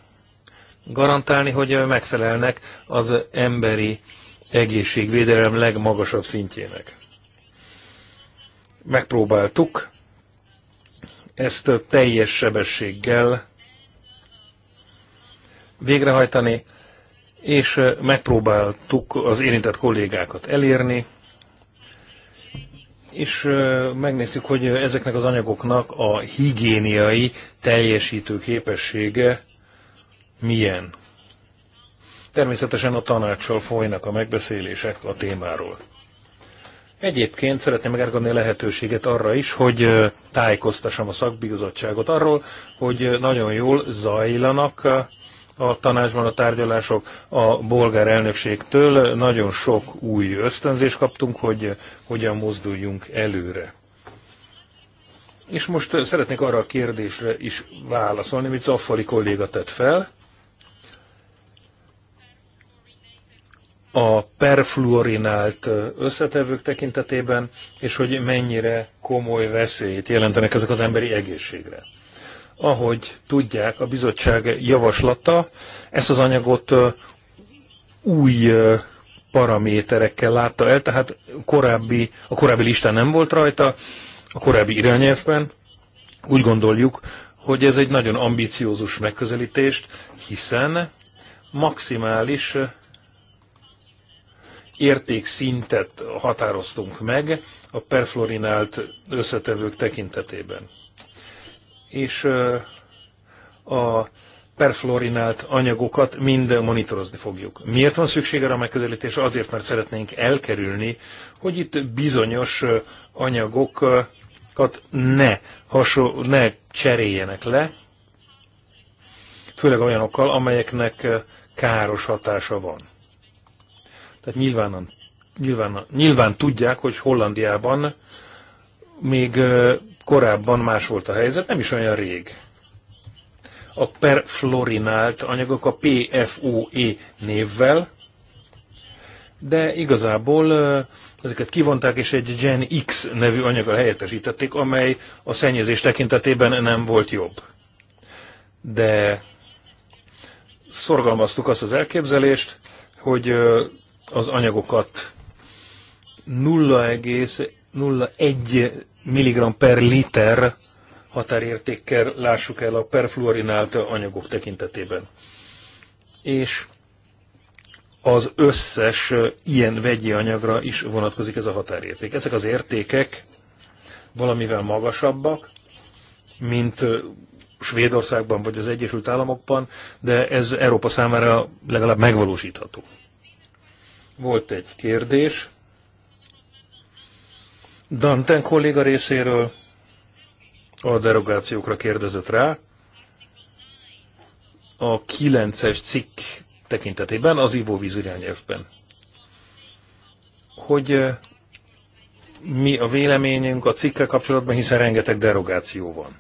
garantálni, hogy megfelelnek az emberi egészségvédelem legmagasabb szintjének. Megpróbáltuk ezt teljes sebességgel végrehajtani, és megpróbáltuk az érintett kollégákat elérni, és megnéztük, hogy ezeknek az anyagoknak a higiéniai teljesítő képessége milyen. Természetesen a tanácssal folynak a megbeszélések a témáról. Egyébként szeretném megárgatni a lehetőséget arra is, hogy tájékoztassam a szakbizottságot arról, hogy nagyon jól zajlanak a tanácsban a tárgyalások a bolgár elnökségtől. Nagyon sok új ösztönzést kaptunk, hogy hogyan mozduljunk előre. És most szeretnék arra a kérdésre is válaszolni, amit Zaffali kolléga tett fel. A perfluorinált összetevők tekintetében, és hogy mennyire komoly veszélyt jelentenek ezek az emberi egészségre. Ahogy tudják, a bizottság javaslata ezt az anyagot új paraméterekkel látta el, tehát korábbi, a korábbi listán nem volt rajta, a korábbi irányelvben. Úgy gondoljuk, hogy ez egy nagyon ambiciózus megközelítést, hiszen maximális értékszintet határoztunk meg a perfluorinált összetevők tekintetében és a perfluorinált anyagokat mind monitorozni fogjuk. Miért van szükség erre a megközelítésre? Azért, mert szeretnénk elkerülni, hogy itt bizonyos anyagokat ne, hasonl- ne cseréljenek le, főleg olyanokkal, amelyeknek káros hatása van. Tehát nyilván, nyilván, nyilván tudják, hogy Hollandiában még korábban más volt a helyzet, nem is olyan rég. A perfluorinált anyagok a PFOE névvel, de igazából ezeket kivonták, és egy Gen X nevű anyaggal helyettesítették, amely a szennyezés tekintetében nem volt jobb. De szorgalmaztuk azt az elképzelést, hogy az anyagokat 0,1 mg per liter határértékkel lássuk el a perfluorinált anyagok tekintetében. És az összes ilyen vegyi anyagra is vonatkozik ez a határérték. Ezek az értékek valamivel magasabbak, mint Svédországban vagy az Egyesült Államokban, de ez Európa számára legalább megvalósítható. Volt egy kérdés Danten kolléga részéről a derogációkra kérdezett rá. A 9-es cikk tekintetében, az ivóvíz irányelvben. Hogy eh, mi a véleményünk a cikkkel kapcsolatban, hiszen rengeteg derogáció van.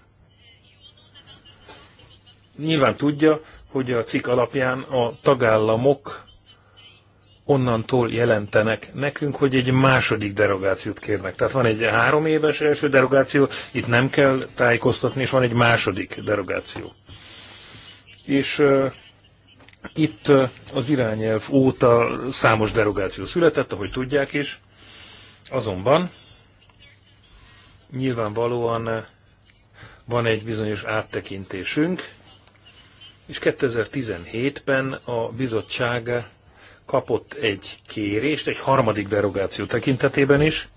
Nyilván tudja, hogy a cikk alapján a tagállamok onnantól jelentenek nekünk, hogy egy második derogációt kérnek. Tehát van egy három éves első derogáció, itt nem kell tájékoztatni, és van egy második derogáció. És uh, itt uh, az irányelv óta számos derogáció született, ahogy tudják is, azonban nyilvánvalóan van egy bizonyos áttekintésünk, és 2017-ben a bizottság kapott egy kérést, egy harmadik derogáció tekintetében is.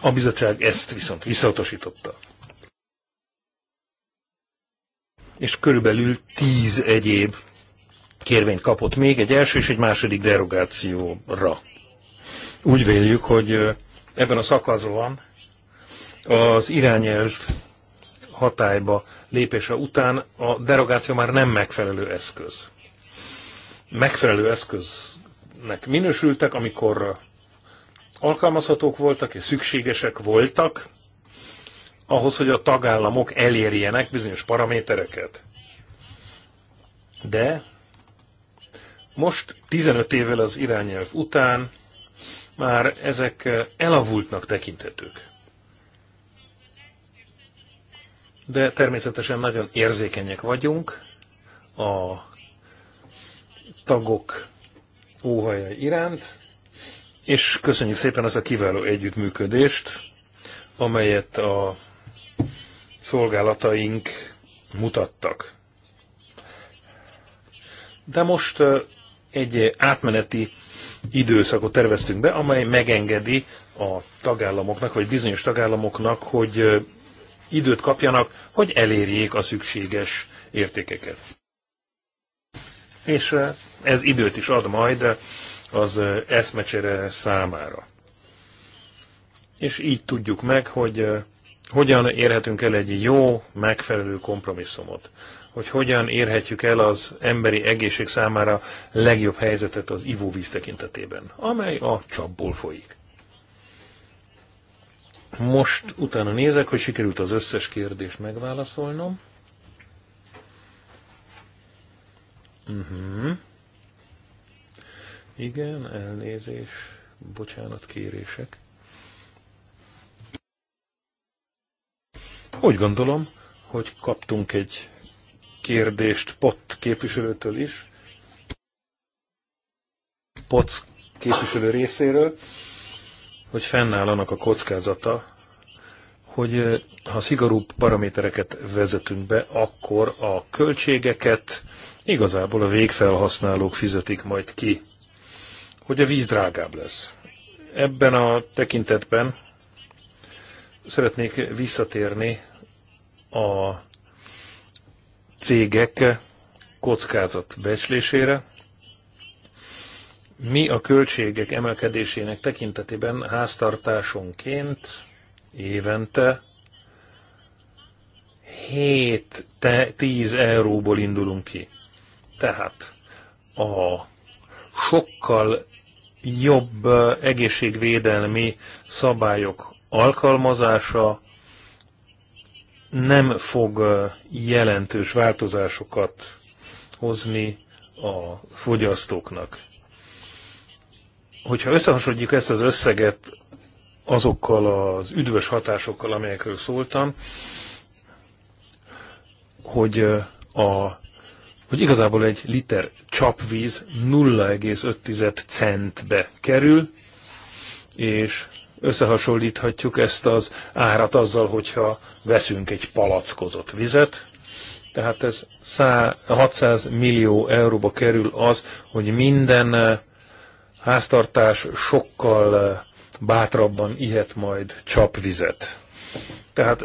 A bizottság ezt viszont visszautasította. És körülbelül tíz egyéb kérvényt kapott még egy első és egy második derogációra. Úgy véljük, hogy ebben a szakaszban az irányelv hatályba lépése után a derogáció már nem megfelelő eszköz megfelelő eszköznek minősültek, amikor alkalmazhatók voltak és szükségesek voltak, ahhoz, hogy a tagállamok elérjenek bizonyos paramétereket. De most 15 évvel az irányelv után már ezek elavultnak tekinthetők. De természetesen nagyon érzékenyek vagyunk a tagok óhaja iránt, és köszönjük szépen ezt a kiváló együttműködést, amelyet a szolgálataink mutattak. De most egy átmeneti időszakot terveztünk be, amely megengedi a tagállamoknak, vagy bizonyos tagállamoknak, hogy időt kapjanak, hogy elérjék a szükséges értékeket és ez időt is ad majd az eszmecsere számára. És így tudjuk meg, hogy hogyan érhetünk el egy jó, megfelelő kompromisszumot. Hogy hogyan érhetjük el az emberi egészség számára legjobb helyzetet az ivóvíz tekintetében, amely a csapból folyik. Most utána nézek, hogy sikerült az összes kérdést megválaszolnom. Uh-huh. Igen, elnézés, bocsánat, kérések. Úgy gondolom, hogy kaptunk egy kérdést POT képviselőtől is, pot képviselő részéről, hogy fennáll annak a kockázata, hogy ha szigorúbb paramétereket vezetünk be, akkor a költségeket Igazából a végfelhasználók fizetik majd ki, hogy a víz drágább lesz. Ebben a tekintetben szeretnék visszatérni a cégek kockázat becslésére. Mi a költségek emelkedésének tekintetében háztartásonként évente 7-10 euróból indulunk ki. Tehát a sokkal jobb egészségvédelmi szabályok alkalmazása nem fog jelentős változásokat hozni a fogyasztóknak. Hogyha összehasonlítjuk ezt az összeget azokkal az üdvös hatásokkal, amelyekről szóltam, hogy a hogy igazából egy liter csapvíz 0,5 centbe kerül, és összehasonlíthatjuk ezt az árat azzal, hogyha veszünk egy palackozott vizet, tehát ez 600 millió euróba kerül az, hogy minden eh, háztartás sokkal eh, bátrabban ihet majd csapvizet. Tehát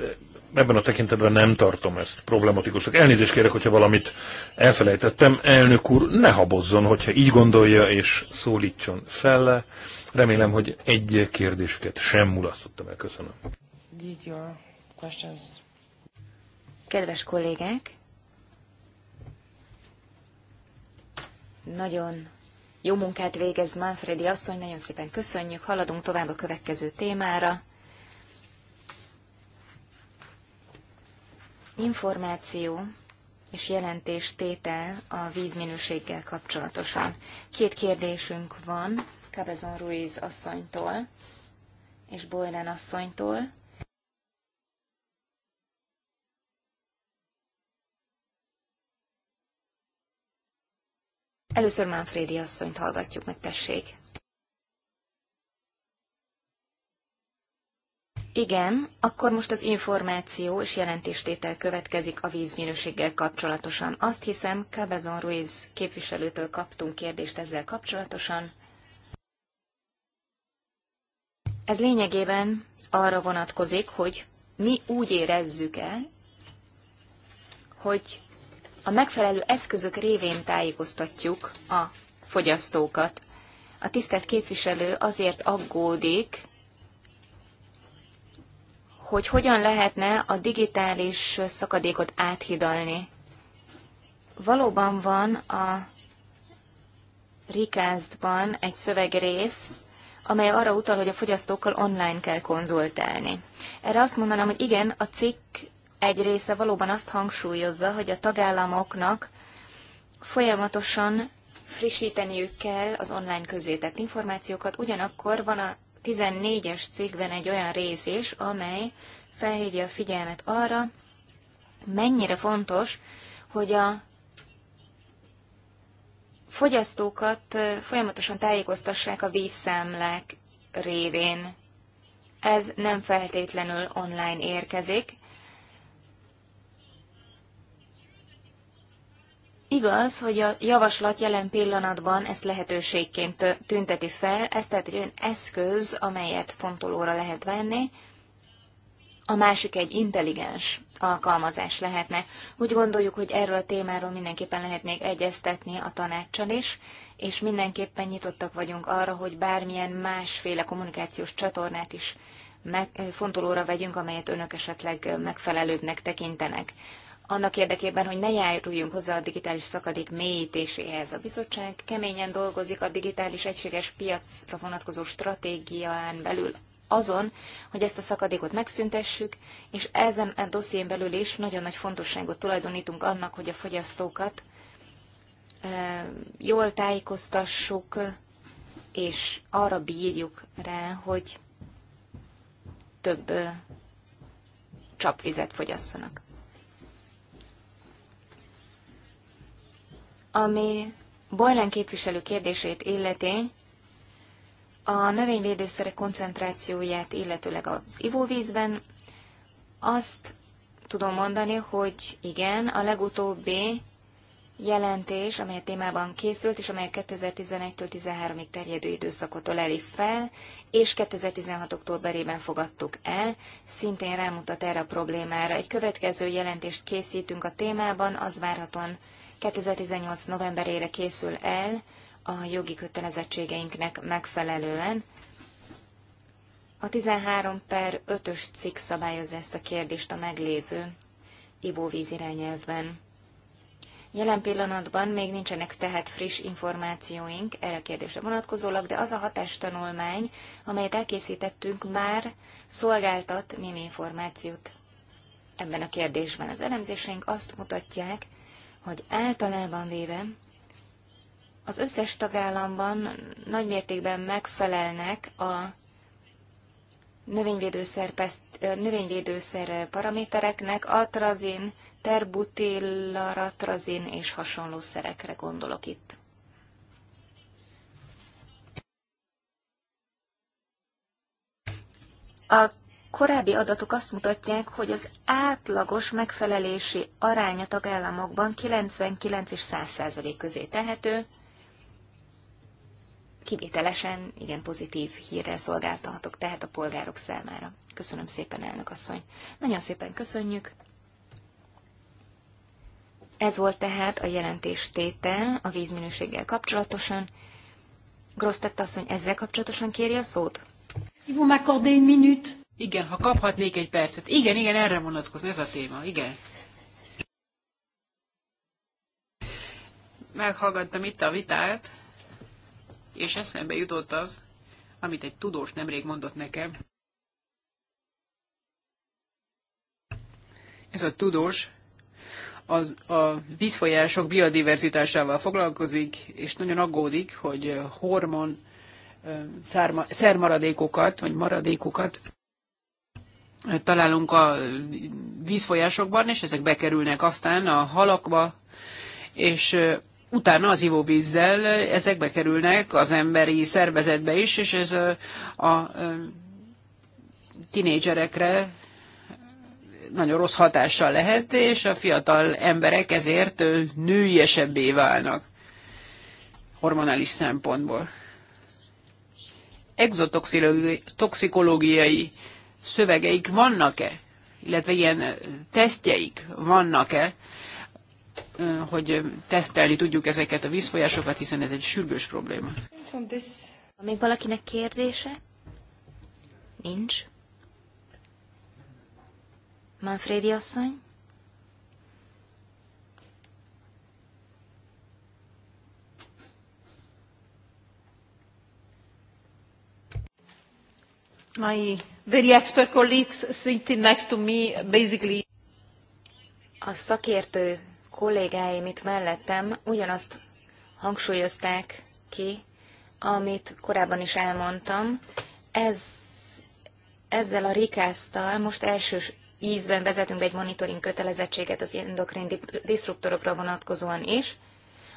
ebben a tekintetben nem tartom ezt problematikusnak. Elnézést kérek, hogyha valamit elfelejtettem. Elnök úr, ne habozzon, hogyha így gondolja, és szólítson fel. Remélem, hogy egy kérdésüket sem mulasztottam el. Köszönöm. Kedves kollégák, nagyon jó munkát végez Manfredi asszony, nagyon szépen köszönjük, haladunk tovább a következő témára. információ és jelentés tétel a vízminőséggel kapcsolatosan. Két kérdésünk van Cabezon Ruiz asszonytól és Boylan asszonytól. Először Manfredi asszonyt hallgatjuk meg, tessék. Igen, akkor most az információ és jelentéstétel következik a vízminőséggel kapcsolatosan. Azt hiszem, Cabezon Ruiz képviselőtől kaptunk kérdést ezzel kapcsolatosan. Ez lényegében arra vonatkozik, hogy mi úgy érezzük-e, hogy a megfelelő eszközök révén tájékoztatjuk a fogyasztókat. A tisztelt képviselő azért aggódik, hogy hogyan lehetne a digitális szakadékot áthidalni. Valóban van a Rikázdban egy szövegrész, amely arra utal, hogy a fogyasztókkal online kell konzultálni. Erre azt mondanám, hogy igen, a cikk egy része valóban azt hangsúlyozza, hogy a tagállamoknak folyamatosan frissíteniük kell az online közzétett információkat, ugyanakkor van a 14-es cikkben egy olyan rész is, amely felhívja a figyelmet arra, mennyire fontos, hogy a fogyasztókat folyamatosan tájékoztassák a vízszámlák révén. Ez nem feltétlenül online érkezik, Igaz, hogy a javaslat jelen pillanatban ezt lehetőségként tünteti fel, ez tehát egy olyan eszköz, amelyet fontolóra lehet venni, a másik egy intelligens alkalmazás lehetne. Úgy gondoljuk, hogy erről a témáról mindenképpen lehetnék egyeztetni a tanácssal is, és mindenképpen nyitottak vagyunk arra, hogy bármilyen másféle kommunikációs csatornát is meg, eh, fontolóra vegyünk, amelyet önök esetleg megfelelőbbnek tekintenek annak érdekében, hogy ne járuljunk hozzá a digitális szakadék mélyítéséhez. A bizottság keményen dolgozik a digitális egységes piacra vonatkozó stratégián belül azon, hogy ezt a szakadékot megszüntessük, és ezen a dosszién belül is nagyon nagy fontosságot tulajdonítunk annak, hogy a fogyasztókat jól tájékoztassuk, és arra bírjuk rá, hogy több csapvizet fogyasszanak. Ami Boylan képviselő kérdését illeti, a növényvédőszerek koncentrációját, illetőleg az ivóvízben, azt tudom mondani, hogy igen, a legutóbbi jelentés, amely a témában készült, és amely 2011-től 13-ig terjedő időszakot öleli fel, és 2016. októberében fogadtuk el, szintén rámutat erre a problémára. Egy következő jelentést készítünk a témában, az várhatóan 2018. novemberére készül el a jogi kötelezettségeinknek megfelelően. A 13 per 5-ös cikk szabályozza ezt a kérdést a meglévő ivóvíz irányelvben. Jelen pillanatban még nincsenek tehát friss információink erre a kérdésre vonatkozólag, de az a hatástanulmány, amelyet elkészítettünk, már szolgáltat némi információt ebben a kérdésben. Az elemzéseink azt mutatják, hogy általában véve az összes tagállamban nagymértékben megfelelnek a növényvédőszer, peszt, növényvédőszer paramétereknek, atrazin, terbutillaratrazin és hasonló szerekre gondolok itt. A korábbi adatok azt mutatják, hogy az átlagos megfelelési aránya tagállamokban 99 és 100 százalék közé tehető, kivételesen igen pozitív hírrel szolgáltatok. tehát a polgárok számára. Köszönöm szépen, elnök asszony. Nagyon szépen köszönjük. Ez volt tehát a jelentés tétel a vízminőséggel kapcsolatosan. Grosztett asszony ezzel kapcsolatosan kéri a szót. Vous m'accordez une minute. Igen, ha kaphatnék egy percet. Igen, igen, erre vonatkozik ez a téma. Igen. Meghallgattam itt a vitát, és eszembe jutott az, amit egy tudós nemrég mondott nekem. Ez a tudós az a vízfolyások biodiverzitásával foglalkozik, és nagyon aggódik, hogy hormon szárma, szermaradékokat, vagy maradékokat találunk a vízfolyásokban, és ezek bekerülnek aztán a halakba, és utána az ivóvízzel ezek bekerülnek az emberi szervezetbe is, és ez a tinédzserekre nagyon rossz hatással lehet, és a fiatal emberek ezért nőjesebbé válnak hormonális szempontból. Exotoxikológiai szövegeik vannak-e, illetve ilyen tesztjeik vannak-e, hogy tesztelni tudjuk ezeket a vízfolyásokat, hiszen ez egy sürgős probléma. Van még valakinek kérdése? Nincs. Manfredi asszony? mai the expert colleagues sitting next to me basically a szakértő kollégáim itt mellettem ugyanazt hangsúlyozták ki, amit korábban is elmondtam. Ez, ezzel a rikásztal most elsős ízben vezetünk be egy monitoring kötelezettséget az endokrin disruptorokra vonatkozóan is.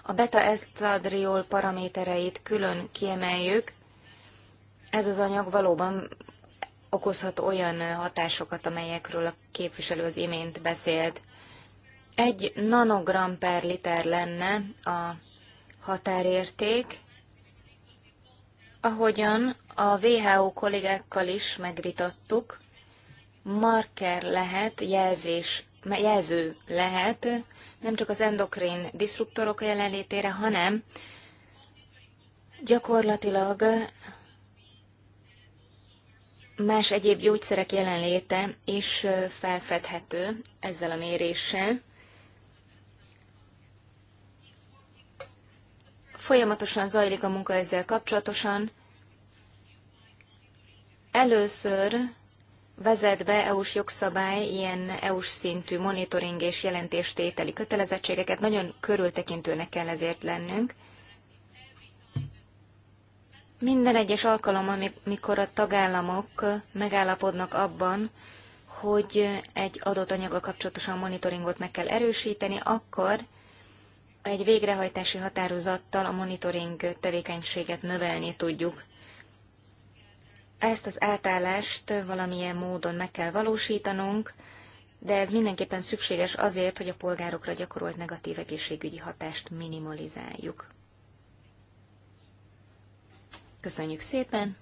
A beta estradiol paramétereit külön kiemeljük. Ez az anyag valóban okozhat olyan hatásokat, amelyekről a képviselő az imént beszélt. Egy nanogram per liter lenne a határérték, ahogyan a WHO kollégákkal is megvitattuk, marker lehet, jelzés, jelző lehet, nem csak az endokrin disruptorok jelenlétére, hanem gyakorlatilag más egyéb gyógyszerek jelenléte is felfedhető ezzel a méréssel. Folyamatosan zajlik a munka ezzel kapcsolatosan. Először vezet be EU-s jogszabály ilyen EU-s szintű monitoring és jelentéstételi kötelezettségeket. Nagyon körültekintőnek kell ezért lennünk. Minden egyes alkalom, amikor a tagállamok megállapodnak abban, hogy egy adott anyaga kapcsolatosan monitoringot meg kell erősíteni, akkor egy végrehajtási határozattal a monitoring tevékenységet növelni tudjuk. Ezt az átállást valamilyen módon meg kell valósítanunk, de ez mindenképpen szükséges azért, hogy a polgárokra gyakorolt negatív egészségügyi hatást minimalizáljuk. Köszönjük szépen!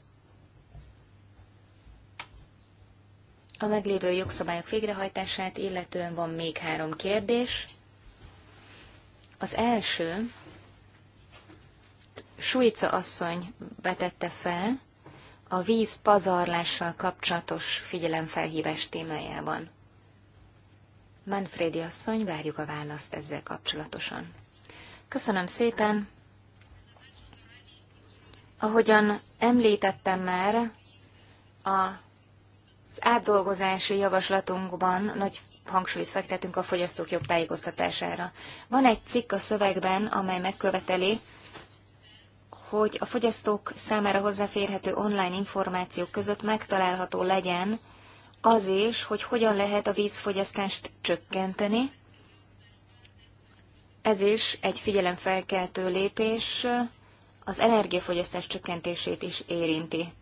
A meglévő jogszabályok végrehajtását illetően van még három kérdés. Az első, Suica asszony vetette fel a víz pazarlással kapcsolatos figyelemfelhívás témájában. Manfredi asszony, várjuk a választ ezzel kapcsolatosan. Köszönöm szépen, Ahogyan említettem már, az átdolgozási javaslatunkban nagy hangsúlyt fektetünk a fogyasztók jobb tájékoztatására. Van egy cikk a szövegben, amely megköveteli, hogy a fogyasztók számára hozzáférhető online információk között megtalálható legyen az is, hogy hogyan lehet a vízfogyasztást csökkenteni. Ez is egy figyelemfelkeltő lépés, az energiafogyasztás csökkentését is érinti.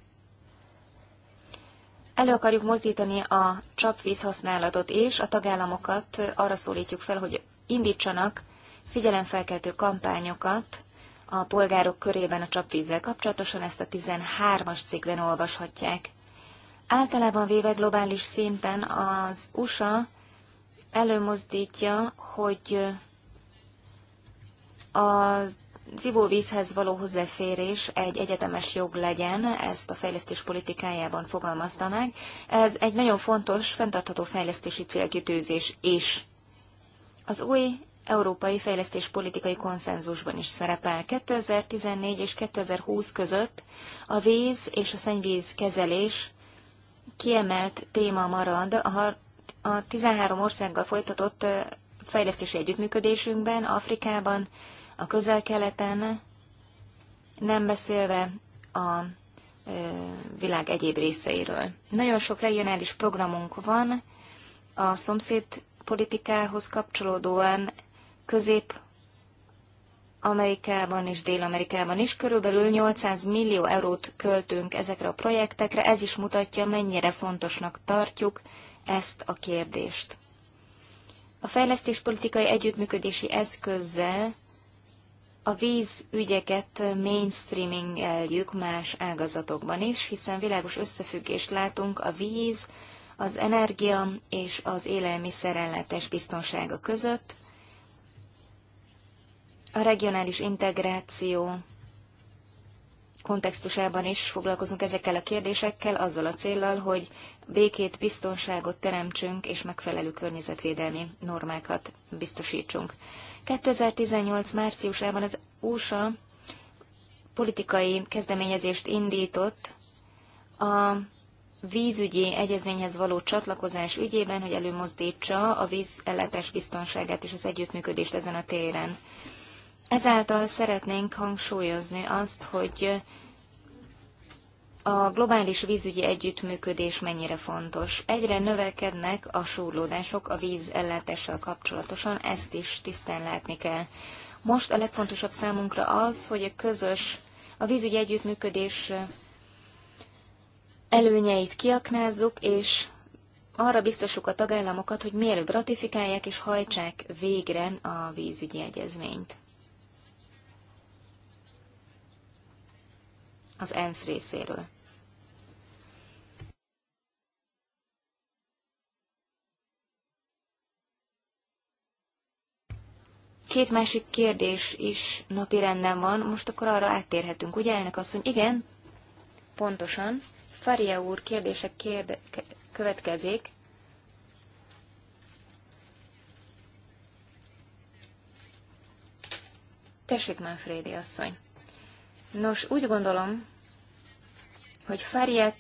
Elő akarjuk mozdítani a csapvíz használatot és a tagállamokat arra szólítjuk fel, hogy indítsanak figyelemfelkeltő kampányokat a polgárok körében a csapvízzel kapcsolatosan, ezt a 13-as cikkben olvashatják. Általában véve globális szinten az USA előmozdítja, hogy az zivóvízhez való hozzáférés egy egyetemes jog legyen, ezt a fejlesztés politikájában fogalmazta meg. Ez egy nagyon fontos, fenntartható fejlesztési célkitűzés is. Az új európai fejlesztéspolitikai konszenzusban is szerepel. 2014 és 2020 között a víz és a szennyvíz kezelés kiemelt téma marad a 13 országgal folytatott fejlesztési együttműködésünkben, Afrikában, a közel-keleten, nem beszélve a világ egyéb részeiről. Nagyon sok regionális programunk van, a szomszéd politikához kapcsolódóan közép Amerikában és Dél-Amerikában is körülbelül 800 millió eurót költünk ezekre a projektekre, ez is mutatja, mennyire fontosnak tartjuk ezt a kérdést. A fejlesztéspolitikai együttműködési eszközzel a vízügyeket mainstreamingeljük más ágazatokban is, hiszen világos összefüggést látunk a víz, az energia és az élelmiszerellátás biztonsága között, a regionális integráció kontextusában is foglalkozunk ezekkel a kérdésekkel, azzal a céllal, hogy békét, biztonságot teremtsünk, és megfelelő környezetvédelmi normákat biztosítsunk. 2018 márciusában az USA politikai kezdeményezést indított a vízügyi egyezményhez való csatlakozás ügyében, hogy előmozdítsa a vízellátás biztonságát és az együttműködést ezen a téren. Ezáltal szeretnénk hangsúlyozni azt, hogy a globális vízügyi együttműködés mennyire fontos. Egyre növekednek a súrlódások a víz ellátással kapcsolatosan, ezt is tisztán látni kell. Most a legfontosabb számunkra az, hogy a közös, a vízügyi együttműködés előnyeit kiaknázzuk, és arra biztosuk a tagállamokat, hogy mielőbb ratifikálják és hajtsák végre a vízügyi egyezményt. az ENSZ részéről. Két másik kérdés is napi renden van, most akkor arra áttérhetünk, ugye elnök asszony? Igen, pontosan. Faria úr kérdése kérde- következik. Tessék már, Frédi asszony. Nos, úgy gondolom, hogy Ferje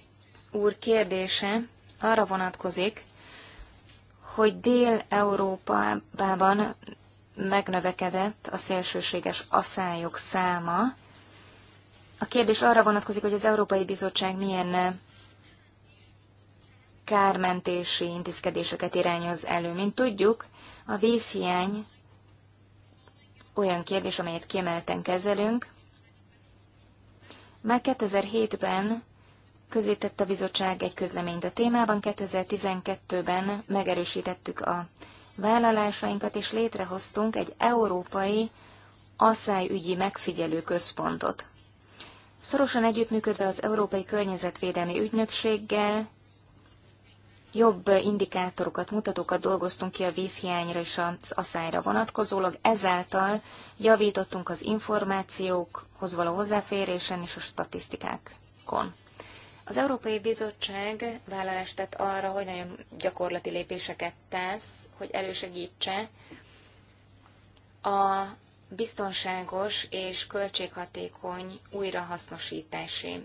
úr kérdése arra vonatkozik, hogy Dél-Európában megnövekedett a szélsőséges aszályok száma. A kérdés arra vonatkozik, hogy az Európai Bizottság milyen kármentési intézkedéseket irányoz elő. Mint tudjuk, a vízhiány olyan kérdés, amelyet kiemelten kezelünk, már 2007-ben közített a bizottság egy közleményt a témában, 2012-ben megerősítettük a vállalásainkat, és létrehoztunk egy európai asszályügyi megfigyelő központot. Szorosan együttműködve az Európai Környezetvédelmi Ügynökséggel, jobb indikátorokat, mutatókat dolgoztunk ki a vízhiányra és az asszályra vonatkozólag, ezáltal javítottunk az információkhoz való hozzáférésen és a statisztikákon. Az Európai Bizottság vállalást tett arra, hogy nagyon gyakorlati lépéseket tesz, hogy elősegítse a biztonságos és költséghatékony újrahasznosítási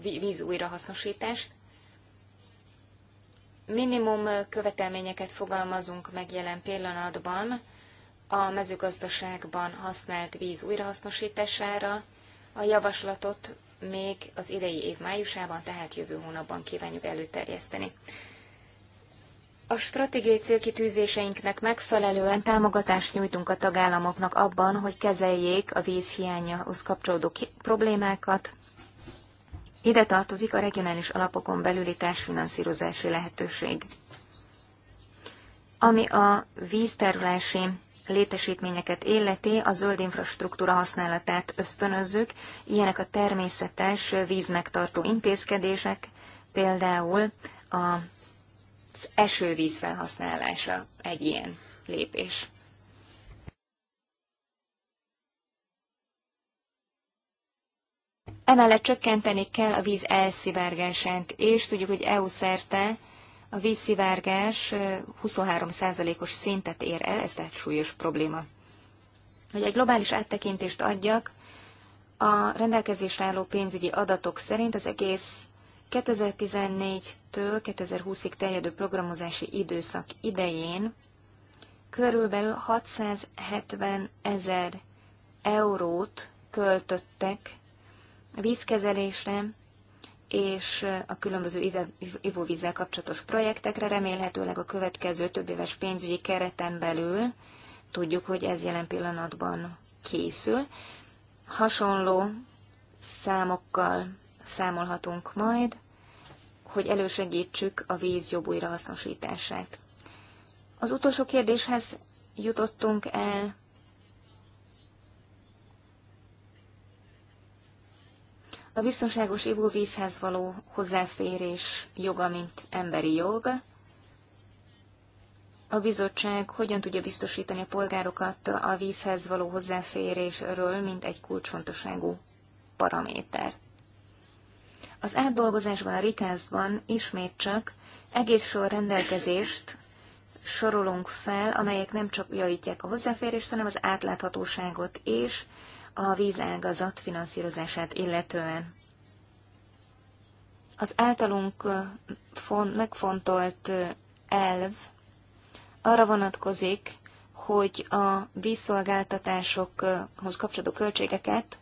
víz újrahasznosítást, minimum követelményeket fogalmazunk meg jelen pillanatban a mezőgazdaságban használt víz újrahasznosítására. A javaslatot még az idei év májusában, tehát jövő hónapban kívánjuk előterjeszteni. A stratégiai célkitűzéseinknek megfelelően támogatást nyújtunk a tagállamoknak abban, hogy kezeljék a vízhiányhoz kapcsolódó problémákat, ide tartozik a regionális alapokon belüli társfinanszírozási lehetőség. Ami a vízterülési létesítményeket illeti, a zöld infrastruktúra használatát ösztönözzük, ilyenek a természetes vízmegtartó intézkedések, például az esővíz felhasználása egy ilyen lépés. Emellett csökkenteni kell a víz elszivárgását, és tudjuk, hogy EU szerte a vízszivárgás 23%-os szintet ér el, ez tehát súlyos probléma. Hogy egy globális áttekintést adjak, a rendelkezésre álló pénzügyi adatok szerint az egész 2014-től 2020-ig terjedő programozási időszak idején körülbelül 670 ezer eurót költöttek a vízkezelésre és a különböző ivóvízzel kapcsolatos projektekre, remélhetőleg a következő több éves pénzügyi kereten belül, tudjuk, hogy ez jelen pillanatban készül. Hasonló számokkal számolhatunk majd, hogy elősegítsük a víz jobb újrahasznosítását. Az utolsó kérdéshez jutottunk el, A biztonságos ivóvízhez való hozzáférés joga, mint emberi jog. A bizottság hogyan tudja biztosítani a polgárokat a vízhez való hozzáférésről, mint egy kulcsfontosságú paraméter. Az átdolgozásban, a rikázban ismét csak egész sor rendelkezést sorolunk fel, amelyek nem csak javítják a hozzáférést, hanem az átláthatóságot is, a vízágazat finanszírozását illetően. Az általunk megfontolt elv arra vonatkozik, hogy a vízszolgáltatásokhoz kapcsolódó költségeket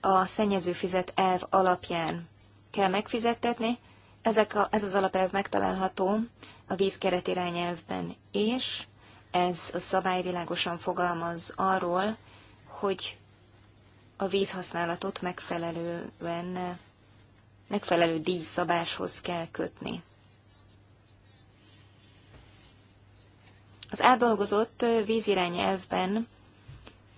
a szennyező fizet elv alapján kell megfizettetni. Ezek a, ez az alapelv megtalálható a vízkeretirányelvben is. és ez a szabály világosan fogalmaz arról, hogy a vízhasználatot megfelelően, megfelelő díjszabáshoz kell kötni. Az átdolgozott vízirányelvben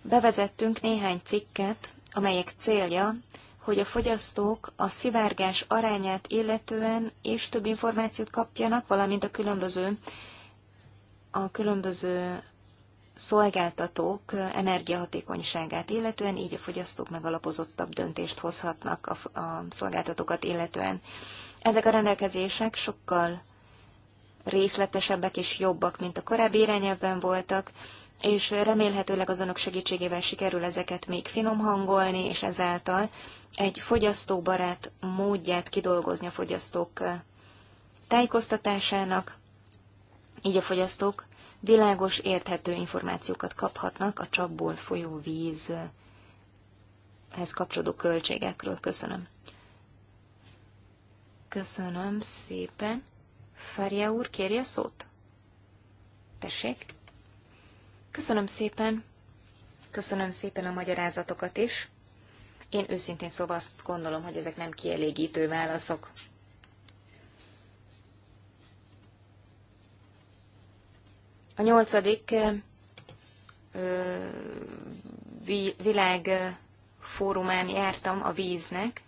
bevezettünk néhány cikket, amelyek célja, hogy a fogyasztók a szivárgás arányát illetően és több információt kapjanak, valamint a különböző, a különböző szolgáltatók energiahatékonyságát illetően, így a fogyasztók megalapozottabb döntést hozhatnak a, a szolgáltatókat illetően. Ezek a rendelkezések sokkal részletesebbek és jobbak, mint a korábbi irányelvben voltak, és remélhetőleg azonok segítségével sikerül ezeket még finom hangolni, és ezáltal egy fogyasztóbarát módját kidolgozni a fogyasztók tájékoztatásának, így a fogyasztók világos, érthető információkat kaphatnak a csapból folyó vízhez kapcsolódó költségekről. Köszönöm. Köszönöm szépen. Ferje úr, kérje szót? Tessék. Köszönöm szépen. Köszönöm szépen a magyarázatokat is. Én őszintén szóval azt gondolom, hogy ezek nem kielégítő válaszok. A nyolcadik világfórumán jártam a víznek,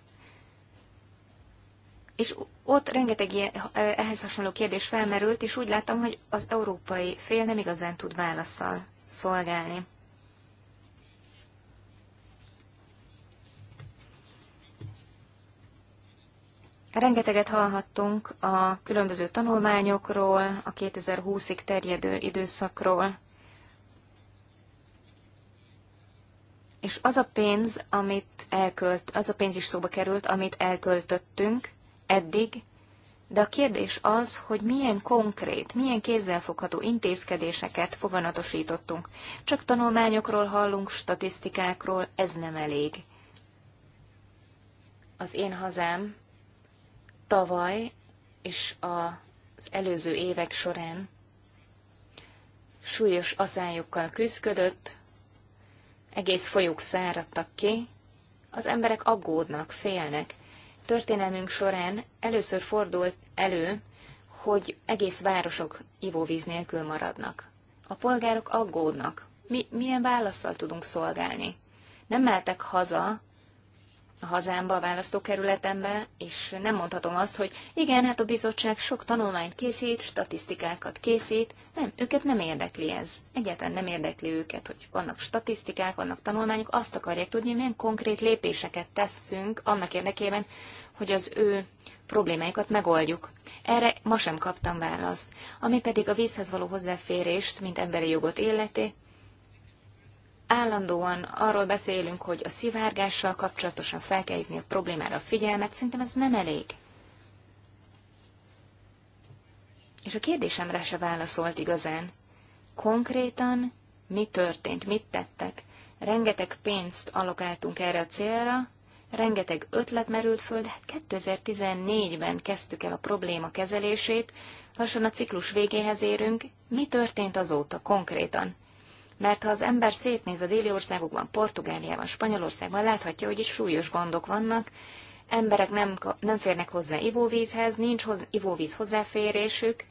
és ott rengeteg ilyen, ehhez hasonló kérdés felmerült, és úgy láttam, hogy az európai fél nem igazán tud válaszsal szolgálni. Rengeteget hallhattunk a különböző tanulmányokról, a 2020-ig terjedő időszakról. És az a pénz, amit elkölt, az a pénz is szóba került, amit elköltöttünk eddig, de a kérdés az, hogy milyen konkrét, milyen kézzelfogható intézkedéseket foganatosítottunk. Csak tanulmányokról hallunk, statisztikákról, ez nem elég. Az én hazám tavaly és az előző évek során súlyos aszályokkal küzdködött, egész folyók száradtak ki, az emberek aggódnak, félnek. Történelmünk során először fordult elő, hogy egész városok ivóvíz nélkül maradnak. A polgárok aggódnak. Mi, milyen válaszsal tudunk szolgálni? Nem mehetek haza, a hazámba, a választókerületembe, és nem mondhatom azt, hogy igen, hát a bizottság sok tanulmányt készít, statisztikákat készít, nem, őket nem érdekli ez. Egyáltalán nem érdekli őket, hogy vannak statisztikák, vannak tanulmányok, azt akarják tudni, hogy milyen konkrét lépéseket teszünk annak érdekében, hogy az ő problémáikat megoldjuk. Erre ma sem kaptam választ, ami pedig a vízhez való hozzáférést, mint emberi jogot életé, állandóan arról beszélünk, hogy a szivárgással kapcsolatosan fel kell hívni a problémára a figyelmet, szerintem ez nem elég. És a kérdésemre se válaszolt igazán. Konkrétan mi történt, mit tettek? Rengeteg pénzt alokáltunk erre a célra, rengeteg ötlet merült föl, de hát 2014-ben kezdtük el a probléma kezelését, lassan a ciklus végéhez érünk. Mi történt azóta konkrétan? Mert ha az ember szétnéz a déli országokban, Portugáliában, Spanyolországban, láthatja, hogy is súlyos gondok vannak, emberek nem, nem férnek hozzá ivóvízhez, nincs hoz, ivóvíz hozzáférésük,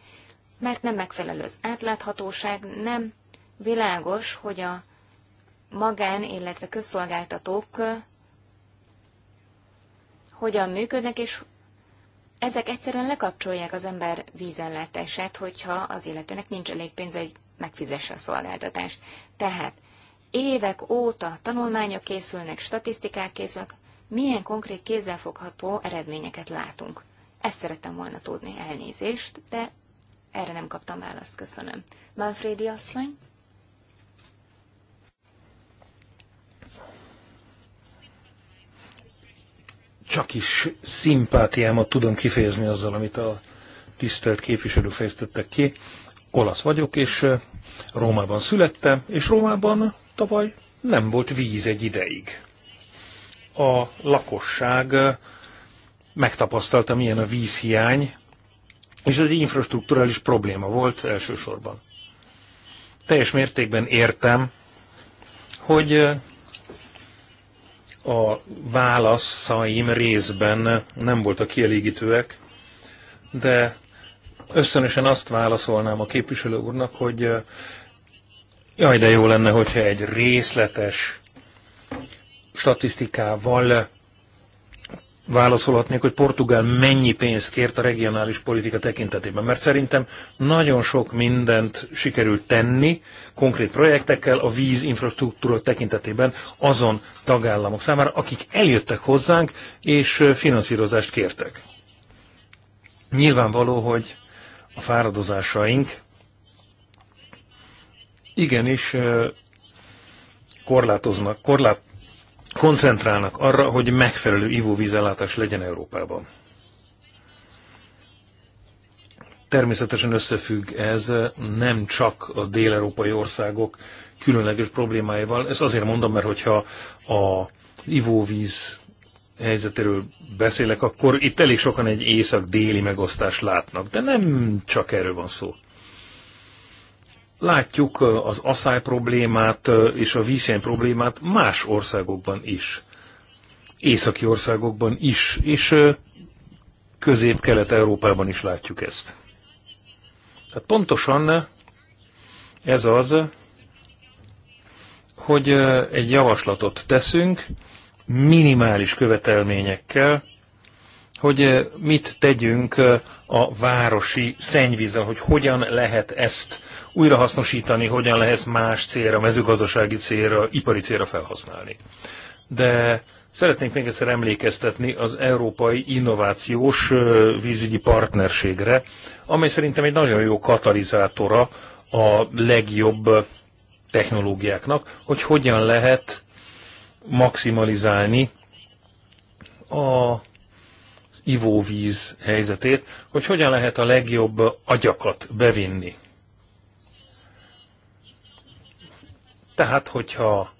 mert nem megfelelő az átláthatóság, nem világos, hogy a magán, illetve közszolgáltatók hogyan működnek, és ezek egyszerűen lekapcsolják az ember vízellátását, hogyha az illetőnek nincs elég pénze egy megfizesse a szolgáltatást. Tehát évek óta tanulmányok készülnek, statisztikák készülnek, milyen konkrét kézzelfogható eredményeket látunk. Ezt szerettem volna tudni, elnézést, de erre nem kaptam választ, köszönöm. Manfredi asszony? Csak is szimpátiámat tudom kifejezni azzal, amit a tisztelt képviselő fejtettek ki olasz vagyok, és Rómában születtem, és Rómában tavaly nem volt víz egy ideig. A lakosság megtapasztalta, milyen a vízhiány, és ez egy infrastruktúrális probléma volt elsősorban. Teljes mértékben értem, hogy a válaszaim részben nem voltak kielégítőek, de Összönösen azt válaszolnám a képviselő úrnak, hogy jaj, de jó lenne, hogyha egy részletes statisztikával válaszolhatnék, hogy Portugál mennyi pénzt kért a regionális politika tekintetében, mert szerintem nagyon sok mindent sikerült tenni konkrét projektekkel a infrastruktúra tekintetében azon tagállamok számára, akik eljöttek hozzánk és finanszírozást kértek. Nyilvánvaló, hogy a fáradozásaink igenis korlátoznak, korlát, koncentrálnak arra, hogy megfelelő ivóvízellátás legyen Európában. Természetesen összefügg ez nem csak a dél-Európai országok különleges problémáival. Ezt azért mondom, mert hogyha a ivóvíz helyzetéről beszélek, akkor itt elég sokan egy észak-déli megosztást látnak, de nem csak erről van szó. Látjuk az asszály problémát és a vízhiány problémát más országokban is. Északi országokban is, és közép-kelet-európában is látjuk ezt. Tehát pontosan ez az, hogy egy javaslatot teszünk, minimális követelményekkel, hogy eh, mit tegyünk eh, a városi szennyvízzel, hogy hogyan lehet ezt újrahasznosítani, hogyan lehet más célra, mezőgazdasági célra, ipari célra felhasználni. De szeretnénk még egyszer emlékeztetni az Európai Innovációs eh, Vízügyi Partnerségre, amely szerintem egy nagyon jó katalizátora a legjobb technológiáknak, hogy hogyan lehet maximalizálni a ivóvíz helyzetét, hogy hogyan lehet a legjobb agyakat bevinni. Tehát, hogyha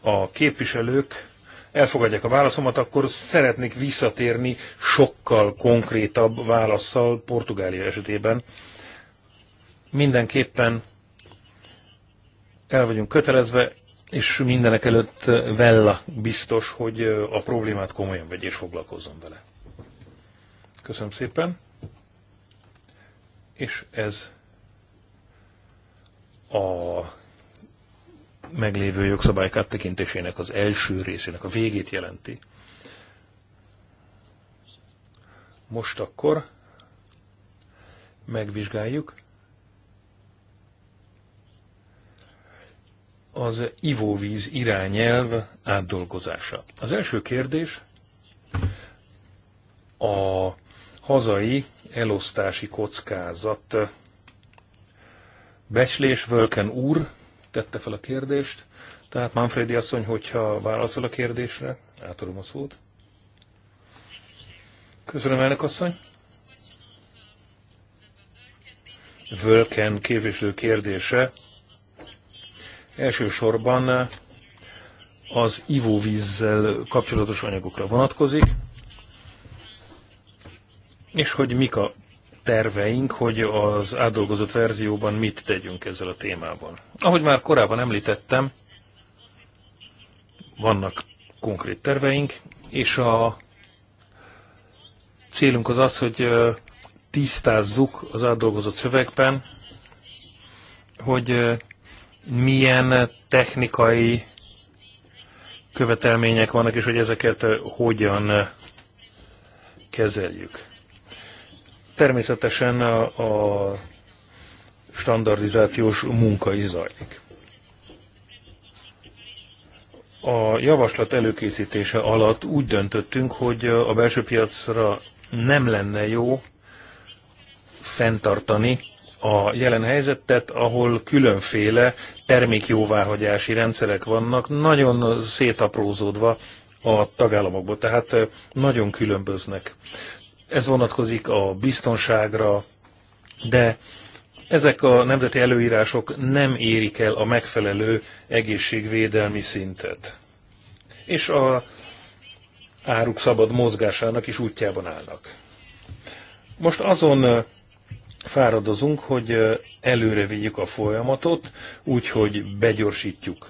a képviselők elfogadják a válaszomat, akkor szeretnék visszatérni sokkal konkrétabb válaszsal Portugália esetében. Mindenképpen el vagyunk kötelezve és mindenek előtt eh, Vella biztos, hogy eh, a problémát komolyan vegy és foglalkozzon vele. Köszönöm szépen. És ez a meglévő jogszabályok áttekintésének az első részének a végét jelenti. Most akkor megvizsgáljuk az ivóvíz irányelv átdolgozása. Az első kérdés a hazai elosztási kockázat. Becslés Völken úr tette fel a kérdést, tehát Manfredi asszony, hogyha válaszol a kérdésre, átadom a szót. Köszönöm, elnök asszony. Völken képviselő kérdése Elsősorban az ivóvízzel kapcsolatos anyagokra vonatkozik, és hogy mik a terveink, hogy az átdolgozott verzióban mit tegyünk ezzel a témában. Ahogy már korábban említettem, vannak konkrét terveink, és a célunk az az, hogy tisztázzuk az átdolgozott szövegben, hogy milyen technikai követelmények vannak, és hogy ezeket hogyan kezeljük. Természetesen a, a standardizációs munka is zajlik. A javaslat előkészítése alatt úgy döntöttünk, hogy a belső piacra nem lenne jó fenntartani a jelen helyzetet, ahol különféle termékjóváhagyási rendszerek vannak, nagyon szétaprózódva a tagállamokból, tehát nagyon különböznek. Ez vonatkozik a biztonságra, de ezek a nemzeti előírások nem érik el a megfelelő egészségvédelmi szintet. És a áruk szabad mozgásának is útjában állnak. Most azon fáradozunk, hogy előre vigyük a folyamatot, úgyhogy begyorsítjuk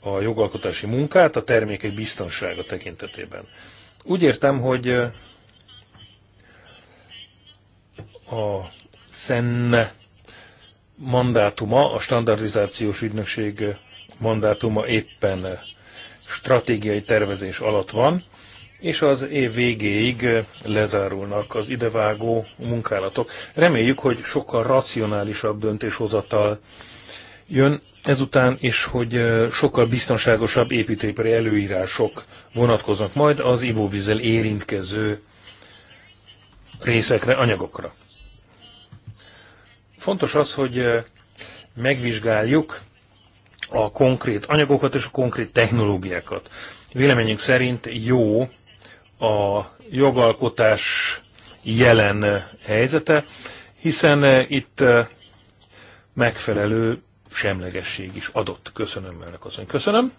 a jogalkotási munkát a termékek biztonsága tekintetében. Úgy értem, hogy a szenne mandátuma, a standardizációs ügynökség mandátuma éppen stratégiai tervezés alatt van, és az év végéig lezárulnak az idevágó munkálatok. Reméljük, hogy sokkal racionálisabb döntéshozatal jön ezután, és hogy sokkal biztonságosabb építőipari előírások vonatkoznak majd az ivóvízzel érintkező részekre, anyagokra. Fontos az, hogy megvizsgáljuk a konkrét anyagokat és a konkrét technológiákat. Véleményünk szerint jó a jogalkotás jelen helyzete, hiszen eh, itt eh, megfelelő semlegesség is adott. Köszönöm, elnök asszony. Köszönöm.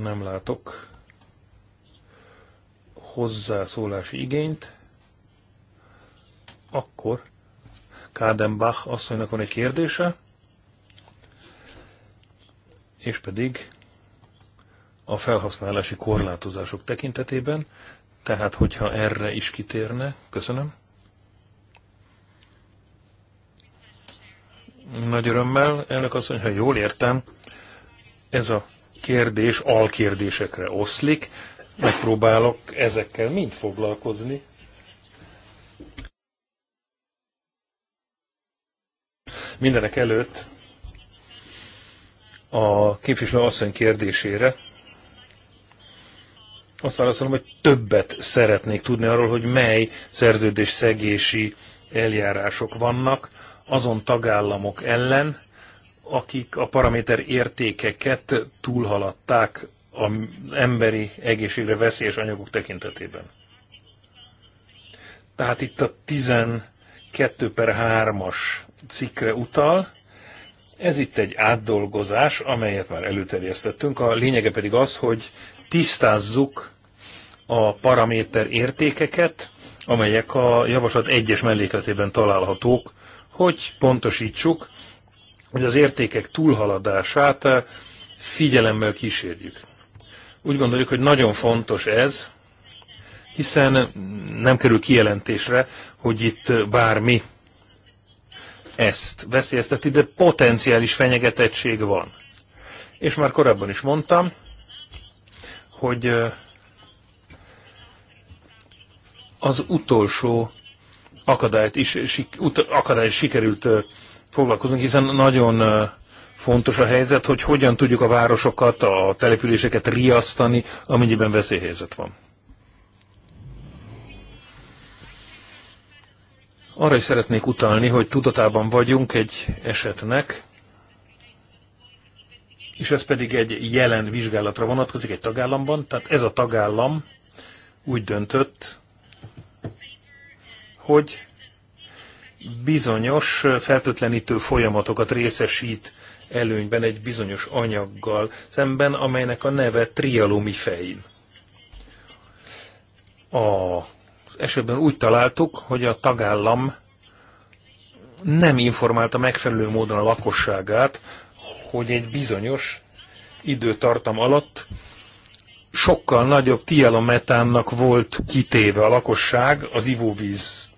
Nem látok hozzászólási igényt. Akkor Kádenbach asszonynak van egy kérdése, és pedig a felhasználási korlátozások tekintetében, tehát hogyha erre is kitérne, köszönöm. Nagy örömmel, elnök asszony, ha jól értem, ez a kérdés alkérdésekre oszlik, megpróbálok ezekkel mind foglalkozni. Mindenek előtt a képviselő asszony kérdésére azt válaszolom, hogy többet szeretnék tudni arról, hogy mely szerződés szegési eljárások vannak azon tagállamok ellen, akik a paraméter értékeket túlhaladták a emberi egészségre veszélyes anyagok tekintetében. Tehát itt a 12 per 3-as cikkre utal. Ez itt egy átdolgozás, amelyet már előterjesztettünk. A lényege pedig az, hogy tisztázzuk a paraméter értékeket, amelyek a javaslat egyes mellékletében találhatók, hogy pontosítsuk, hogy az értékek túlhaladását eh, figyelemmel kísérjük. Úgy gondoljuk, hogy nagyon fontos ez, hiszen nem kerül kijelentésre, hogy itt bármi ezt veszélyezteti, de potenciális fenyegetettség van. És már korábban is mondtam, hogy eh, az utolsó akadályt is, akadály is sikerült foglalkoznunk, hiszen nagyon fontos a helyzet, hogy hogyan tudjuk a városokat, a településeket riasztani, amennyiben veszélyhelyzet van. Arra is szeretnék utalni, hogy tudatában vagyunk egy esetnek, és ez pedig egy jelen vizsgálatra vonatkozik egy tagállamban, tehát ez a tagállam úgy döntött, hogy bizonyos fertőtlenítő folyamatokat részesít előnyben egy bizonyos anyaggal szemben, amelynek a neve trialumifein. Az esetben úgy találtuk, hogy a tagállam nem informálta megfelelő módon a lakosságát, hogy egy bizonyos időtartam alatt sokkal nagyobb tialometánnak volt kitéve a lakosság az ivóvíz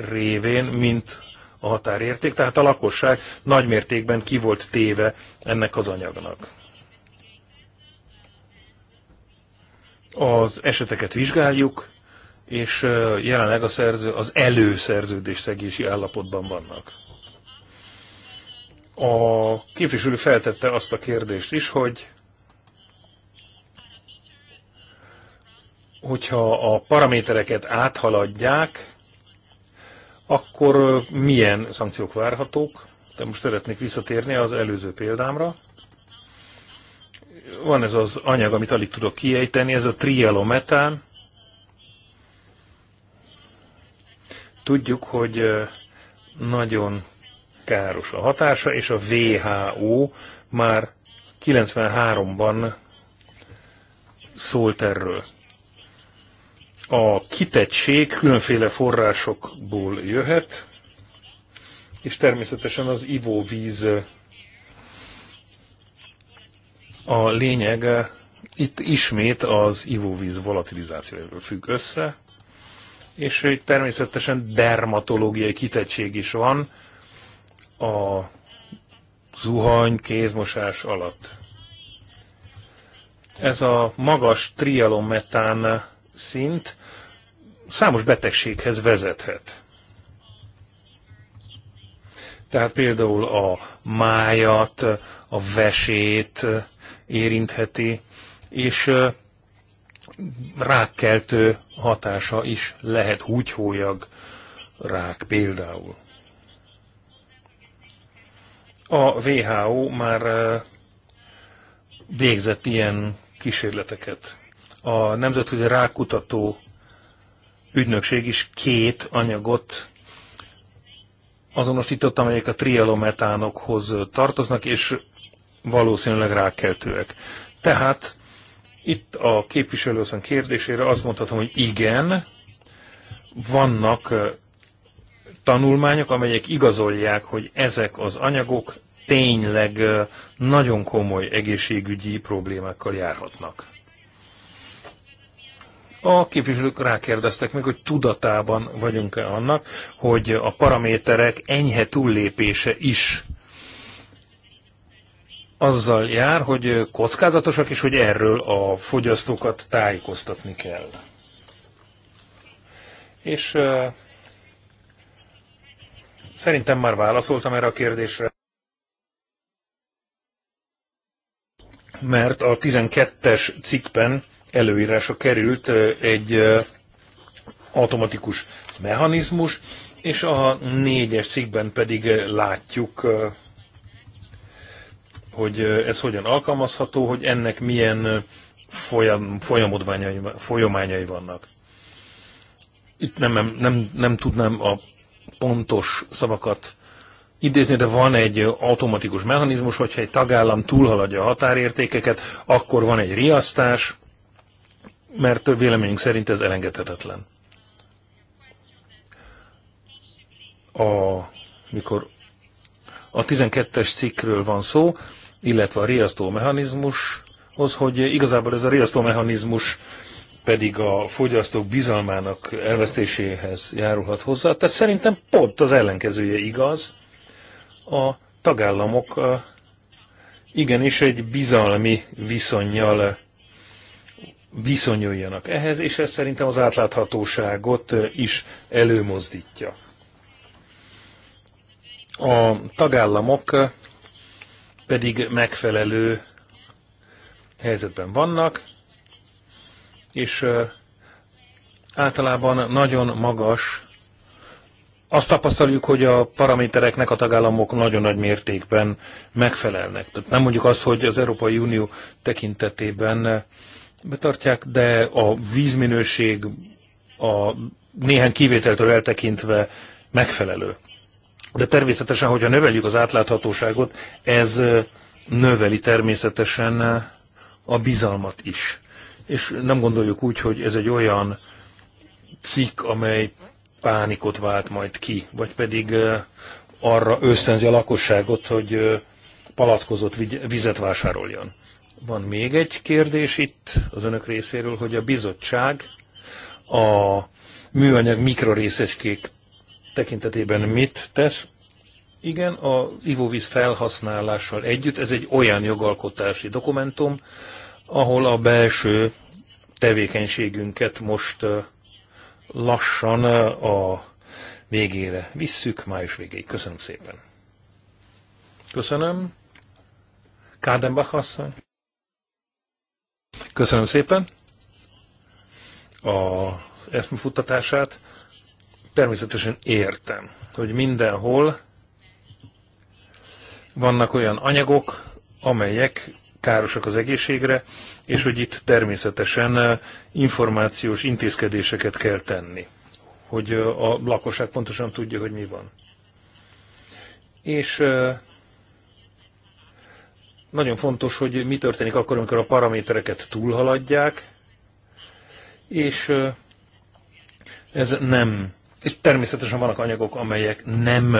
révén, mint a határérték, tehát a lakosság nagymértékben ki volt téve ennek az anyagnak. Az eseteket vizsgáljuk, és jelenleg a szerző, az előszerződés szegési állapotban vannak. A képviselő feltette azt a kérdést is, hogy hogyha a paramétereket áthaladják, akkor milyen szankciók várhatók? De most szeretnék visszatérni az előző példámra. Van ez az anyag, amit alig tudok kiejteni, ez a trielometán. Tudjuk, hogy nagyon káros a hatása, és a WHO már 93-ban szólt erről. A kitettség különféle forrásokból jöhet, és természetesen az ivóvíz a lényeg itt ismét az ivóvíz volatilizációjáról függ össze, és hogy természetesen dermatológiai kitettség is van a zuhany, kézmosás alatt. Ez a magas trialometán szint számos betegséghez vezethet. Tehát például a májat, a vesét érintheti, és rákkeltő hatása is lehet húgyhólyag rák például. A WHO már végzett ilyen kísérleteket a Nemzetközi Rákutató Ügynökség is két anyagot azonosított, amelyek a trialometánokhoz tartoznak, és valószínűleg rákeltőek. Tehát itt a képviselőszön kérdésére azt mondhatom, hogy igen, vannak tanulmányok, amelyek igazolják, hogy ezek az anyagok tényleg nagyon komoly egészségügyi problémákkal járhatnak. A képviselők rákérdeztek meg, hogy tudatában vagyunk-e annak, hogy a paraméterek enyhe túllépése is azzal jár, hogy kockázatosak, és hogy erről a fogyasztókat tájékoztatni kell. És uh, szerintem már válaszoltam erre a kérdésre. Mert a 12-es cikkben előírása került egy automatikus mechanizmus, és a négyes cikkben pedig látjuk, hogy ez hogyan alkalmazható, hogy ennek milyen folyam, folyamodványai, folyamányai vannak. Itt nem, nem, nem, nem tudnám a pontos szavakat idézni, de van egy automatikus mechanizmus, hogyha egy tagállam túlhaladja a határértékeket, akkor van egy riasztás, mert véleményünk szerint ez elengedhetetlen. A, mikor a 12-es cikkről van szó, illetve a riasztó mechanizmushoz, hogy igazából ez a riasztó mechanizmus pedig a fogyasztók bizalmának elvesztéséhez járulhat hozzá. Tehát szerintem pont az ellenkezője igaz. A tagállamok igenis egy bizalmi viszonyjal viszonyuljanak ehhez, és ez szerintem az átláthatóságot is előmozdítja. A tagállamok pedig megfelelő helyzetben vannak, és általában nagyon magas. Azt tapasztaljuk, hogy a paramétereknek a tagállamok nagyon nagy mértékben megfelelnek. Tehát nem mondjuk azt, hogy az Európai Unió tekintetében betartják, de a vízminőség a néhány kivételtől eltekintve megfelelő. De természetesen, hogyha növeljük az átláthatóságot, ez növeli természetesen a bizalmat is. És nem gondoljuk úgy, hogy ez egy olyan cikk, amely pánikot vált majd ki, vagy pedig arra ösztönzi a lakosságot, hogy palackozott vizet vásároljon. Van még egy kérdés itt az önök részéről, hogy a bizottság a műanyag mikrorészecskék tekintetében mit tesz? Igen, a ivóvíz felhasználással együtt ez egy olyan jogalkotási dokumentum, ahol a belső tevékenységünket most lassan a végére visszük, május végéig. Köszönöm szépen. Köszönöm. Kádenbach asszony. Köszönöm szépen az EFMA futtatását. Természetesen értem, hogy mindenhol vannak olyan anyagok, amelyek károsak az egészségre, és hogy itt természetesen eh, információs intézkedéseket kell tenni, hogy eh, a lakosság pontosan tudja, hogy mi van. És eh, nagyon fontos, hogy mi történik akkor, amikor a paramétereket túlhaladják, és ez nem. És természetesen vannak anyagok, amelyek nem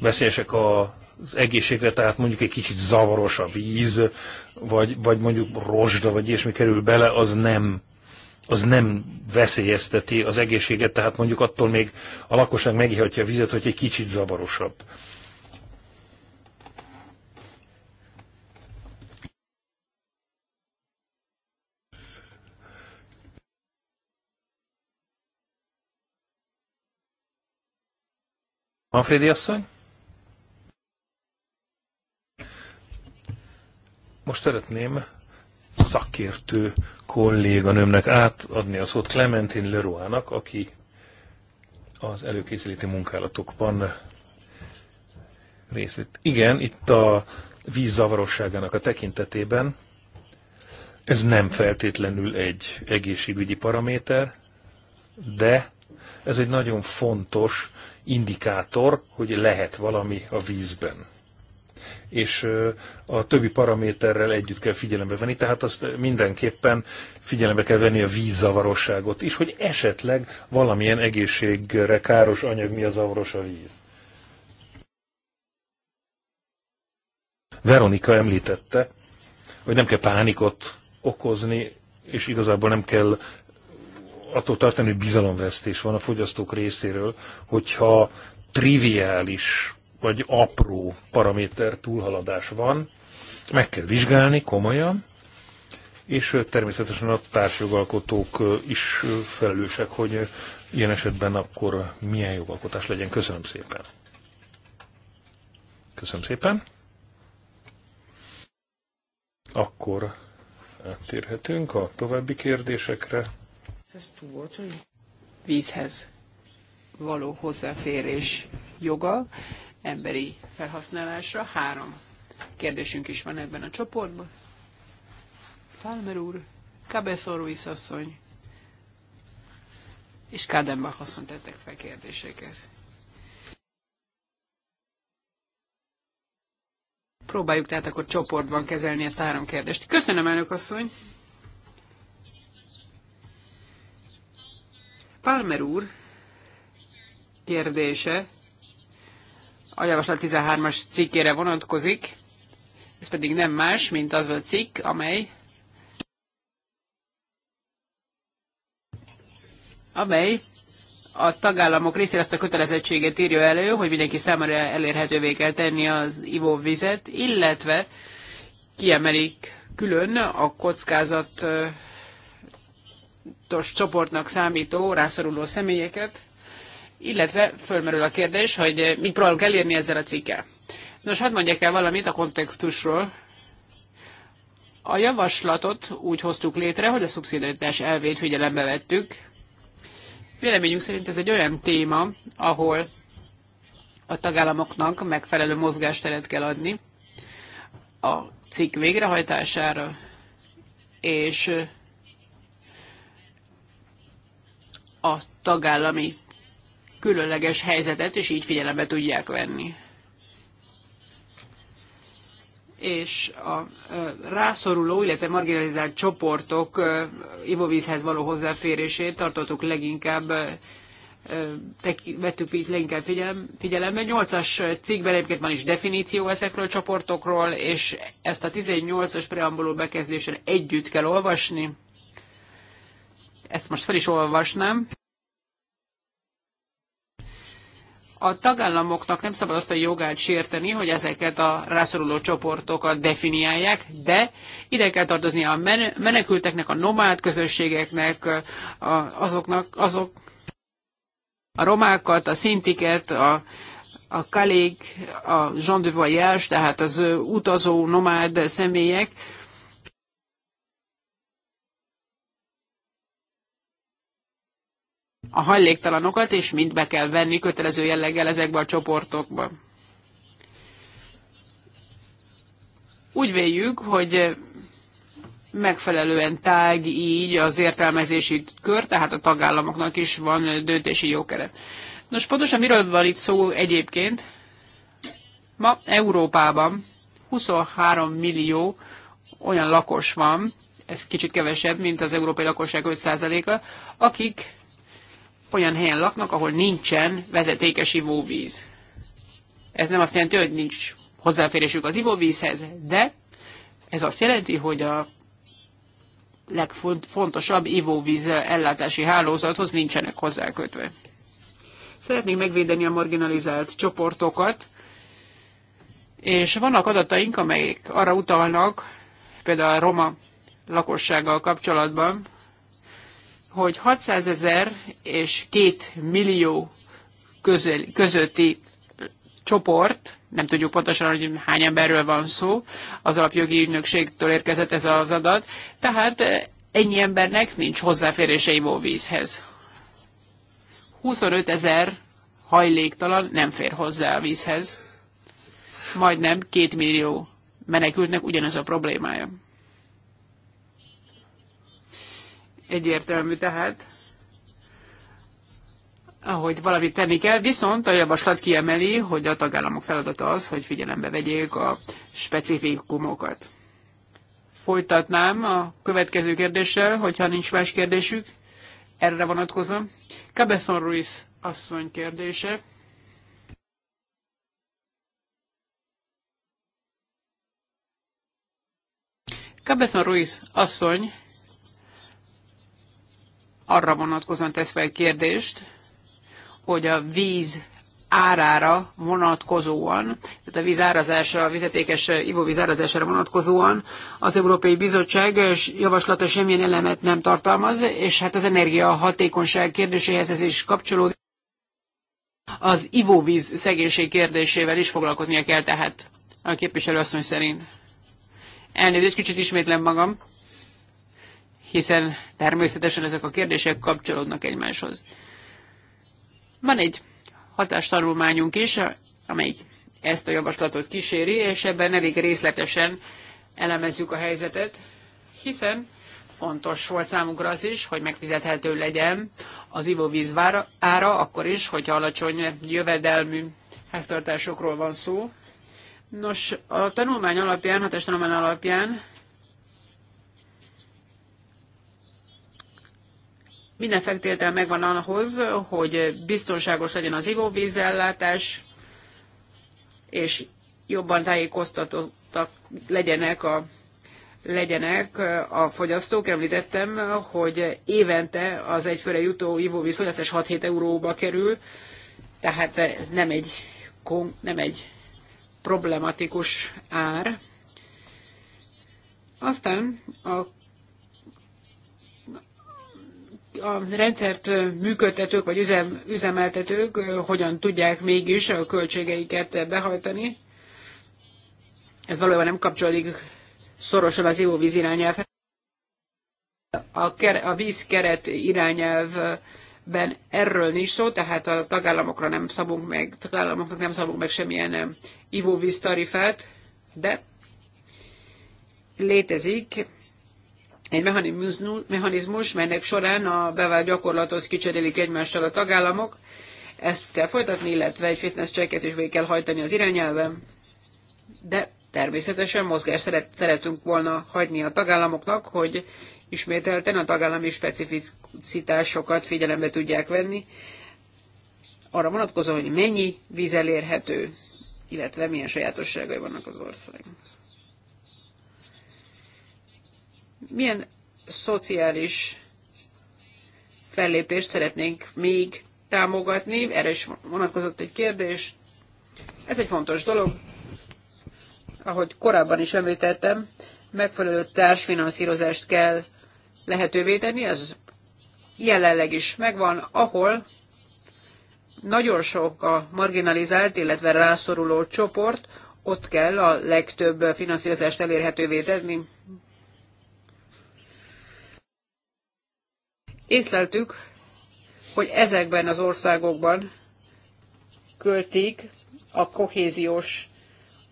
veszélyesek az egészségre, tehát mondjuk egy kicsit zavaros a víz, vagy, vagy mondjuk rozsda, vagy ilyesmi kerül bele, az nem az nem veszélyezteti az egészséget, tehát mondjuk attól még a lakosság megihatja a vizet, hogy egy kicsit zavarosabb. Manfredi asszony? Most szeretném szakértő kolléganőmnek átadni a szót Clementine Leroy-nak, aki az előkészíti munkálatokban részt vett. Igen, itt a vízzavarosságának a tekintetében ez nem feltétlenül egy egészségügyi paraméter, de ez egy nagyon fontos indikátor, hogy lehet valami a vízben. És a többi paraméterrel együtt kell figyelembe venni, tehát azt mindenképpen figyelembe kell venni a vízzavarosságot is, hogy esetleg valamilyen egészségre káros anyag mi a zavaros a víz. Veronika említette, hogy nem kell pánikot okozni, és igazából nem kell attól tartani, hogy bizalomvesztés van a fogyasztók részéről, hogyha triviális vagy apró paraméter túlhaladás van, meg kell vizsgálni komolyan, és természetesen a társjogalkotók is felelősek, hogy ilyen esetben akkor milyen jogalkotás legyen. Köszönöm szépen. Köszönöm szépen. Akkor áttérhetünk a további kérdésekre. Vízhez való hozzáférés joga emberi felhasználásra. Három kérdésünk is van ebben a csoportban. Palmer úr, Cabezor asszony és Kádenbach asszony tettek fel kérdéseket. Próbáljuk tehát akkor csoportban kezelni ezt a három kérdést. Köszönöm, elnök asszony! Palmer úr kérdése a javaslat 13-as cikkére vonatkozik, ez pedig nem más, mint az a cikk, amely amely a tagállamok részére azt a kötelezettséget írja elő, hogy mindenki számára elérhetővé kell tenni az ivóvizet, illetve kiemelik külön a kockázat fontos csoportnak számító rászoruló személyeket, illetve fölmerül a kérdés, hogy mit próbálunk elérni ezzel a cikkel. Nos, hadd mondjak el valamit a kontextusról. A javaslatot úgy hoztuk létre, hogy a szubszidaritás elvét figyelembe vettük. Véleményünk szerint ez egy olyan téma, ahol a tagállamoknak megfelelő mozgásteret kell adni a cikk végrehajtására, és a tagállami különleges helyzetet, és így figyelembe tudják venni. És a rászoruló, illetve marginalizált csoportok ivóvízhez való hozzáférését tartottuk leginkább vettük leginkább figyelembe. 8-as cikkben egyébként van is definíció ezekről a csoportokról, és ezt a 18-as preambuló bekezdésen együtt kell olvasni ezt most fel is olvasnám. A tagállamoknak nem szabad azt a jogát sérteni, hogy ezeket a rászoruló csoportokat definiálják, de ide kell tartozni a menekülteknek, a nomád közösségeknek, azoknak, azok a romákat, a szintiket, a, a kalék, a Jean de Voyage, tehát az utazó, nomád személyek, a hajléktalanokat, és mind be kell venni kötelező jelleggel ezekbe a csoportokba. Úgy véljük, hogy megfelelően tág így az értelmezési kör, tehát a tagállamoknak is van döntési jogkere. Nos, pontosan miről van itt szó egyébként? Ma Európában 23 millió olyan lakos van, ez kicsit kevesebb, mint az európai lakosság 5%-a, akik olyan helyen laknak, ahol nincsen vezetékes ivóvíz. Ez nem azt jelenti, hogy nincs hozzáférésük az ivóvízhez, de ez azt jelenti, hogy a legfontosabb ivóvíz ellátási hálózathoz nincsenek hozzákötve. Szeretnénk megvédeni a marginalizált csoportokat, és vannak adataink, amelyek arra utalnak, például a roma lakossággal kapcsolatban, hogy 600 ezer és 2 millió közöl, közötti csoport, nem tudjuk pontosan, hogy hány emberről van szó, az alapjogi ügynökségtől érkezett ez az adat, tehát eh, ennyi embernek nincs hozzáférése ivóvízhez. 25 ezer hajléktalan nem fér hozzá a vízhez. Majdnem 2 millió menekültnek ugyanez a problémája. Egyértelmű tehát, ahogy valamit tenni kell, viszont a javaslat kiemeli, hogy a tagállamok feladata az, hogy figyelembe vegyék a specifikumokat. Folytatnám a következő kérdéssel, hogyha nincs más kérdésük, erre vonatkozom. Cabezon Ruiz asszony kérdése. Cabezon Ruiz asszony arra vonatkozóan tesz fel kérdést, hogy a víz árára vonatkozóan, tehát a vízárazásra, a vizetékes ivóvíz árazására vonatkozóan az Európai Bizottság javaslata semmilyen elemet nem tartalmaz, és hát az energia hatékonyság kérdéséhez ez is kapcsolódik. Az ivóvíz szegénység kérdésével is foglalkoznia kell tehát a képviselő asszony szerint. Elnézést, kicsit ismétlem magam hiszen természetesen ezek a kérdések kapcsolódnak egymáshoz. Van egy hatástanulmányunk is, amelyik ezt a javaslatot kíséri, és ebben elég részletesen elemezzük a helyzetet, hiszen fontos volt számunkra az is, hogy megfizethető legyen az ivóvíz ára, akkor is, hogyha alacsony jövedelmű háztartásokról van szó. Nos, a tanulmány alapján, hatás tanulmány alapján Minden feltétel megvan ahhoz, hogy biztonságos legyen az ivóvízellátás, és jobban tájékoztatottak legyenek a legyenek a fogyasztók. Említettem, hogy évente az egyfőre jutó ivóvíz fogyasztás 6-7 euróba kerül, tehát ez nem egy, nem egy problematikus ár. Aztán a a rendszert működtetők vagy üzem, üzemeltetők hogyan tudják mégis a költségeiket behajtani. Ez valójában nem kapcsolódik szorosan az ivóvíz irányelvhez. A, ker, a vízkeret irányelvben erről nincs szó, tehát a tagállamokra nem szabunk meg, tagállamoknak nem szabunk meg semmilyen ivóvíz tarifát, de létezik egy mechanizmus, melynek során a bevált gyakorlatot kicserélik egymással a tagállamok. Ezt kell folytatni, illetve egy fitness checket is végig kell hajtani az irányelven. De természetesen mozgás szeret, szeretünk volna hagyni a tagállamoknak, hogy ismételten a tagállami specificitásokat figyelembe tudják venni, arra vonatkozóan, hogy mennyi víz elérhető, illetve milyen sajátosságai vannak az országnak. Milyen szociális fellépést szeretnénk még támogatni? Erre is vonatkozott egy kérdés. Ez egy fontos dolog. Ahogy korábban is említettem, megfelelő társfinanszírozást kell lehetővé tenni, ez jelenleg is megvan, ahol nagyon sok a marginalizált, illetve rászoruló csoport, ott kell a legtöbb finanszírozást elérhetővé tenni. észleltük, hogy ezekben az országokban költik a kohéziós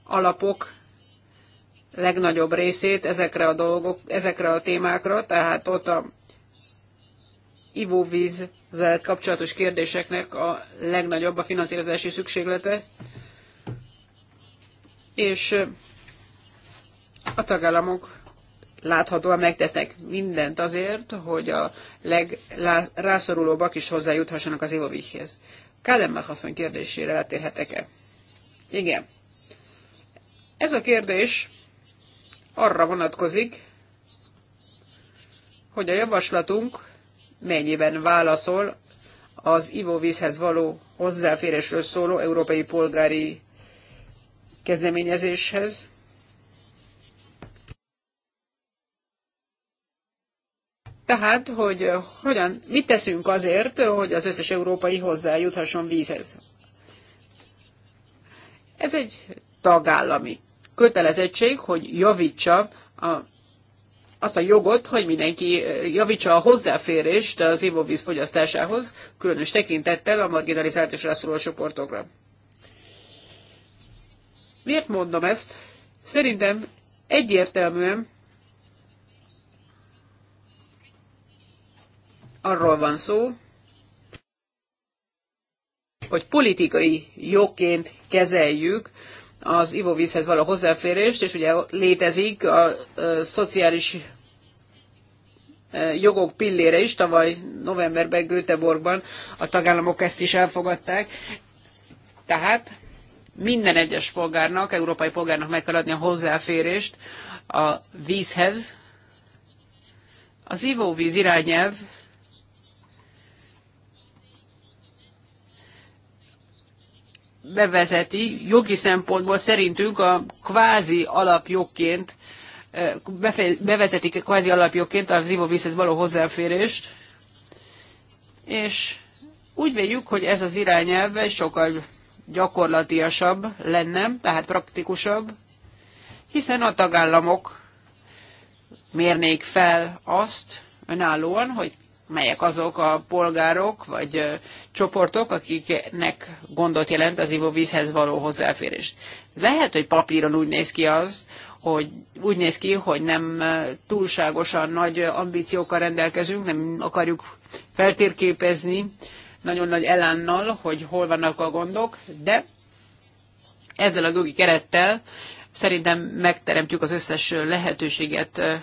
alapok legnagyobb részét ezekre a dolgok, ezekre a témákra, tehát ott a ivóvízzel kapcsolatos kérdéseknek a legnagyobb a finanszírozási szükséglete, és a tagállamok láthatóan megtesznek mindent azért, hogy a legrászorulóbbak is hozzájuthassanak az ivóvízhez. Kádemlach asszony kérdésére letérhetek-e? Igen. Ez a kérdés arra vonatkozik, hogy a javaslatunk mennyiben válaszol az ivóvízhez való hozzáférésről szóló európai polgári kezdeményezéshez, Tehát, hogy hogyan, mit teszünk azért, hogy az összes európai hozzájuthasson vízhez. Ez egy tagállami kötelezettség, hogy javítsa a, azt a jogot, hogy mindenki javítsa a hozzáférést az ivóvíz fogyasztásához, különös tekintettel a marginalizált és rászoruló csoportokra. Miért mondom ezt? Szerintem egyértelműen arról van szó, hogy politikai jogként kezeljük az ivóvízhez való hozzáférést, és ugye létezik a, a szociális jogok pillére is, tavaly novemberben Göteborgban a tagállamok ezt is elfogadták. Tehát minden egyes polgárnak, európai polgárnak meg kell adni a hozzáférést a vízhez. Az ivóvíz irányelv bevezeti jogi szempontból szerintünk a kvázi alapjogként, bevezetik kvázi alapjogként az ivóvízhez való hozzáférést, és úgy véljük, hogy ez az irányelve sokkal gyakorlatiasabb lenne, tehát praktikusabb, hiszen a tagállamok mérnék fel azt önállóan, hogy melyek azok a polgárok vagy csoportok, akiknek gondot jelent az ivóvízhez való hozzáférés. Lehet, hogy papíron úgy néz ki az, hogy úgy néz ki, hogy nem túlságosan nagy ambíciókkal rendelkezünk, nem akarjuk feltérképezni nagyon nagy elánnal, hogy hol vannak a gondok, de ezzel a jogi kerettel szerintem megteremtjük az összes lehetőséget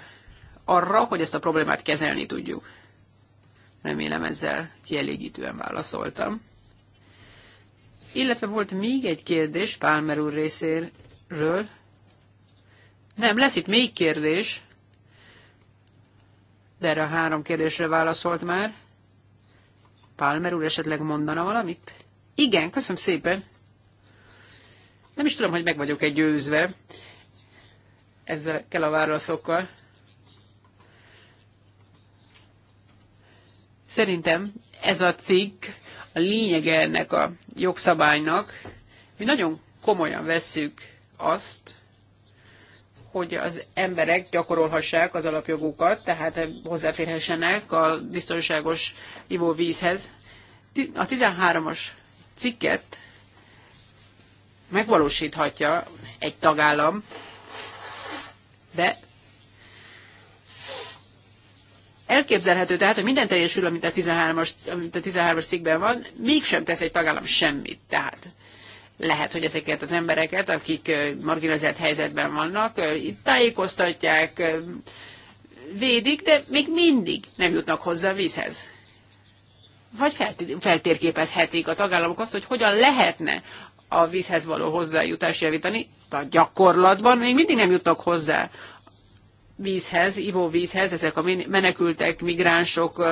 arra, hogy ezt a problémát kezelni tudjuk. Remélem ezzel kielégítően válaszoltam. Illetve volt még egy kérdés Pálmer úr részéről. Nem, lesz itt még kérdés, de erre a három kérdésre válaszolt már. Pálmer úr esetleg mondana valamit? Igen, köszönöm szépen. Nem is tudom, hogy meg vagyok egy győzve kell a válaszokkal. Szerintem ez a cikk a lényege ennek a jogszabálynak. Mi nagyon komolyan vesszük azt, hogy az emberek gyakorolhassák az alapjogukat, tehát hozzáférhessenek a biztonságos ivóvízhez. A 13-as cikket megvalósíthatja egy tagállam, de Elképzelhető tehát, hogy minden teljesül, amit a 13-as, amit a 13-as cikkben van, mégsem tesz egy tagállam semmit. Tehát lehet, hogy ezeket az embereket, akik marginalizált helyzetben vannak, tájékoztatják, védik, de még mindig nem jutnak hozzá a vízhez. Vagy feltérképezhetik a tagállamok azt, hogy hogyan lehetne a vízhez való hozzájutást javítani, tehát a gyakorlatban még mindig nem jutnak hozzá vízhez, ivóvízhez, ezek a menekültek, migránsok,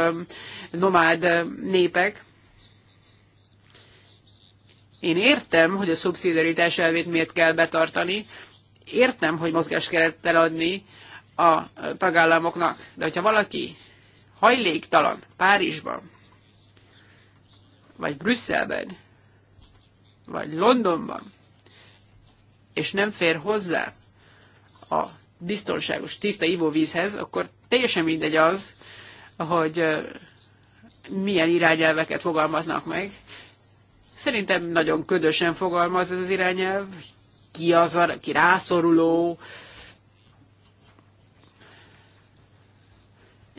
nomád népek. Én értem, hogy a szubszidiaritás elvét miért kell betartani, értem, hogy kellett eladni a tagállamoknak, de hogyha valaki hajléktalan Párizsban, vagy Brüsszelben, vagy Londonban, és nem fér hozzá a biztonságos, tiszta ivóvízhez, akkor teljesen mindegy az, hogy milyen irányelveket fogalmaznak meg. Szerintem nagyon ködösen fogalmaz ez az irányelv, ki az, a, ki rászoruló.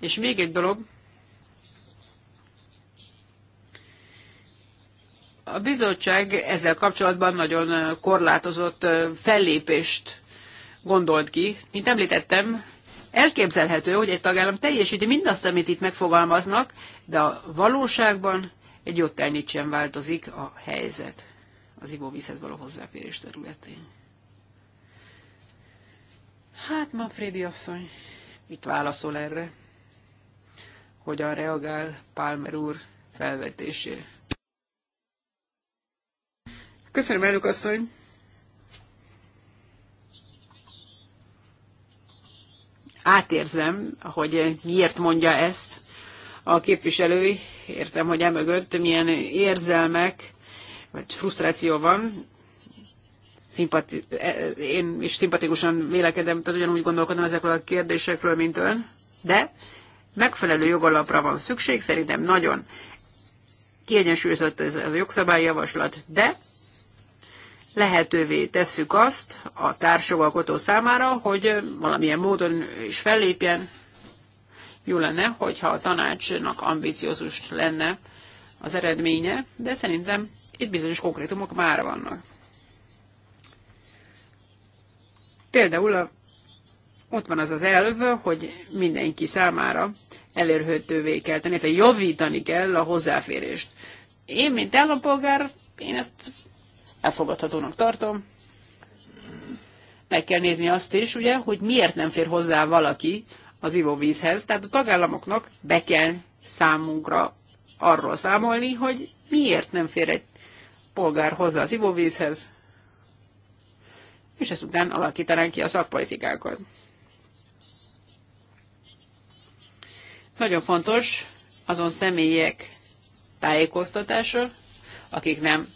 És még egy dolog, A bizottság ezzel kapcsolatban nagyon korlátozott fellépést gondolt ki. Mint említettem, elképzelhető, hogy egy tagállam teljesíti mindazt, amit itt megfogalmaznak, de a valóságban egy elnyit sem változik a helyzet az ivóvízhez való hozzáférés területén. Hát, Manfredi asszony, mit válaszol erre? Hogyan reagál Palmer úr felvetésére? Köszönöm, elnök asszony! átérzem, hogy miért mondja ezt a képviselő, értem, hogy emögött milyen érzelmek, vagy frusztráció van, Szimpati- eh, én is szimpatikusan vélekedem, tehát ugyanúgy gondolkodom ezekről a kérdésekről, mint ön, de megfelelő jogalapra van szükség, szerintem nagyon kiegyensúlyozott ez a jogszabályjavaslat, de lehetővé tesszük azt a társjogalkotó számára, hogy valamilyen módon is fellépjen. Jó lenne, hogyha a tanácsnak ambiciózus lenne az eredménye, de szerintem itt bizonyos konkrétumok már vannak. Például a, ott van az az elv, hogy mindenki számára elérhetővé kell tenni, tehát javítani kell a hozzáférést. Én, mint állampolgár, én ezt elfogadhatónak tartom. Meg kell nézni azt is, ugye, hogy miért nem fér hozzá valaki az ivóvízhez. Tehát a tagállamoknak be kell számunkra arról számolni, hogy miért nem fér egy polgár hozzá az ivóvízhez, és ezt után alakítanánk ki a szakpolitikákat. Nagyon fontos azon személyek tájékoztatása, akik nem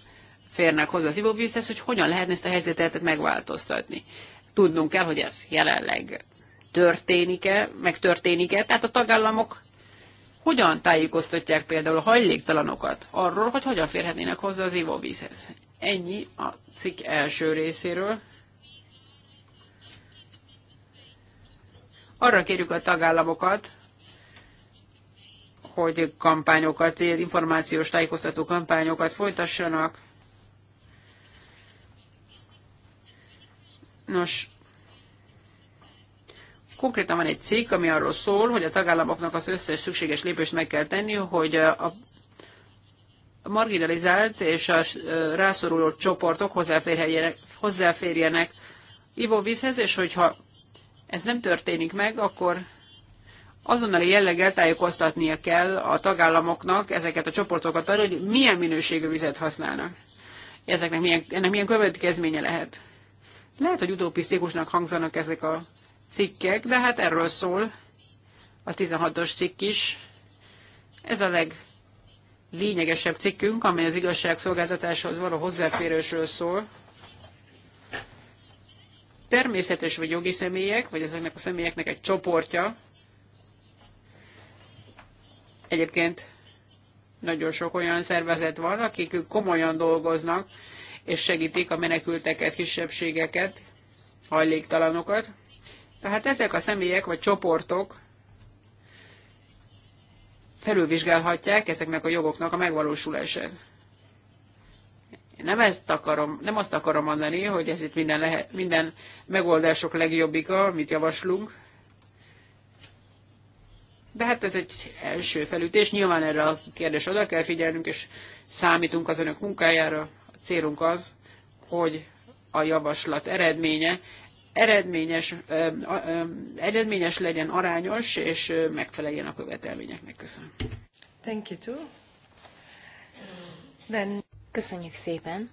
férnek hozzá az ivóvízhez, hogy hogyan lehetne ezt a helyzetet megváltoztatni. Tudnunk kell, hogy ez jelenleg történik-e, megtörténik-e, tehát a tagállamok hogyan tájékoztatják például a hajléktalanokat arról, hogy hogyan férhetnének hozzá az ivóvízhez. Ennyi a cikk első részéről. Arra kérjük a tagállamokat, hogy kampányokat, információs tájékoztató kampányokat folytassanak, Nos, konkrétan van egy cikk, ami arról szól, hogy a tagállamoknak az összes szükséges lépést meg kell tenni, hogy a marginalizált és a rászoruló csoportok hozzáférjenek, hozzáférjenek ivóvízhez, és hogyha ez nem történik meg, akkor azonnali jelleggel tájékoztatnia kell a tagállamoknak ezeket a csoportokat arra, hogy milyen minőségű vizet használnak. Ezeknek milyen, ennek milyen következménye lehet. Lehet, hogy utopisztikusnak hangzanak ezek a cikkek, de hát erről szól a 16-os cikk is. Ez a leglényegesebb cikkünk, amely az igazságszolgáltatáshoz való hozzáférésről szól. Természetes vagy jogi személyek, vagy ezeknek a személyeknek egy csoportja. Egyébként nagyon sok olyan szervezet van, akik komolyan dolgoznak és segítik a menekülteket, kisebbségeket, hajléktalanokat. Tehát ezek a személyek vagy csoportok felülvizsgálhatják ezeknek a jogoknak a megvalósulását. nem, ezt akarom, nem azt akarom mondani, hogy ez itt minden, lehet, minden megoldások legjobbika, amit javaslunk, de hát ez egy első felütés. Nyilván erre a kérdés oda kell figyelnünk, és számítunk az önök munkájára, célunk az, hogy a javaslat eredménye eredményes, eredményes legyen, arányos, és megfeleljen a követelményeknek. Köszönöm. Thank you too. Then... Köszönjük szépen.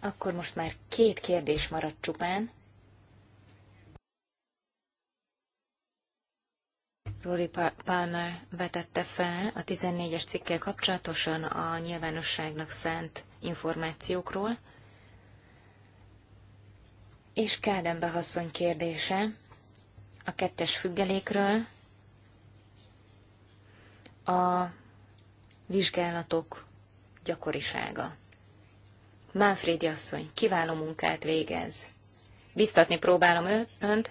Akkor most már két kérdés maradt csupán. Rory Palmer vetette fel a 14-es cikkel kapcsolatosan a nyilvánosságnak szánt információkról, és Kádembe asszony kérdése a kettes függelékről, a vizsgálatok gyakorisága. Mánfrédi asszony, kiváló munkát végez. Biztatni próbálom önt,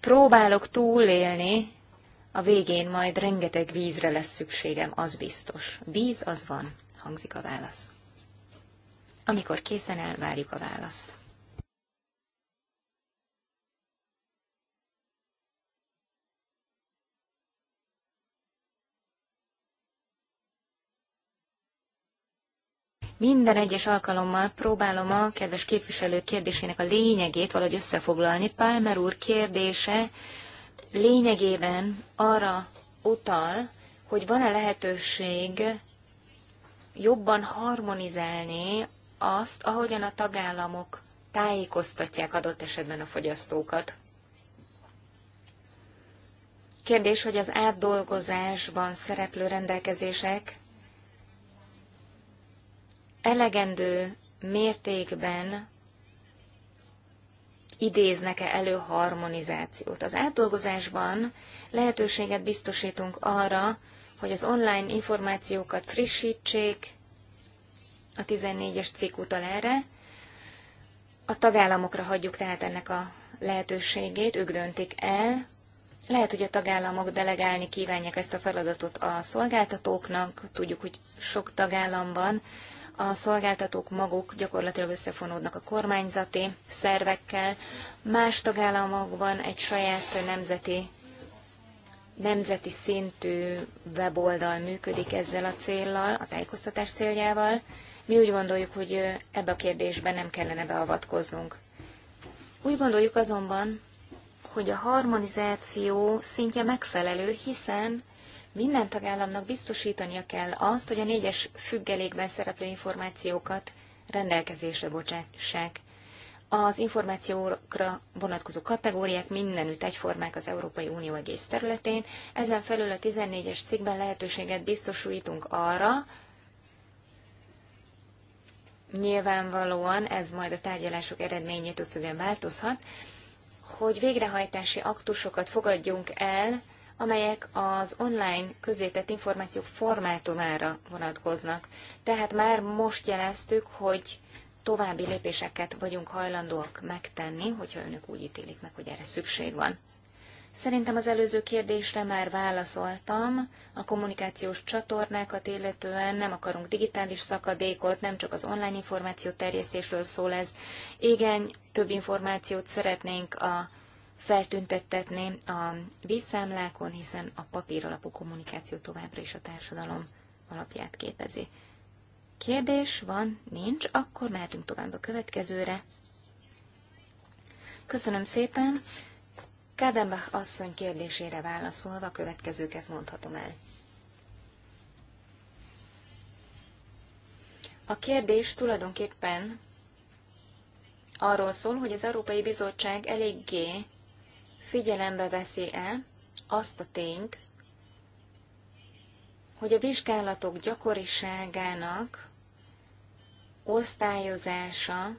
próbálok túlélni a végén majd rengeteg vízre lesz szükségem, az biztos. Víz az van, hangzik a válasz. Amikor készen el, várjuk a választ. Minden egyes alkalommal próbálom a kedves képviselő kérdésének a lényegét valahogy összefoglalni. Palmer úr kérdése lényegében arra utal, hogy van-e lehetőség jobban harmonizálni azt, ahogyan a tagállamok tájékoztatják adott esetben a fogyasztókat. Kérdés, hogy az átdolgozásban szereplő rendelkezések elegendő mértékben idéznek-e elő harmonizációt. Az átdolgozásban lehetőséget biztosítunk arra, hogy az online információkat frissítsék a 14-es cikk utal erre. A tagállamokra hagyjuk tehát ennek a lehetőségét, ők döntik el. Lehet, hogy a tagállamok delegálni kívánják ezt a feladatot a szolgáltatóknak. Tudjuk, hogy sok tagállamban a szolgáltatók maguk gyakorlatilag összefonódnak a kormányzati szervekkel, más tagállamokban egy saját nemzeti nemzeti szintű weboldal működik ezzel a céllal, a tájékoztatás céljával. Mi úgy gondoljuk, hogy ebbe a kérdésben nem kellene beavatkoznunk. Úgy gondoljuk azonban, hogy a harmonizáció szintje megfelelő, hiszen minden tagállamnak biztosítania kell azt, hogy a négyes függelékben szereplő információkat rendelkezésre bocsássák. Az információkra vonatkozó kategóriák mindenütt egyformák az Európai Unió egész területén, ezen felül a 14-es cikkben lehetőséget biztosítunk arra, nyilvánvalóan ez majd a tárgyalások eredményétől függően változhat, hogy végrehajtási aktusokat fogadjunk el amelyek az online közzétett információk formátumára vonatkoznak. Tehát már most jeleztük, hogy további lépéseket vagyunk hajlandóak megtenni, hogyha önök úgy ítélik meg, hogy erre szükség van. Szerintem az előző kérdésre már válaszoltam. A kommunikációs csatornákat illetően nem akarunk digitális szakadékot, nem csak az online információ terjesztésről szól ez. Igen, több információt szeretnénk a feltüntettetni a vízszámlákon, hiszen a papír alapú kommunikáció továbbra is a társadalom alapját képezi. Kérdés van, nincs, akkor mehetünk tovább a következőre. Köszönöm szépen. Kádenbach asszony kérdésére válaszolva a következőket mondhatom el. A kérdés tulajdonképpen arról szól, hogy az Európai Bizottság eléggé figyelembe veszi-e azt a tényt, hogy a vizsgálatok gyakoriságának osztályozása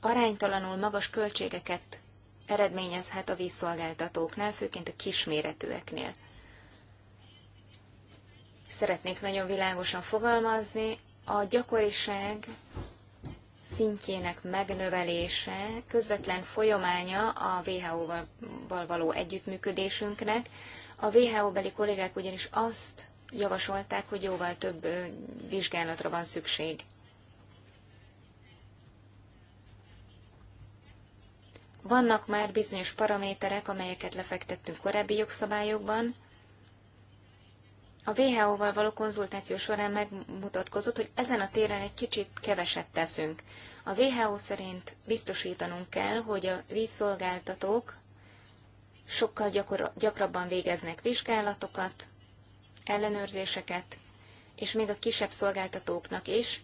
aránytalanul magas költségeket eredményezhet a vízszolgáltatóknál, főként a kisméretűeknél. Szeretnék nagyon világosan fogalmazni, a gyakoriság szintjének megnövelése közvetlen folyamánya a WHO-val való együttműködésünknek. A WHO-beli kollégák ugyanis azt javasolták, hogy jóval több vizsgálatra van szükség. Vannak már bizonyos paraméterek, amelyeket lefektettünk korábbi jogszabályokban, a WHO-val való konzultáció során megmutatkozott, hogy ezen a téren egy kicsit keveset teszünk. A WHO szerint biztosítanunk kell, hogy a vízszolgáltatók sokkal gyakor- gyakrabban végeznek vizsgálatokat, ellenőrzéseket, és még a kisebb szolgáltatóknak is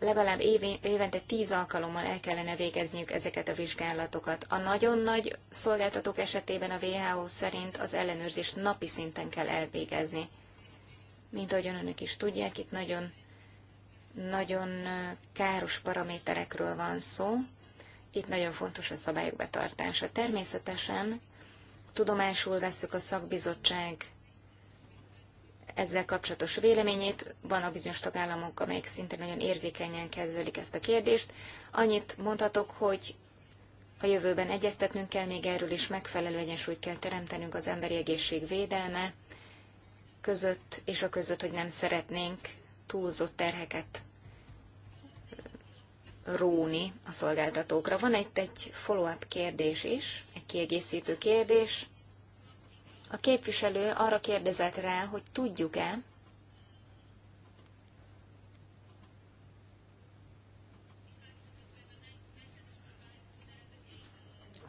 legalább évente tíz alkalommal el kellene végezniük ezeket a vizsgálatokat. A nagyon nagy szolgáltatók esetében a WHO szerint az ellenőrzést napi szinten kell elvégezni. Mint ahogyan önök is tudják, itt nagyon, nagyon káros paraméterekről van szó. Itt nagyon fontos a szabályok betartása. Természetesen tudomásul veszük a szakbizottság ezzel kapcsolatos véleményét. Van a bizonyos tagállamok, amelyek szinte nagyon érzékenyen kezelik ezt a kérdést. Annyit mondhatok, hogy a jövőben egyeztetnünk kell még erről, és megfelelő egyensúlyt kell teremtenünk az emberi egészség védelme között, és a között, hogy nem szeretnénk túlzott terheket róni a szolgáltatókra. Van itt egy follow-up kérdés is, egy kiegészítő kérdés. A képviselő arra kérdezett rá, hogy tudjuk-e,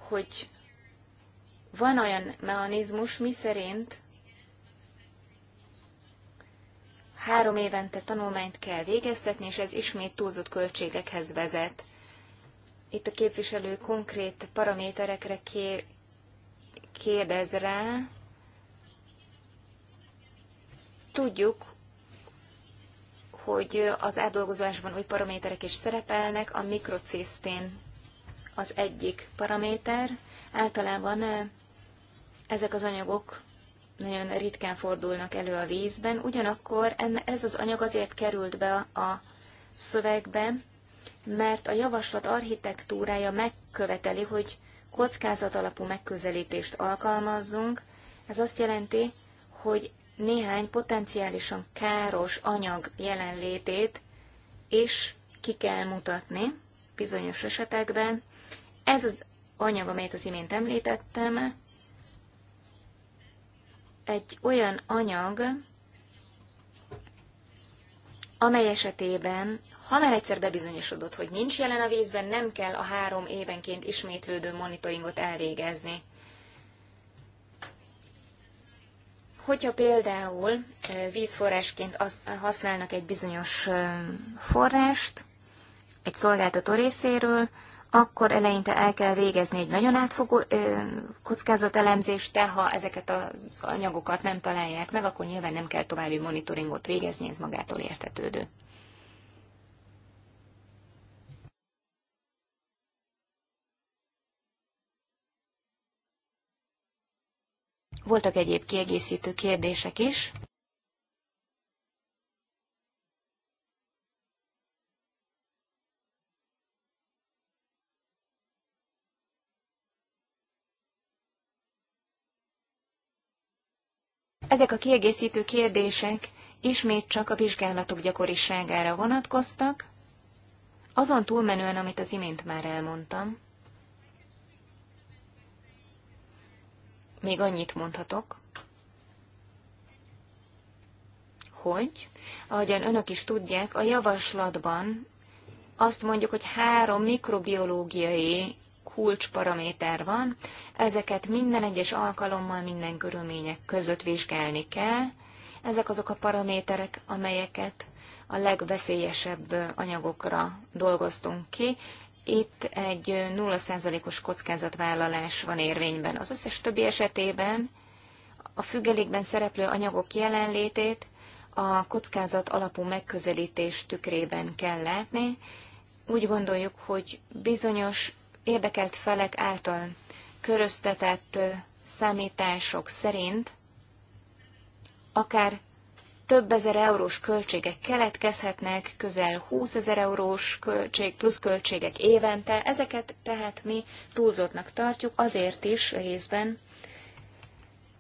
hogy van olyan mechanizmus, mi szerint három évente tanulmányt kell végeztetni, és ez ismét túlzott költségekhez vezet. Itt a képviselő konkrét paraméterekre kér, kérdez rá. Tudjuk, hogy az átdolgozásban új paraméterek is szerepelnek, a mikrocisztén az egyik paraméter. Általában ezek az anyagok nagyon ritkán fordulnak elő a vízben, ugyanakkor ez az anyag azért került be a szövegbe, mert a javaslat architektúrája megköveteli, hogy kockázat alapú megközelítést alkalmazzunk. Ez azt jelenti, hogy néhány potenciálisan káros anyag jelenlétét is ki kell mutatni bizonyos esetekben. Ez az anyag, amelyet az imént említettem, egy olyan anyag, amely esetében, ha már egyszer bebizonyosodott, hogy nincs jelen a vízben, nem kell a három évenként ismétlődő monitoringot elvégezni. Hogyha például vízforrásként használnak egy bizonyos forrást, egy szolgáltató részéről, akkor eleinte el kell végezni egy nagyon átfogó ö, kockázatelemzést, de ha ezeket az anyagokat nem találják meg, akkor nyilván nem kell további monitoringot végezni, ez magától értetődő. Voltak egyéb kiegészítő kérdések is. Ezek a kiegészítő kérdések ismét csak a vizsgálatok gyakoriságára vonatkoztak, azon túlmenően, amit az imént már elmondtam. Még annyit mondhatok, hogy, ahogyan önök is tudják, a javaslatban azt mondjuk, hogy három mikrobiológiai kulcsparaméter van, ezeket minden egyes alkalommal, minden körülmények között vizsgálni kell. Ezek azok a paraméterek, amelyeket a legveszélyesebb anyagokra dolgoztunk ki. Itt egy 0%-os kockázatvállalás van érvényben. Az összes többi esetében a függelékben szereplő anyagok jelenlétét a kockázat alapú megközelítés tükrében kell látni. Úgy gondoljuk, hogy bizonyos érdekelt felek által köröztetett számítások szerint akár több ezer eurós költségek keletkezhetnek, közel 20 ezer eurós költség, plusz költségek évente, ezeket tehát mi túlzottnak tartjuk, azért is részben,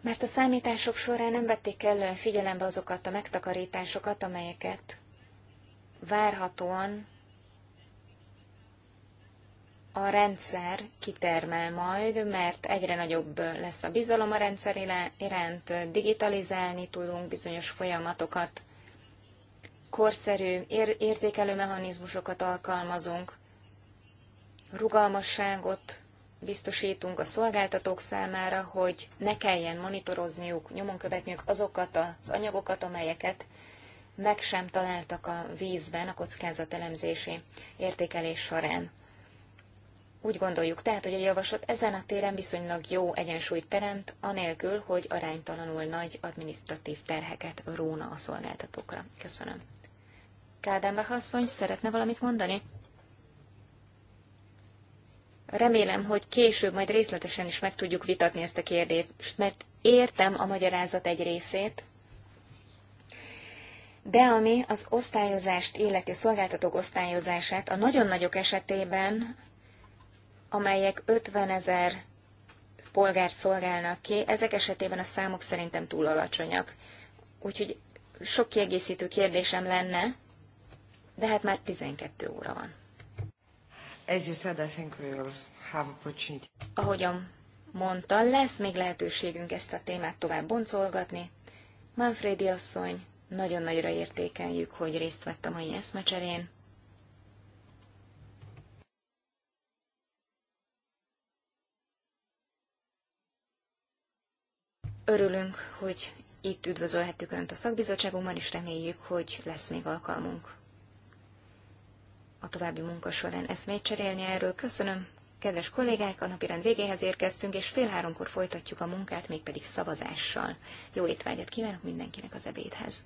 mert a számítások során nem vették kellően figyelembe azokat a megtakarításokat, amelyeket várhatóan a rendszer kitermel majd, mert egyre nagyobb lesz a bizalom a rendszer iránt, digitalizálni tudunk bizonyos folyamatokat, korszerű ér- érzékelő mechanizmusokat alkalmazunk, rugalmasságot biztosítunk a szolgáltatók számára, hogy ne kelljen monitorozniuk, nyomon követniük azokat az anyagokat, amelyeket meg sem találtak a vízben a kockázatelemzési értékelés során. Úgy gondoljuk tehát, hogy a javaslat ezen a téren viszonylag jó egyensúlyt teremt, anélkül, hogy aránytalanul nagy administratív terheket róna a szolgáltatókra. Köszönöm. Kádánbach asszony, szeretne valamit mondani? Remélem, hogy később majd részletesen is meg tudjuk vitatni ezt a kérdést, mert értem a magyarázat egy részét, de ami az osztályozást illeti, szolgáltatók osztályozását, a nagyon nagyok esetében amelyek 50 ezer polgárt szolgálnak ki, ezek esetében a számok szerintem túl alacsonyak. Úgyhogy sok kiegészítő kérdésem lenne, de hát már 12 óra van. As you said, I think we will have opportunity. Ahogyan mondta, lesz még lehetőségünk ezt a témát tovább boncolgatni. Manfredi asszony, nagyon nagyra értékeljük, hogy részt vett a mai eszmecserén. Örülünk, hogy itt üdvözölhettük Önt a szakbizottságunkban, és reméljük, hogy lesz még alkalmunk a további munka során eszmét cserélni erről. Köszönöm, kedves kollégák, a rend végéhez érkeztünk, és fél háromkor folytatjuk a munkát, mégpedig szavazással. Jó étvágyat kívánok mindenkinek az ebédhez!